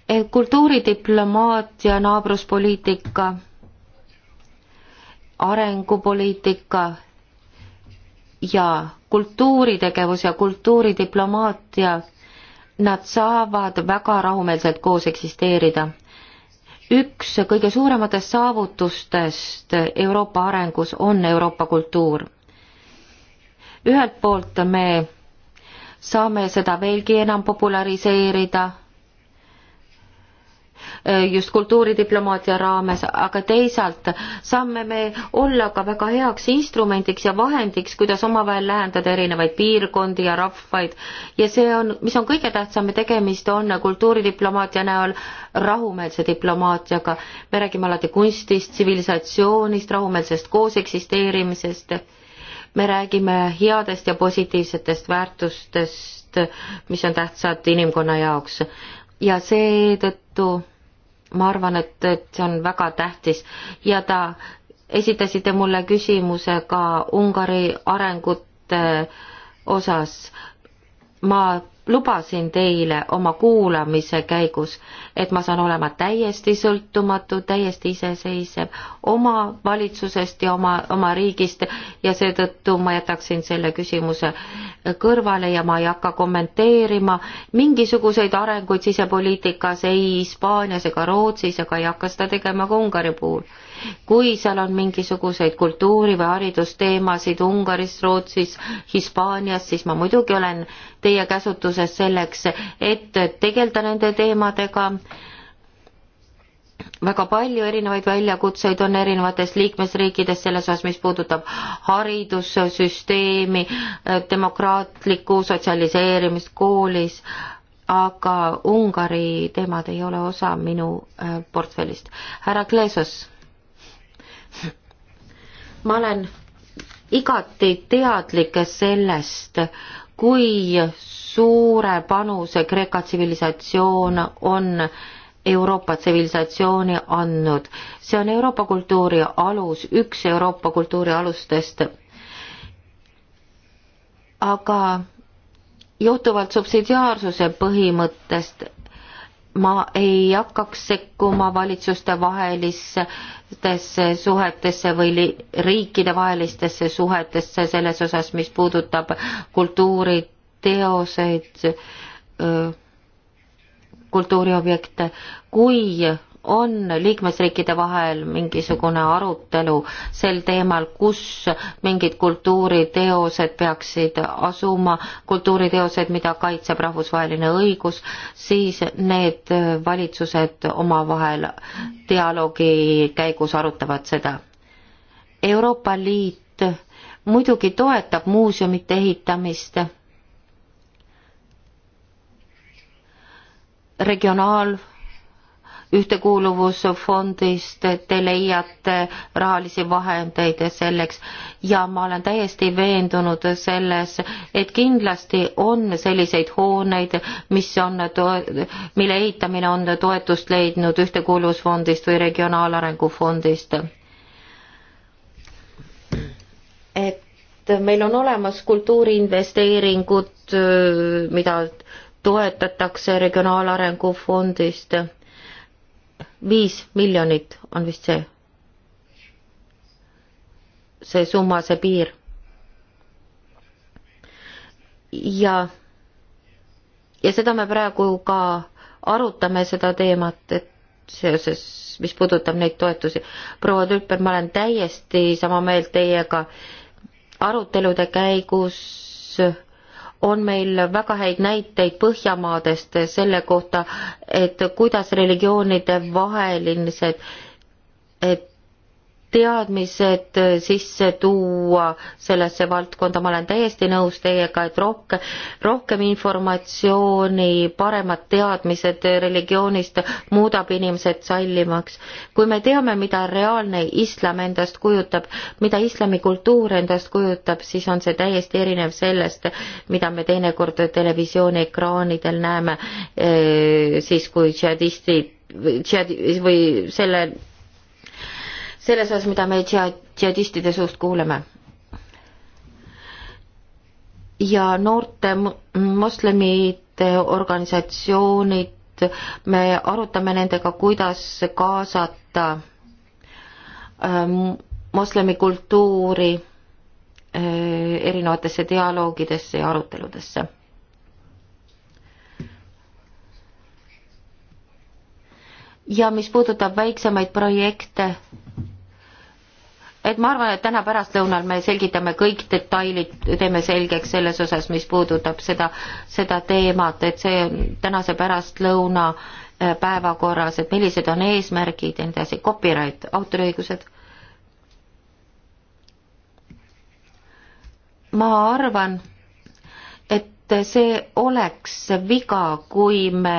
C: et kultuuridiplomaatia, naabruspoliitika, arengupoliitika ja kultuuritegevus ja kultuuridiplomaatia nad saavad väga rahumeelselt koos eksisteerida. üks kõige suurematest saavutustest Euroopa arengus on Euroopa kultuur. ühelt poolt me saame seda veelgi enam populariseerida Eh, just kultuuridiplomaatia raames, aga teisalt saame me olla ka väga heaks instrumendiks ja vahendiks, kuidas omavahel lähendada erinevaid piirkondi ja rahvaid ja see on, mis on kõige tähtsam, tegemist on kultuuridiplomaatia näol rahumeelse diplomaatiaga. me räägime alati kunstist, tsivilisatsioonist, rahumeelsest kooseksisteerimisest, me räägime headest ja positiivsetest väärtustest, mis on tähtsad inimkonna jaoks ja seetõttu ma arvan, et, et see on väga tähtis ja ta, esitasite mulle küsimuse ka Ungari arengute eh, osas. ma lubasin teile oma kuulamise käigus, et ma saan olema täiesti sõltumatu, täiesti iseseisev oma valitsusest ja oma, oma riigist ja seetõttu ma jätaksin selle küsimuse kõrvale ja ma ei hakka kommenteerima mingisuguseid arenguid sisepoliitikas ei Hispaanias ega Rootsis, aga ei hakka seda tegema ka Ungari puhul kui seal on mingisuguseid kultuuri- või haridusteemasid Ungaris, Rootsis, Hispaanias, siis ma muidugi olen teie käsutuses selleks, et tegeleda nende teemadega väga palju erinevaid väljakutseid on erinevates liikmesriikides selles osas, mis puudutab haridussüsteemi, demokraatlikku sotsialiseerimist koolis, aga Ungari teemad ei ole osa minu äh, portfellist. härra Kleesos ma olen igati teadlik sellest, kui suure panuse Kreeka tsivilisatsioon on Euroopa tsivilisatsiooni andnud. see on Euroopa kultuuri alus, üks Euroopa kultuuri alustest. aga johtuvalt subsidiaarsuse põhimõttest ma ei hakkaks sekkuma valitsuste vahelistesse suhetesse või riikide vahelistesse suhetesse selles osas, mis puudutab kultuuriteoseid, kultuuriobjekte, kui on liikmesriikide vahel mingisugune arutelu sel teemal, kus mingid kultuuriteosed peaksid asuma, kultuuriteosed, mida kaitseb rahvusvaheline õigus, siis need valitsused omavahel dialoogi käigus arutavad seda. Euroopa Liit muidugi toetab muuseumite ehitamist regionaal- ühtekuuluvusfondist te leiate rahalisi vahendeid selleks ja ma olen täiesti veendunud selles, et kindlasti on selliseid hooneid, mis on, mille ehitamine on toetust leidnud ühtekuuluvusfondist või regionaalarengu fondist. et meil on olemas kultuuriinvesteeringud, mida toetatakse Regionaalarengu Fondist viis miljonit on vist see, see summa, see piir. ja, ja seda me praegu ka arutame, seda teemat, et seoses, mis puudutab neid toetusi. proua Tüpper, ma olen täiesti sama meelt teiega, arutelude käigus on meil väga häid näiteid Põhjamaadest selle kohta, et kuidas religioonide vahelised et teadmised sisse tuua sellesse valdkonda, ma olen täiesti nõus teiega, et rohkem, rohkem informatsiooni, paremad teadmised religioonist muudab inimesed sallimaks. kui me teame, mida reaalne islam endast kujutab, mida islamikultuur endast kujutab, siis on see täiesti erinev sellest, mida me teinekord televisiooniekraanidel näeme, eh, siis kui džihadistid džihad- või selle selles osas, mida me džihadistide suust kuuleme. ja noorte moslemite organisatsioonid, me arutame nendega, kuidas kaasata ähm, moslemi kultuuri äh, erinevatesse dialoogidesse ja aruteludesse. ja mis puudutab väiksemaid projekte, et ma arvan, et täna pärastlõunal me selgitame kõik detailid, teeme selgeks selles osas, mis puudutab seda, seda teemat, et see on tänase pärastlõuna äh, päevakorras, et millised on eesmärgid ja nii edasi, copyright, autoriõigused. ma arvan, et see oleks viga, kui me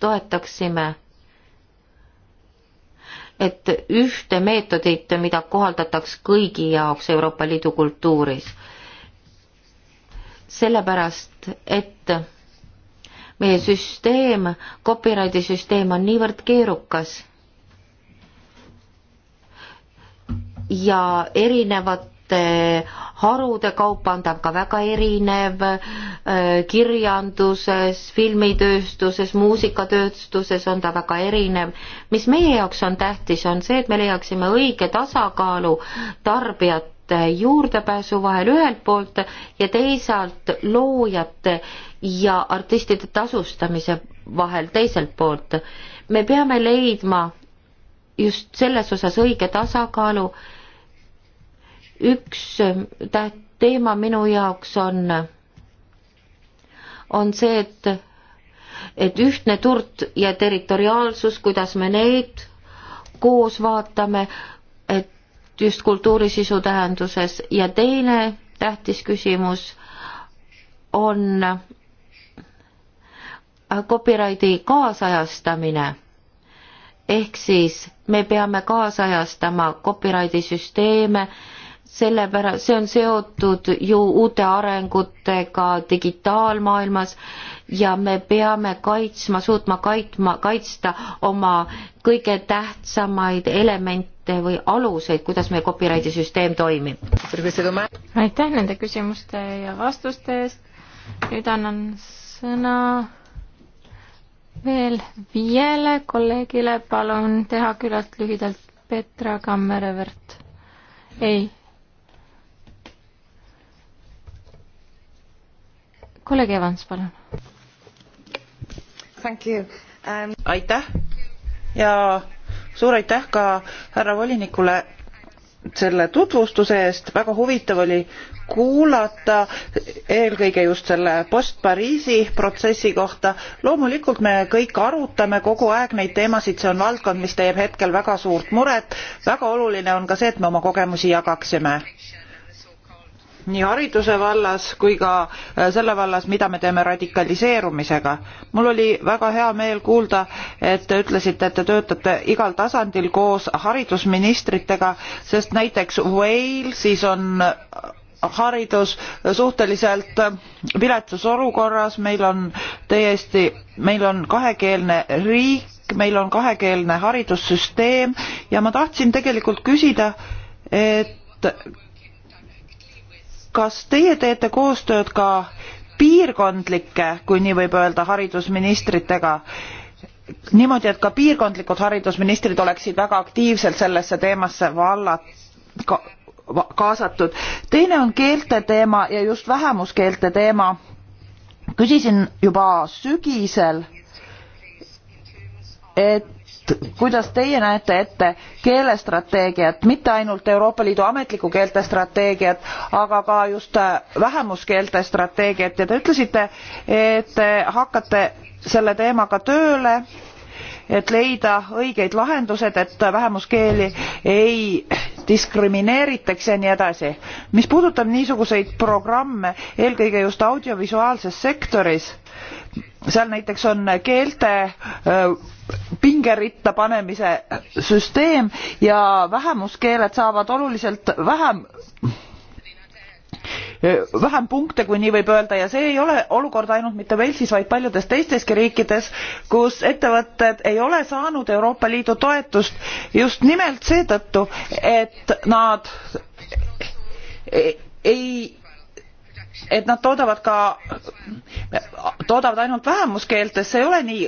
C: toetaksime et ühte meetodit, mida kohaldataks kõigi jaoks Euroopa Liidu kultuuris. sellepärast, et meie süsteem, copyrighti süsteem on niivõrd keerukas ja erinevad erinevate harude kaupa on ta ka väga erinev äh, kirjanduses, filmitööstuses, muusikatööstuses on ta väga erinev. mis meie jaoks on tähtis, on see, et me leiaksime õige tasakaalu tarbijate juurdepääsu vahel ühelt poolt ja teisalt loojate ja artistide tasustamise vahel teiselt poolt. me peame leidma just selles osas õige tasakaalu üks täht-, teema minu jaoks on, on see, et, et ühtne turg ja territoriaalsus, kuidas me neid koos vaatame, et just kultuurisisu tähenduses ja teine tähtis küsimus on äh, copyrighti kaasajastamine. ehk siis me peame kaasajastama copyrighti süsteeme äh, sellepärast, see on seotud ju uute arengutega digitaalmaailmas ja me peame kaitsma, suutma kaitma, kaitsta oma kõige tähtsamaid elemente või aluseid, kuidas meie copyrighti süsteem toimib.
B: aitäh nende küsimuste ja vastuste eest. nüüd annan sõna veel viiele kolleegile, palun teha küllalt lühidalt. Petra Kammerevert. ei kolleeg Evans, palun.
D: Um... aitäh ja suur aitäh ka härra volinikule selle tutvustuse eest, väga huvitav oli kuulata eelkõige just selle post pariisi protsessi kohta loomulikult me kõik arutame kogu aeg neid teemasid see on valdkond mis teeb hetkel väga suurt muret väga oluline on ka see et me oma kogemusi jagaksime nii hariduse vallas kui ka äh, selle vallas, mida me teeme radikaliseerumisega. mul oli väga hea meel kuulda, et te ütlesite, et te töötate igal tasandil koos haridusministritega, sest näiteks Walesis on äh, haridus suhteliselt äh, viletsus olukorras, meil on täiesti, meil on kahekeelne riik, meil on kahekeelne haridussüsteem ja ma tahtsin tegelikult küsida, et kas teie teete koostööd ka piirkondlike, kui nii võib öelda, haridusministritega? niimoodi, et ka piirkondlikud haridusministrid oleksid väga aktiivselt sellesse teemasse vallat- ka,, kaasatud. teine on keelte teema ja just vähemuskeelte teema. küsisin juba sügisel, et kuidas teie näete ette keelestrateegiat mitte ainult euroopa liidu ametlikku keelte strateegiat aga ka just äh, vähemuskeelte strateegiat ja te ütlesite et te äh, hakkate selle teemaga tööle et leida õigeid lahendused et vähemuskeeli ei diskrimineeritaks ja nii edasi. mis puudutab niisuguseid programme eelkõige just audiovisuaalses sektoris seal näiteks on keelte pingeritta panemise süsteem ja vähemuskeeled saavad oluliselt vähem vähem punkte kui nii võib öelda ja see ei ole olukord ainult mitte Velsis, vaid paljudes teisteski riikides, kus ettevõtted ei ole saanud Euroopa Liidu toetust just nimelt seetõttu, et nad ei et nad toodavad ka, toodavad ainult vähemuskeeltes, see ei ole nii,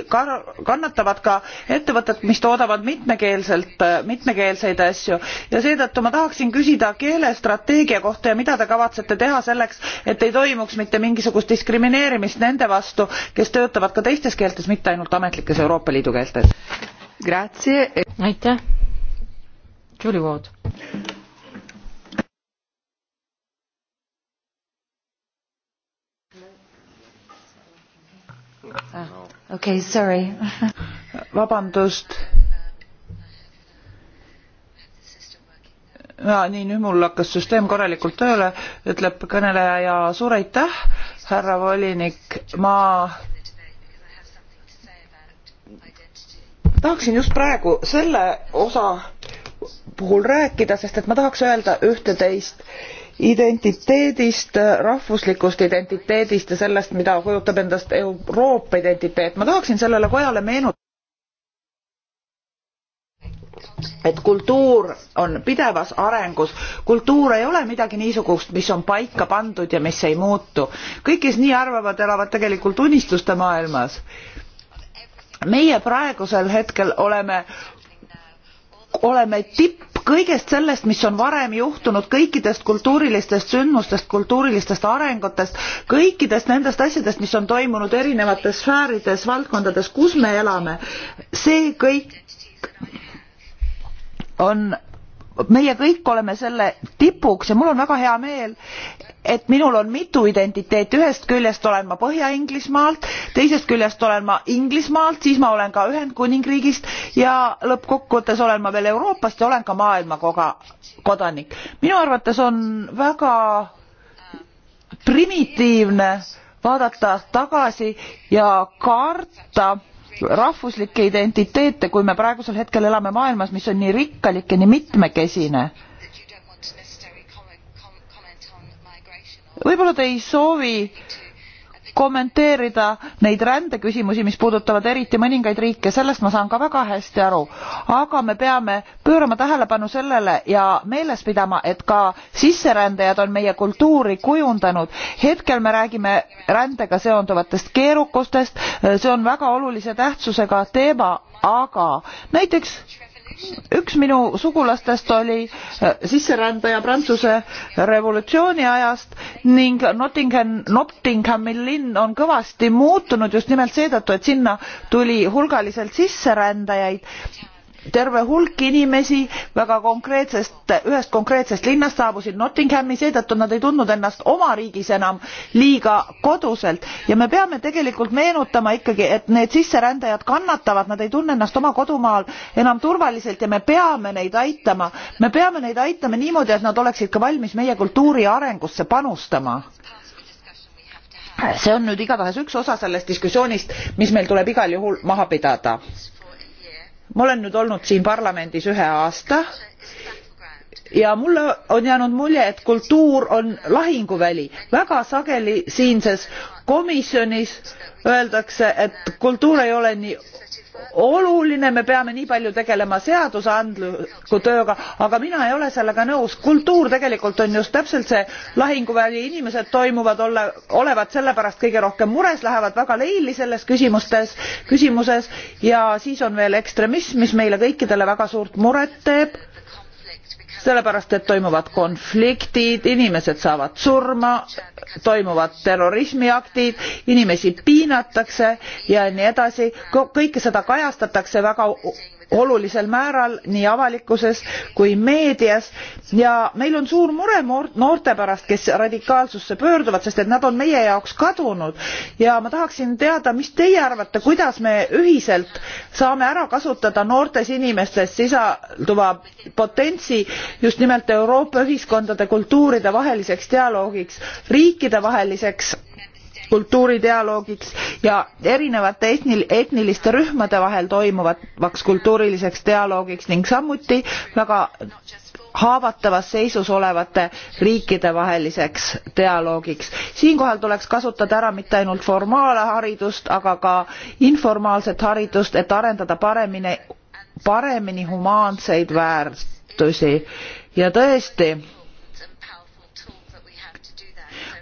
D: kannatavad ka ettevõtted, mis toodavad mitmekeelselt, mitmekeelseid asju ja seetõttu ma tahaksin küsida keelestrateegia kohta ja mida te kavatsete teha selleks, et ei toimuks mitte mingisugust diskrimineerimist nende vastu, kes töötavad ka teistes keeltes, mitte ainult ametlikes Euroopa Liidu keeltes. aitäh. Julie Wood Ah, okei, sorry. vabandust. no nii, nüüd mul hakkas süsteem korralikult tööle, ütleb kõneleja ja suur aitäh, härra volinik, ma tahaksin just praegu selle osa puhul rääkida, sest et ma tahaks öelda ühte-teist identiteedist rahvuslikust identiteedist ja sellest mida kujutab endast euroopa identiteet ma tahaksin sellele kojale meenutada et kultuur on pidevas arengus kultuur ei ole midagi niisugust mis on paika pandud ja mis ei muutu kõik kes nii arvavad elavad tegelikult unistuste maailmas meie praegusel hetkel oleme oleme tipp kõigest sellest mis on varem juhtunud kõikidest kultuurilistest sündmustest kultuurilistest arengutest kõikidest nendest asjadest mis on toimunud erinevates sfäärides valdkondades kus me elame see kõik on meie kõik oleme selle tipuks ja mul on väga hea meel et minul on mitu identiteeti ühest küljest olen ma põhja inglismaalt teisest küljest olen ma inglismaalt siis ma olen ka ühendkuningriigist ja lõppkokkuvõttes olen ma veel euroopast ja olen ka maailma koga, kodanik minu arvates on väga primitiivne vaadata tagasi ja karta rahvuslikke identiteete, kui me praegusel hetkel elame maailmas, mis on nii rikkalik ja nii mitmekesine. võib-olla te ei soovi kommenteerida neid rändeküsimusi mis puudutavad eriti mõningaid riike sellest ma saan ka väga hästi aru aga me peame pöörama tähelepanu sellele ja meeles pidama et ka sisserändajad on meie kultuuri kujundanud hetkel me räägime rändega seonduvatest keerukustest see on väga olulise tähtsusega teema aga näiteks üks minu sugulastest oli äh, sisserändaja Prantsuse revolutsiooni ajast ning Nottingham, Nottinghami linn on kõvasti muutunud just nimelt seetõttu, et sinna tuli hulgaliselt sisserändajaid terve hulk inimesi väga konkreetsest ühest konkreetsest linnast saabusid nottinghami seetõttu nad ei tundnud ennast oma riigis enam liiga koduselt ja me peame tegelikult meenutama ikkagi et need sisserändajad kannatavad nad ei tunne ennast oma kodumaal enam turvaliselt ja me peame neid aitama me peame neid aitama niimoodi et nad oleksid ka valmis meie kultuuri arengusse panustama see on nüüd igatahes üks osa sellest diskussioonist mis meil tuleb igal juhul maha pidada ma olen nüüd olnud siin parlamendis ühe aasta ja mulle on jäänud mulje et kultuur on lahinguväli väga sageli siinses komisjonis öeldakse et kultuur ei ole nii oluline me peame nii palju tegelema seadusandliku tööga aga mina ei ole sellega nõus kultuur tegelikult on just täpselt see lahinguväli inimesed toimuvad olla olevat sellepärast kõige rohkem mures lähevad väga leili selles küsimustes küsimuses ja siis on veel ekstremism mis meile kõikidele väga suurt muret teeb sellepärast et toimuvad konfliktid inimesed saavad surma toimuvad terrorismiaktid inimesi piinatakse ja nii edasi kõike seda kajastatakse väga olulisel määral nii avalikkuses kui meedias ja meil on suur mure noorte pärast kes radikaalsusse pöörduvad sest et nad on meie jaoks kadunud ja ma tahaksin teada mis teie arvate kuidas me ühiselt saame ära kasutada noortes inimestes sisalduva potentsi just nimelt euroopa ühiskondade kultuuride vaheliseks dialoogiks riikide vaheliseks kultuuridialoogiks ja erinevate etniliste rühmade vahel toimuvaks kultuuriliseks dialoogiks ning samuti väga haavatavas seisus olevate riikide vaheliseks dialoogiks. siinkohal tuleks kasutada ära mitte ainult formaalharidust aga ka informaalset haridust et arendada paremini paremini humaanseid väärtusi ja tõesti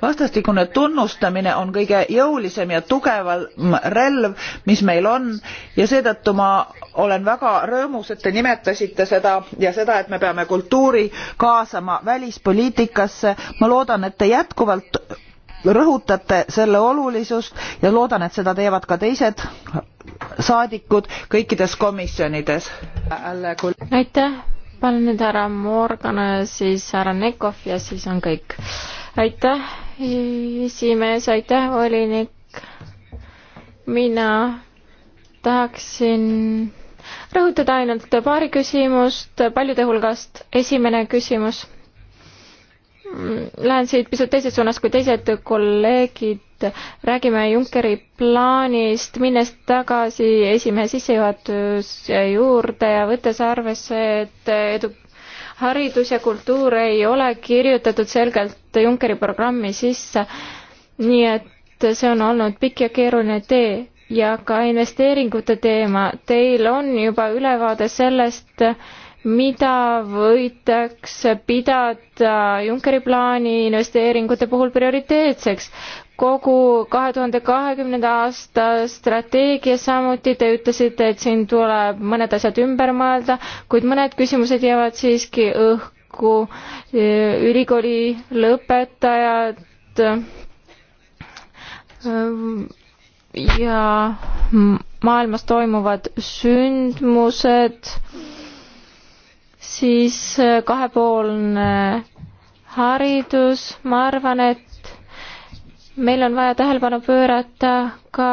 D: vastastikune tunnustamine on kõige jõulisem ja tugevam relv mis meil on ja seetõttu ma olen väga rõõmus et te nimetasite seda ja seda et me peame kultuuri kaasama välispoliitikasse ma loodan et te jätkuvalt rõhutate selle olulisust ja loodan et seda teevad ka teised saadikud kõikides komisjonides aitäh
B: panen nüüd härra Morgana siis härra Nekov ja siis on kõik aitäh, esimees, aitäh, volinik. mina tahaksin rõhutada ainult paari küsimust paljude hulgast. esimene küsimus. Lähen siit pisut teises suunas kui teised kolleegid. räägime Junckeri plaanist, minnes tagasi esimehe sissejuhatuse juurde ja võttes arvesse, et edu haridus ja kultuur ei ole kirjutatud selgelt Junckeri programmi sisse, nii et see on olnud pikk ja keeruline tee ja ka investeeringute teema. Teil on juba ülevaade sellest, mida võidakse pidada Junckeri plaani investeeringute puhul prioriteetseks kogu kahe tuhande kahekümnenda aasta strateegia samuti, te ütlesite, et siin tuleb mõned asjad ümber mõelda, kuid mõned küsimused jäävad siiski õhku. ülikooli lõpetajad ja maailmas toimuvad sündmused, siis kahepoolne haridus, ma arvan, et meil on vaja tähelepanu pöörata ka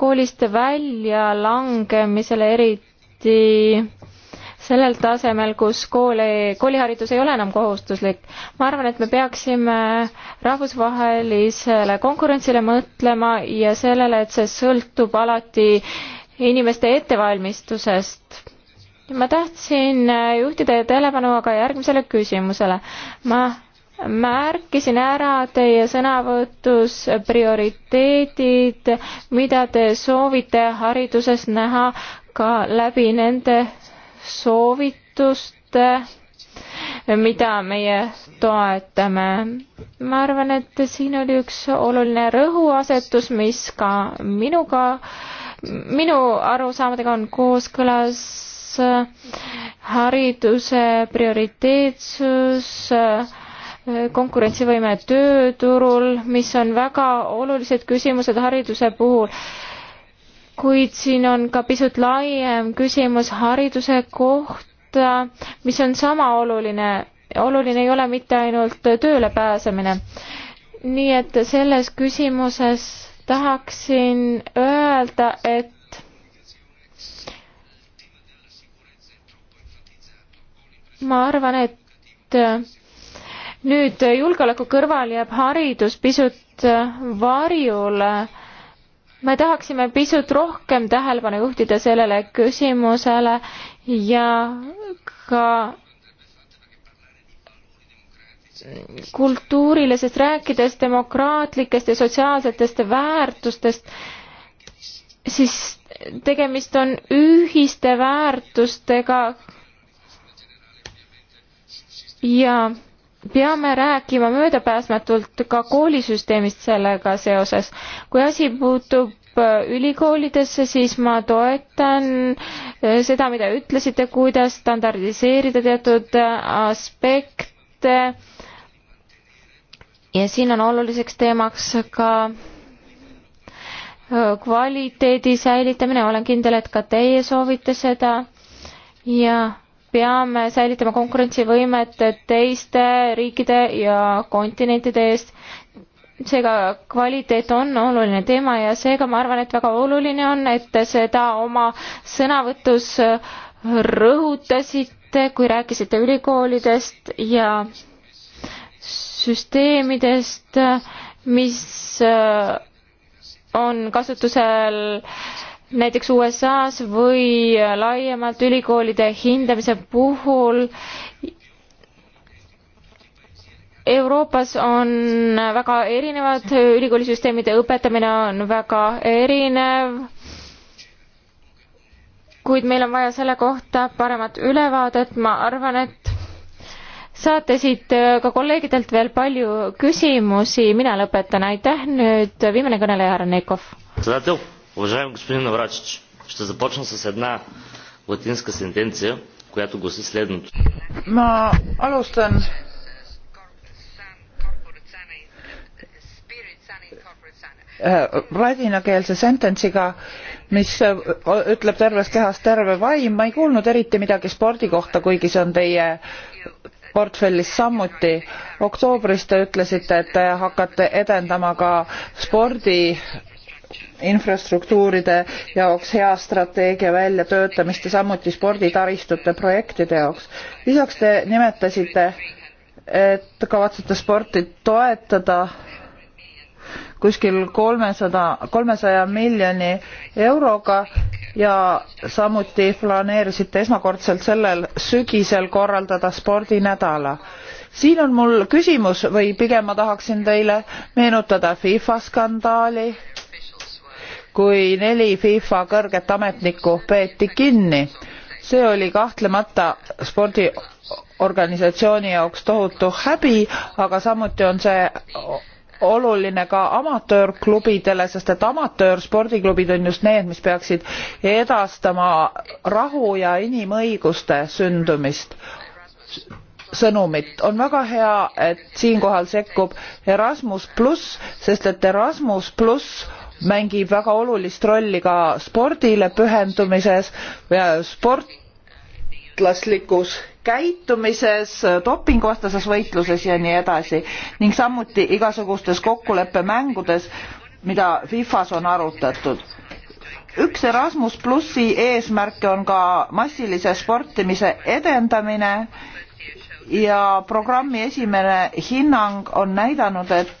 B: koolist väljalangemisele, eriti sellel tasemel, kus kooli, kooliharidus ei ole enam kohustuslik. ma arvan, et me peaksime rahvusvahelisele konkurentsile mõtlema ja sellele, et see sõltub alati inimeste ettevalmistusest. ma tahtsin juhtida tähelepanu aga järgmisele küsimusele. ma märkisin ära teie sõnavõtus prioriteedid, mida te soovite hariduses näha ka läbi nende soovituste, mida meie toetame. ma arvan, et siin oli üks oluline rõhuasetus, mis ka minuga, minu arusaamadega on kooskõlas hariduse prioriteetsus äh, konkurentsivõime tööturul, mis on väga olulised küsimused hariduse puhul. kuid siin on ka pisut laiem küsimus hariduse kohta, mis on sama oluline. oluline ei ole mitte ainult tööle pääsemine. nii et selles küsimuses tahaksin öelda, et ma arvan, et nüüd eh, julgeoleku kõrval jääb haridus pisut eh, varjule. me tahaksime pisut rohkem tähelepanu juhtida sellele küsimusele ja ka kultuurile, sest rääkides demokraatlikest ja sotsiaalsetest väärtustest, siis tegemist on ühiste väärtustega ja peame rääkima möödapääsmatult ka koolisüsteemist sellega seoses. kui asi puutub äh, ülikoolidesse, siis ma toetan äh, seda, mida ütlesite, kuidas standardiseerida teatud äh, aspekte. ja siin on oluliseks teemaks ka kvaliteedi säilitamine, olen kindel, et ka teie soovite seda ja peame säilitama konkurentsivõimet teiste riikide ja kontinentide eest. seega kvaliteet on oluline teema ja seega ma arvan, et väga oluline on, et seda oma sõnavõtus rõhutasite, kui rääkisite ülikoolidest ja süsteemidest, mis äh, on kasutusel äh, näiteks USA-s või laiemalt ülikoolide hindamise puhul Euroopas on väga erinevad ülikoolisüsteemide õpetamine on väga erinev, kuid meil on vaja selle kohta paremat ülevaadet, ma arvan, et saate siit ka kolleegidelt veel palju küsimusi, mina lõpetan, aitäh, nüüd viimane kõneleja, härra Neikov.
A: Уважаеми господин Наврачич, ще започна с една латинска сентенция, която гласи следното.
D: Ma alustan äh, ladinakeelse sententsiga, mis äh, ütleb tervest kehast terve vaim. ma ei kuulnud eriti midagi spordi kohta, kuigi see on teie portfellis samuti. oktoobris te ütlesite, et te hakkate edendama ka spordi infrastruktuuride jaoks hea strateegia väljatöötamist ja samuti sporditaristute projektide jaoks. lisaks te nimetasite, et kavatsete sporti toetada kuskil kolmesada, kolmesaja miljoni euroga ja samuti planeerisite esmakordselt sellel sügisel korraldada spordinädala. siin on mul küsimus või pigem ma tahaksin teile meenutada FIFA skandaali kui neli FIFA kõrget ametnikku peeti kinni. see oli kahtlemata spordiorganisatsiooni jaoks tohutu häbi, aga samuti on see oluline ka amatöörklubidele sest et amatöörspordiklubid on just need mis peaksid edastama rahu ja inimõiguste sündumist sõnumit on väga hea et siinkohal sekkub erasmus pluss sest et erasmus pluss mängib väga olulist rolli ka spordile pühendumises sportlaslikus käitumises dopinguvastases võitluses ja nii edasi ning samuti igasugustes kokkuleppemängudes mida fifas on arutatud üks Erasmus plussi eesmärke on ka massilise sportimise edendamine ja programmi esimene hinnang on näidanud, et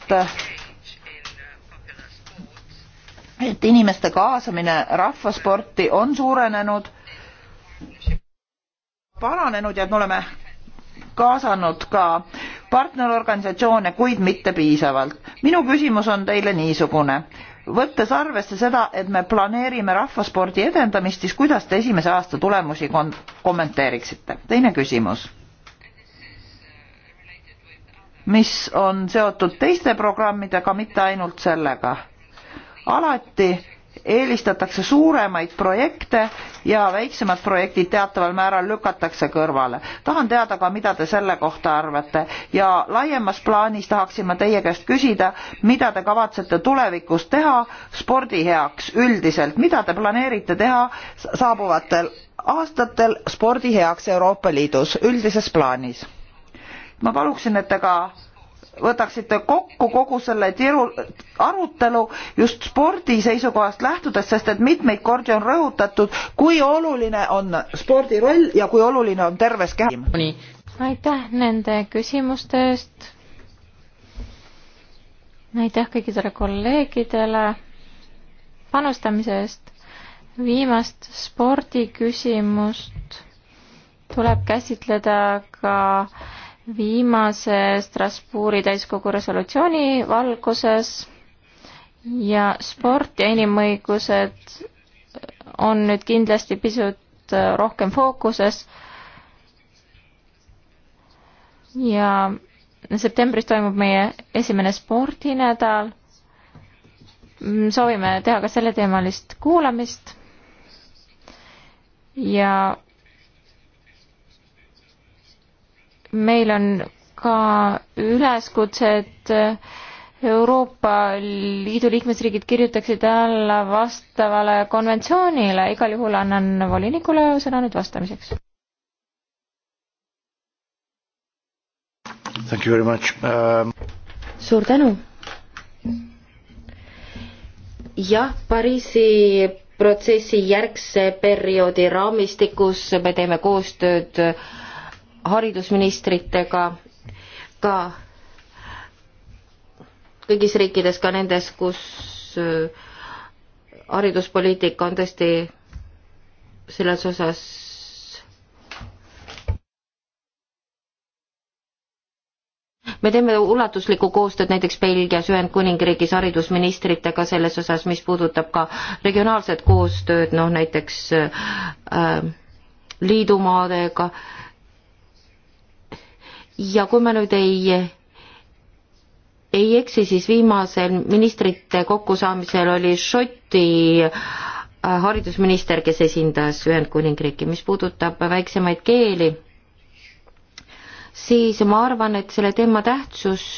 D: et inimeste kaasamine rahvasporti on suurenenud, paranenud ja et me oleme kaasanud ka partnerorganisatsioone, kuid mitte piisavalt. minu küsimus on teile niisugune. võttes arvesse seda, et me planeerime rahvaspordi edendamist, siis kuidas te esimese aasta tulemusi kommenteeriksite? teine küsimus, mis on seotud teiste programmidega, mitte ainult sellega alati eelistatakse suuremaid projekte ja väiksemad projektid teataval määral lükatakse kõrvale. tahan teada ka, mida te selle kohta arvate ja laiemas plaanis tahaksin ma teie käest küsida, mida te kavatsete tulevikus teha spordi heaks üldiselt, mida te planeerite teha saabuvatel aastatel spordi heaks Euroopa Liidus üldises plaanis? ma paluksin, et te ka võtaksite kokku kogu selle tiru, arutelu just spordi seisukohast lähtudes, sest et mitmeid kordi on rõhutatud, kui oluline on spordi roll ja kui oluline on terves keha.
B: aitäh nende küsimuste eest. aitäh kõikidele kolleegidele panustamise eest. viimast spordiküsimust tuleb käsitleda ka viimase Strasbourgi täiskogu resolutsiooni valguses ja sport ja inimõigused on nüüd kindlasti pisut rohkem fookuses. ja septembris toimub meie esimene spordinädal. soovime teha ka selleteemalist kuulamist ja meil on ka üleskutsed Euroopa Liidu liikmesriigid kirjutaksid alla vastavale konventsioonile, igal juhul annan volinikule sõna nüüd vastamiseks.
A: Thank you very much um....
C: suur tänu. jah, Pariisi protsessi järgse perioodi raamistikus me teeme koostööd äh, haridusministritega ka kõigis riikides, ka nendes, kus äh, hariduspoliitika on tõesti selles osas me teeme ulatuslikku koostööd näiteks Belgias, Ühendkuningriigis haridusministritega selles osas, mis puudutab ka regionaalset koostööd, noh näiteks äh, liidumaadega ja kui ma nüüd ei ei eksi, siis viimasel ministrite kokkusaamisel oli Šoti äh, haridusminister, kes esindas Ühendkuningriiki, mis puudutab väiksemaid keeli, siis ma arvan, et selle teema tähtsus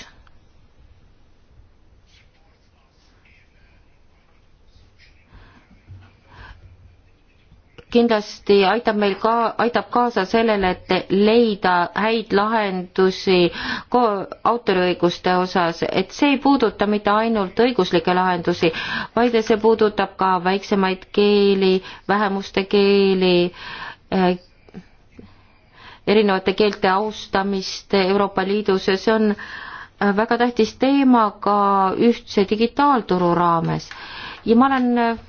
C: kindlasti aitab meil ka, aitab kaasa sellele, et leida häid lahendusi autoriõiguste osas, et see ei puuduta mitte ainult õiguslikke lahendusi, vaid see puudutab ka väiksemaid keeli, vähemuste keeli, eh, erinevate keelte austamist Euroopa Liidus ja see on eh, väga tähtis teema ka ühtse digitaalturu raames. ja ma olen eh,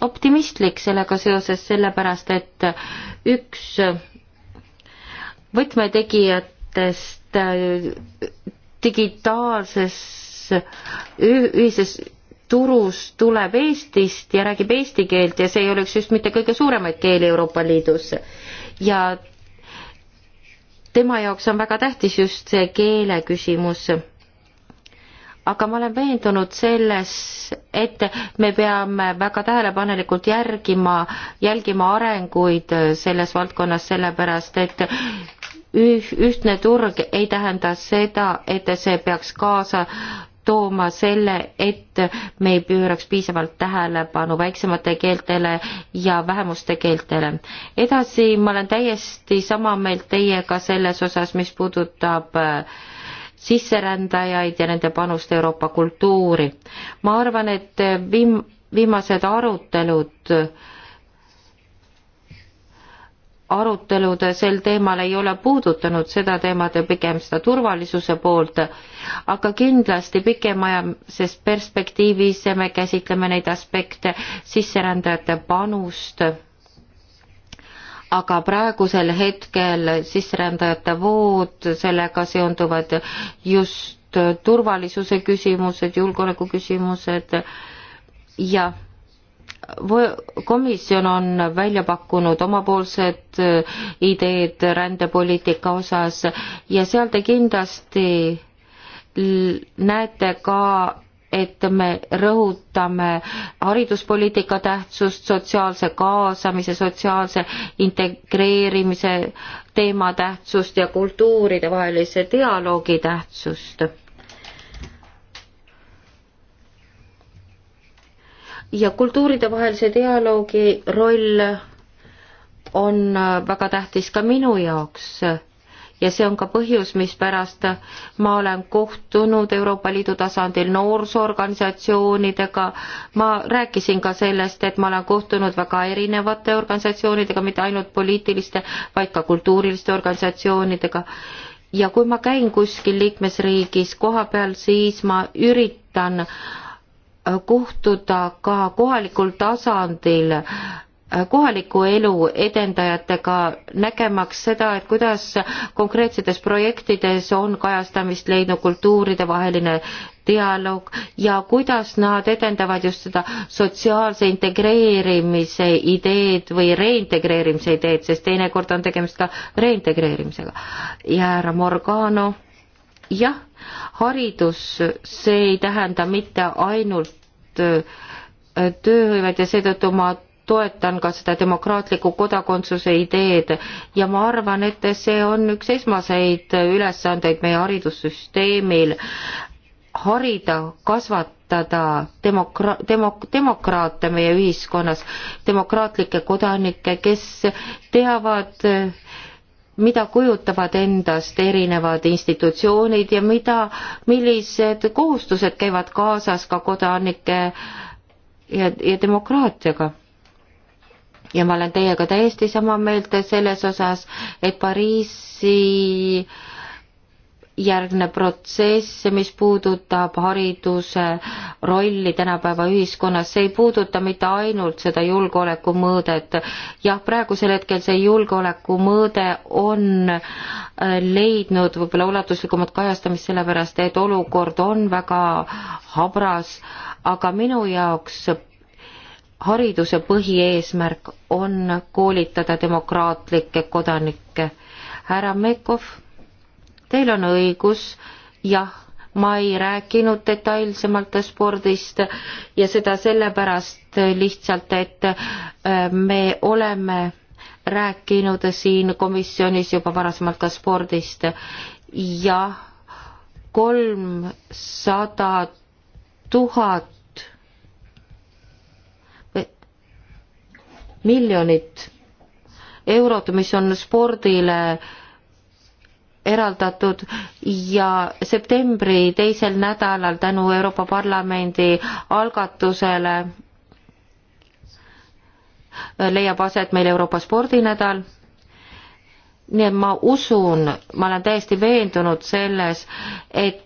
C: optimistlik sellega seoses, sellepärast et üks võtmetegijatest äh, digitaalses ühises turus tuleb Eestist ja räägib eesti keelt ja see ei oleks just mitte kõige suuremaid keeli Euroopa Liidus. ja tema jaoks on väga tähtis just see keele küsimus aga ma olen veendunud selles, et me peame väga tähelepanelikult järgima, jälgima arenguid selles valdkonnas, sellepärast et ühtne turg ei tähenda seda, et see peaks kaasa tooma selle, et me ei pööraks piisavalt tähelepanu väiksemate keeltele ja vähemuste keeltele. edasi, ma olen täiesti sama meelt teiega selles osas, mis puudutab äh, sisserändajaid ja nende panust Euroopa kultuuri. ma arvan, et viim-, viimased arutelud arutelud sel teemal ei ole puudutanud seda teemat ja pigem seda turvalisuse poolt, aga kindlasti pikemaajalises perspektiivis me käsitleme neid aspekte, sisserändajate panust aga praegusel hetkel sisserändajate vood, sellega seonduvad just turvalisuse küsimused, julgeoleku küsimused ja komisjon on välja pakkunud omapoolsed äh, ideed rändepoliitika osas ja seal te kindlasti näete ka et me rõhutame hariduspoliitika tähtsust, sotsiaalse kaasamise, sotsiaalse integreerimise teema tähtsust ja kultuuridevahelise dialoogi tähtsust. ja kultuuridevahelise dialoogi roll on väga tähtis ka minu jaoks ja see on ka põhjus, mispärast ma olen kohtunud Euroopa Liidu tasandil noorsoorganisatsioonidega, ma rääkisin ka sellest, et ma olen kohtunud väga erinevate organisatsioonidega, mitte ainult poliitiliste, vaid ka kultuuriliste organisatsioonidega. ja kui ma käin kuskil liikmesriigis kohapeal, siis ma üritan kohtuda ka kohalikul tasandil Äh, kohaliku elu edendajatega, nägemaks seda, et kuidas konkreetsetes projektides on kajastamist leidnud kultuuridevaheline dialoog ja kuidas nad edendavad just seda sotsiaalse integreerimise ideed või reintegreerimise ideed, sest teinekord on tegemist ka reintegreerimisega. ja härra Morgano, jah, haridus, see ei tähenda mitte ainult äh, tööhõivet ja seetõttu ma toetan ka seda demokraatliku kodakondsuse ideed ja ma arvan, et see on üks esmaseid ülesandeid meie haridussüsteemil harida, kasvatada demokra-, demok-, demokraate meie ühiskonnas, demokraatlikke kodanikke, kes teavad, mida kujutavad endast erinevad institutsioonid ja mida, millised kohustused käivad kaasas ka kodanike ja, ja demokraatiaga ja ma olen teiega täiesti sama meelt selles osas, et Pariisi järgne protsess, mis puudutab hariduse rolli tänapäeva ühiskonnas, see ei puuduta mitte ainult seda julgeolekumõõdet. jah, praegusel hetkel see julgeolekumõõde on äh, leidnud võib-olla ulatuslikumat kajastamist, sellepärast et olukord on väga habras, aga minu jaoks hariduse põhieesmärk on koolitada demokraatlikke kodanikke. härra Mekov, teil on õigus, jah, ma ei rääkinud detailsemalt spordist ja seda sellepärast lihtsalt, et äh, me oleme rääkinud siin komisjonis juba varasemalt ka spordist ja kolmsada tuhat miljonit eurot, mis on spordile eraldatud ja septembri teisel nädalal tänu Euroopa Parlamendi algatusele leiab aset meil Euroopa spordinädal nii et ma usun, ma olen täiesti veendunud selles, et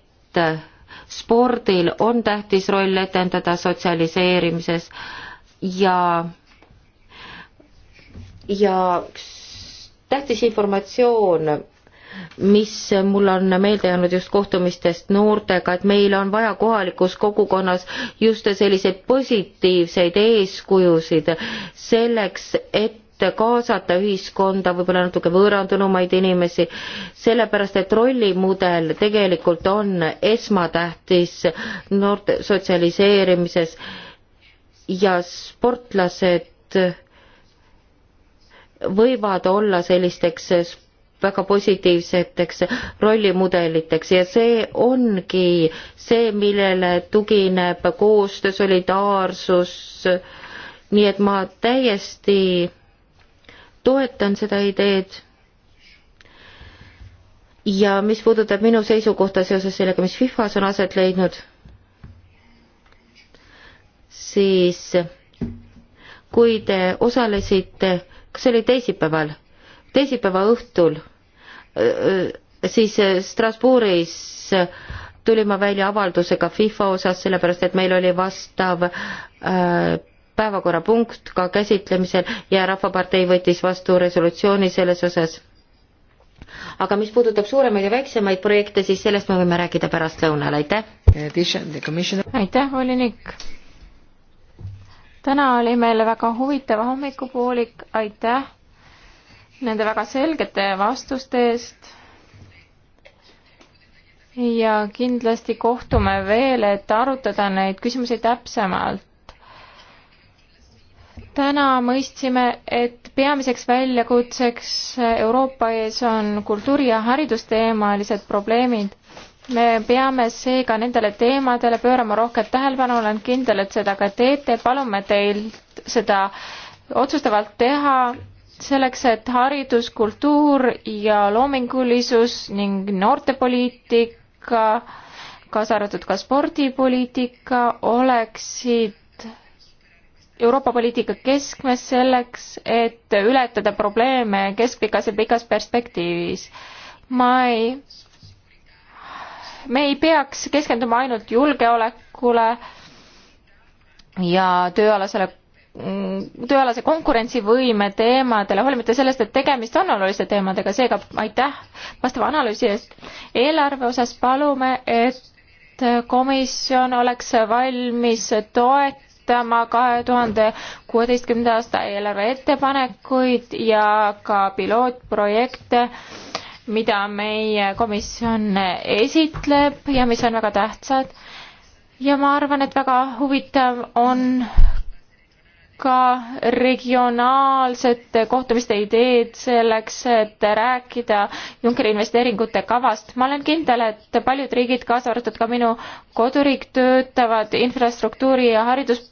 C: spordil on tähtis roll etendada sotsialiseerimises ja ja üks tähtis informatsioon, mis mul on meelde jäänud just kohtumistest noortega, et meil on vaja kohalikus kogukonnas just selliseid positiivseid eeskujusid selleks, et kaasata ühiskonda võib-olla natuke võõrandunumaid inimesi, sellepärast et rollimudel tegelikult on esmatähtis noorte sotsialiseerimises ja sportlased võivad olla sellisteks väga positiivseteks rollimudeliteks ja see ongi see, millele tugineb koostöö, solidaarsus, nii et ma täiesti toetan seda ideed. ja mis puudutab minu seisukohta seoses sellega, mis FIFA-s on aset leidnud, siis kui te osalesite kas see oli teisipäeval? teisipäeva õhtul äh, äh, siis äh, Strasbourgis tulin ma välja avaldusega FIFA osas, sellepärast et meil oli vastav päevakorrapunkt ka käsitlemisel ja Rahvapartei võttis vastu resolutsiooni selles osas. aga mis puudutab suuremaid ja väiksemaid projekte, siis sellest me võime rääkida pärastlõunal, aitäh! aitäh, volinik! täna
B: oli meil väga huvitav hommikupoolik, aitäh nende väga selgete vastuste eest. ja kindlasti kohtume veel, et arutada neid küsimusi täpsemalt täna mõistsime, et peamiseks väljakutseks Euroopa ees on kultuuri- ja haridusteemalised probleemid me peame seega nendele teemadele pöörama rohkem tähelepanu, olen kindel, et seda ka teete, palume teilt seda otsustavalt teha selleks, et haridus, kultuur ja loomingulisus ning noortepoliitika, kaasa arvatud ka spordipoliitika, oleksid Euroopa poliitika keskmes selleks, et ületada probleeme keskpikas ja pikas perspektiivis. ma ei me ei peaks keskenduma ainult julgeolekule ja tööalasele mm, tööalase konkurentsivõime teemadele, hoolimata sellest, et tegemist on oluliste teemadega, seega aitäh vastava analüüsi eest. eelarve osas palume, et komisjon oleks valmis toetama esitama kahe tuhande kuueteistkümnenda aasta eelarve ettepanekuid ja ka pilootprojekte mida meie komisjon esitleb ja mis on väga tähtsad. ja ma arvan, et väga huvitav on ka regionaalsete kohtumiste ideed selleks, et rääkida Junckeri investeeringute kavast. ma olen kindel, et paljud riigid, kaasa arvatud ka minu koduriik, töötavad infrastruktuuri ja haridus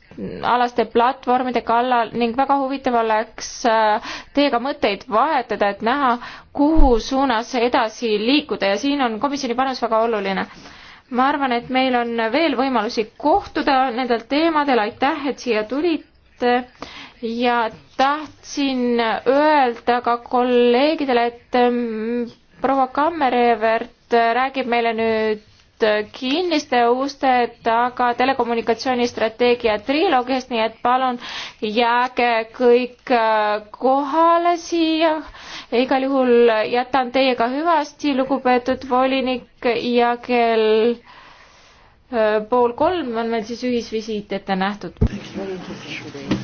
B: alaste platvormide kallal ning väga huvitav oleks äh, teiega mõtteid vahetada, et näha, kuhu suunas edasi liikuda ja siin on komisjoni panus väga oluline ma arvan, et meil on veel võimalusi kohtuda nendel teemadel, aitäh, et siia tulite ja tahtsin öelda ka kolleegidele, et mm, proua Kammerevert räägib meile nüüd kinniste uste taga telekommunikatsioonistrateegia triloogist, nii et palun jääge kõik äh, kohale siia. igal juhul jätan teiega hüvasti, lugupeetud volinik ja kell äh, pool kolm on meil siis ühisvisiit ette nähtud.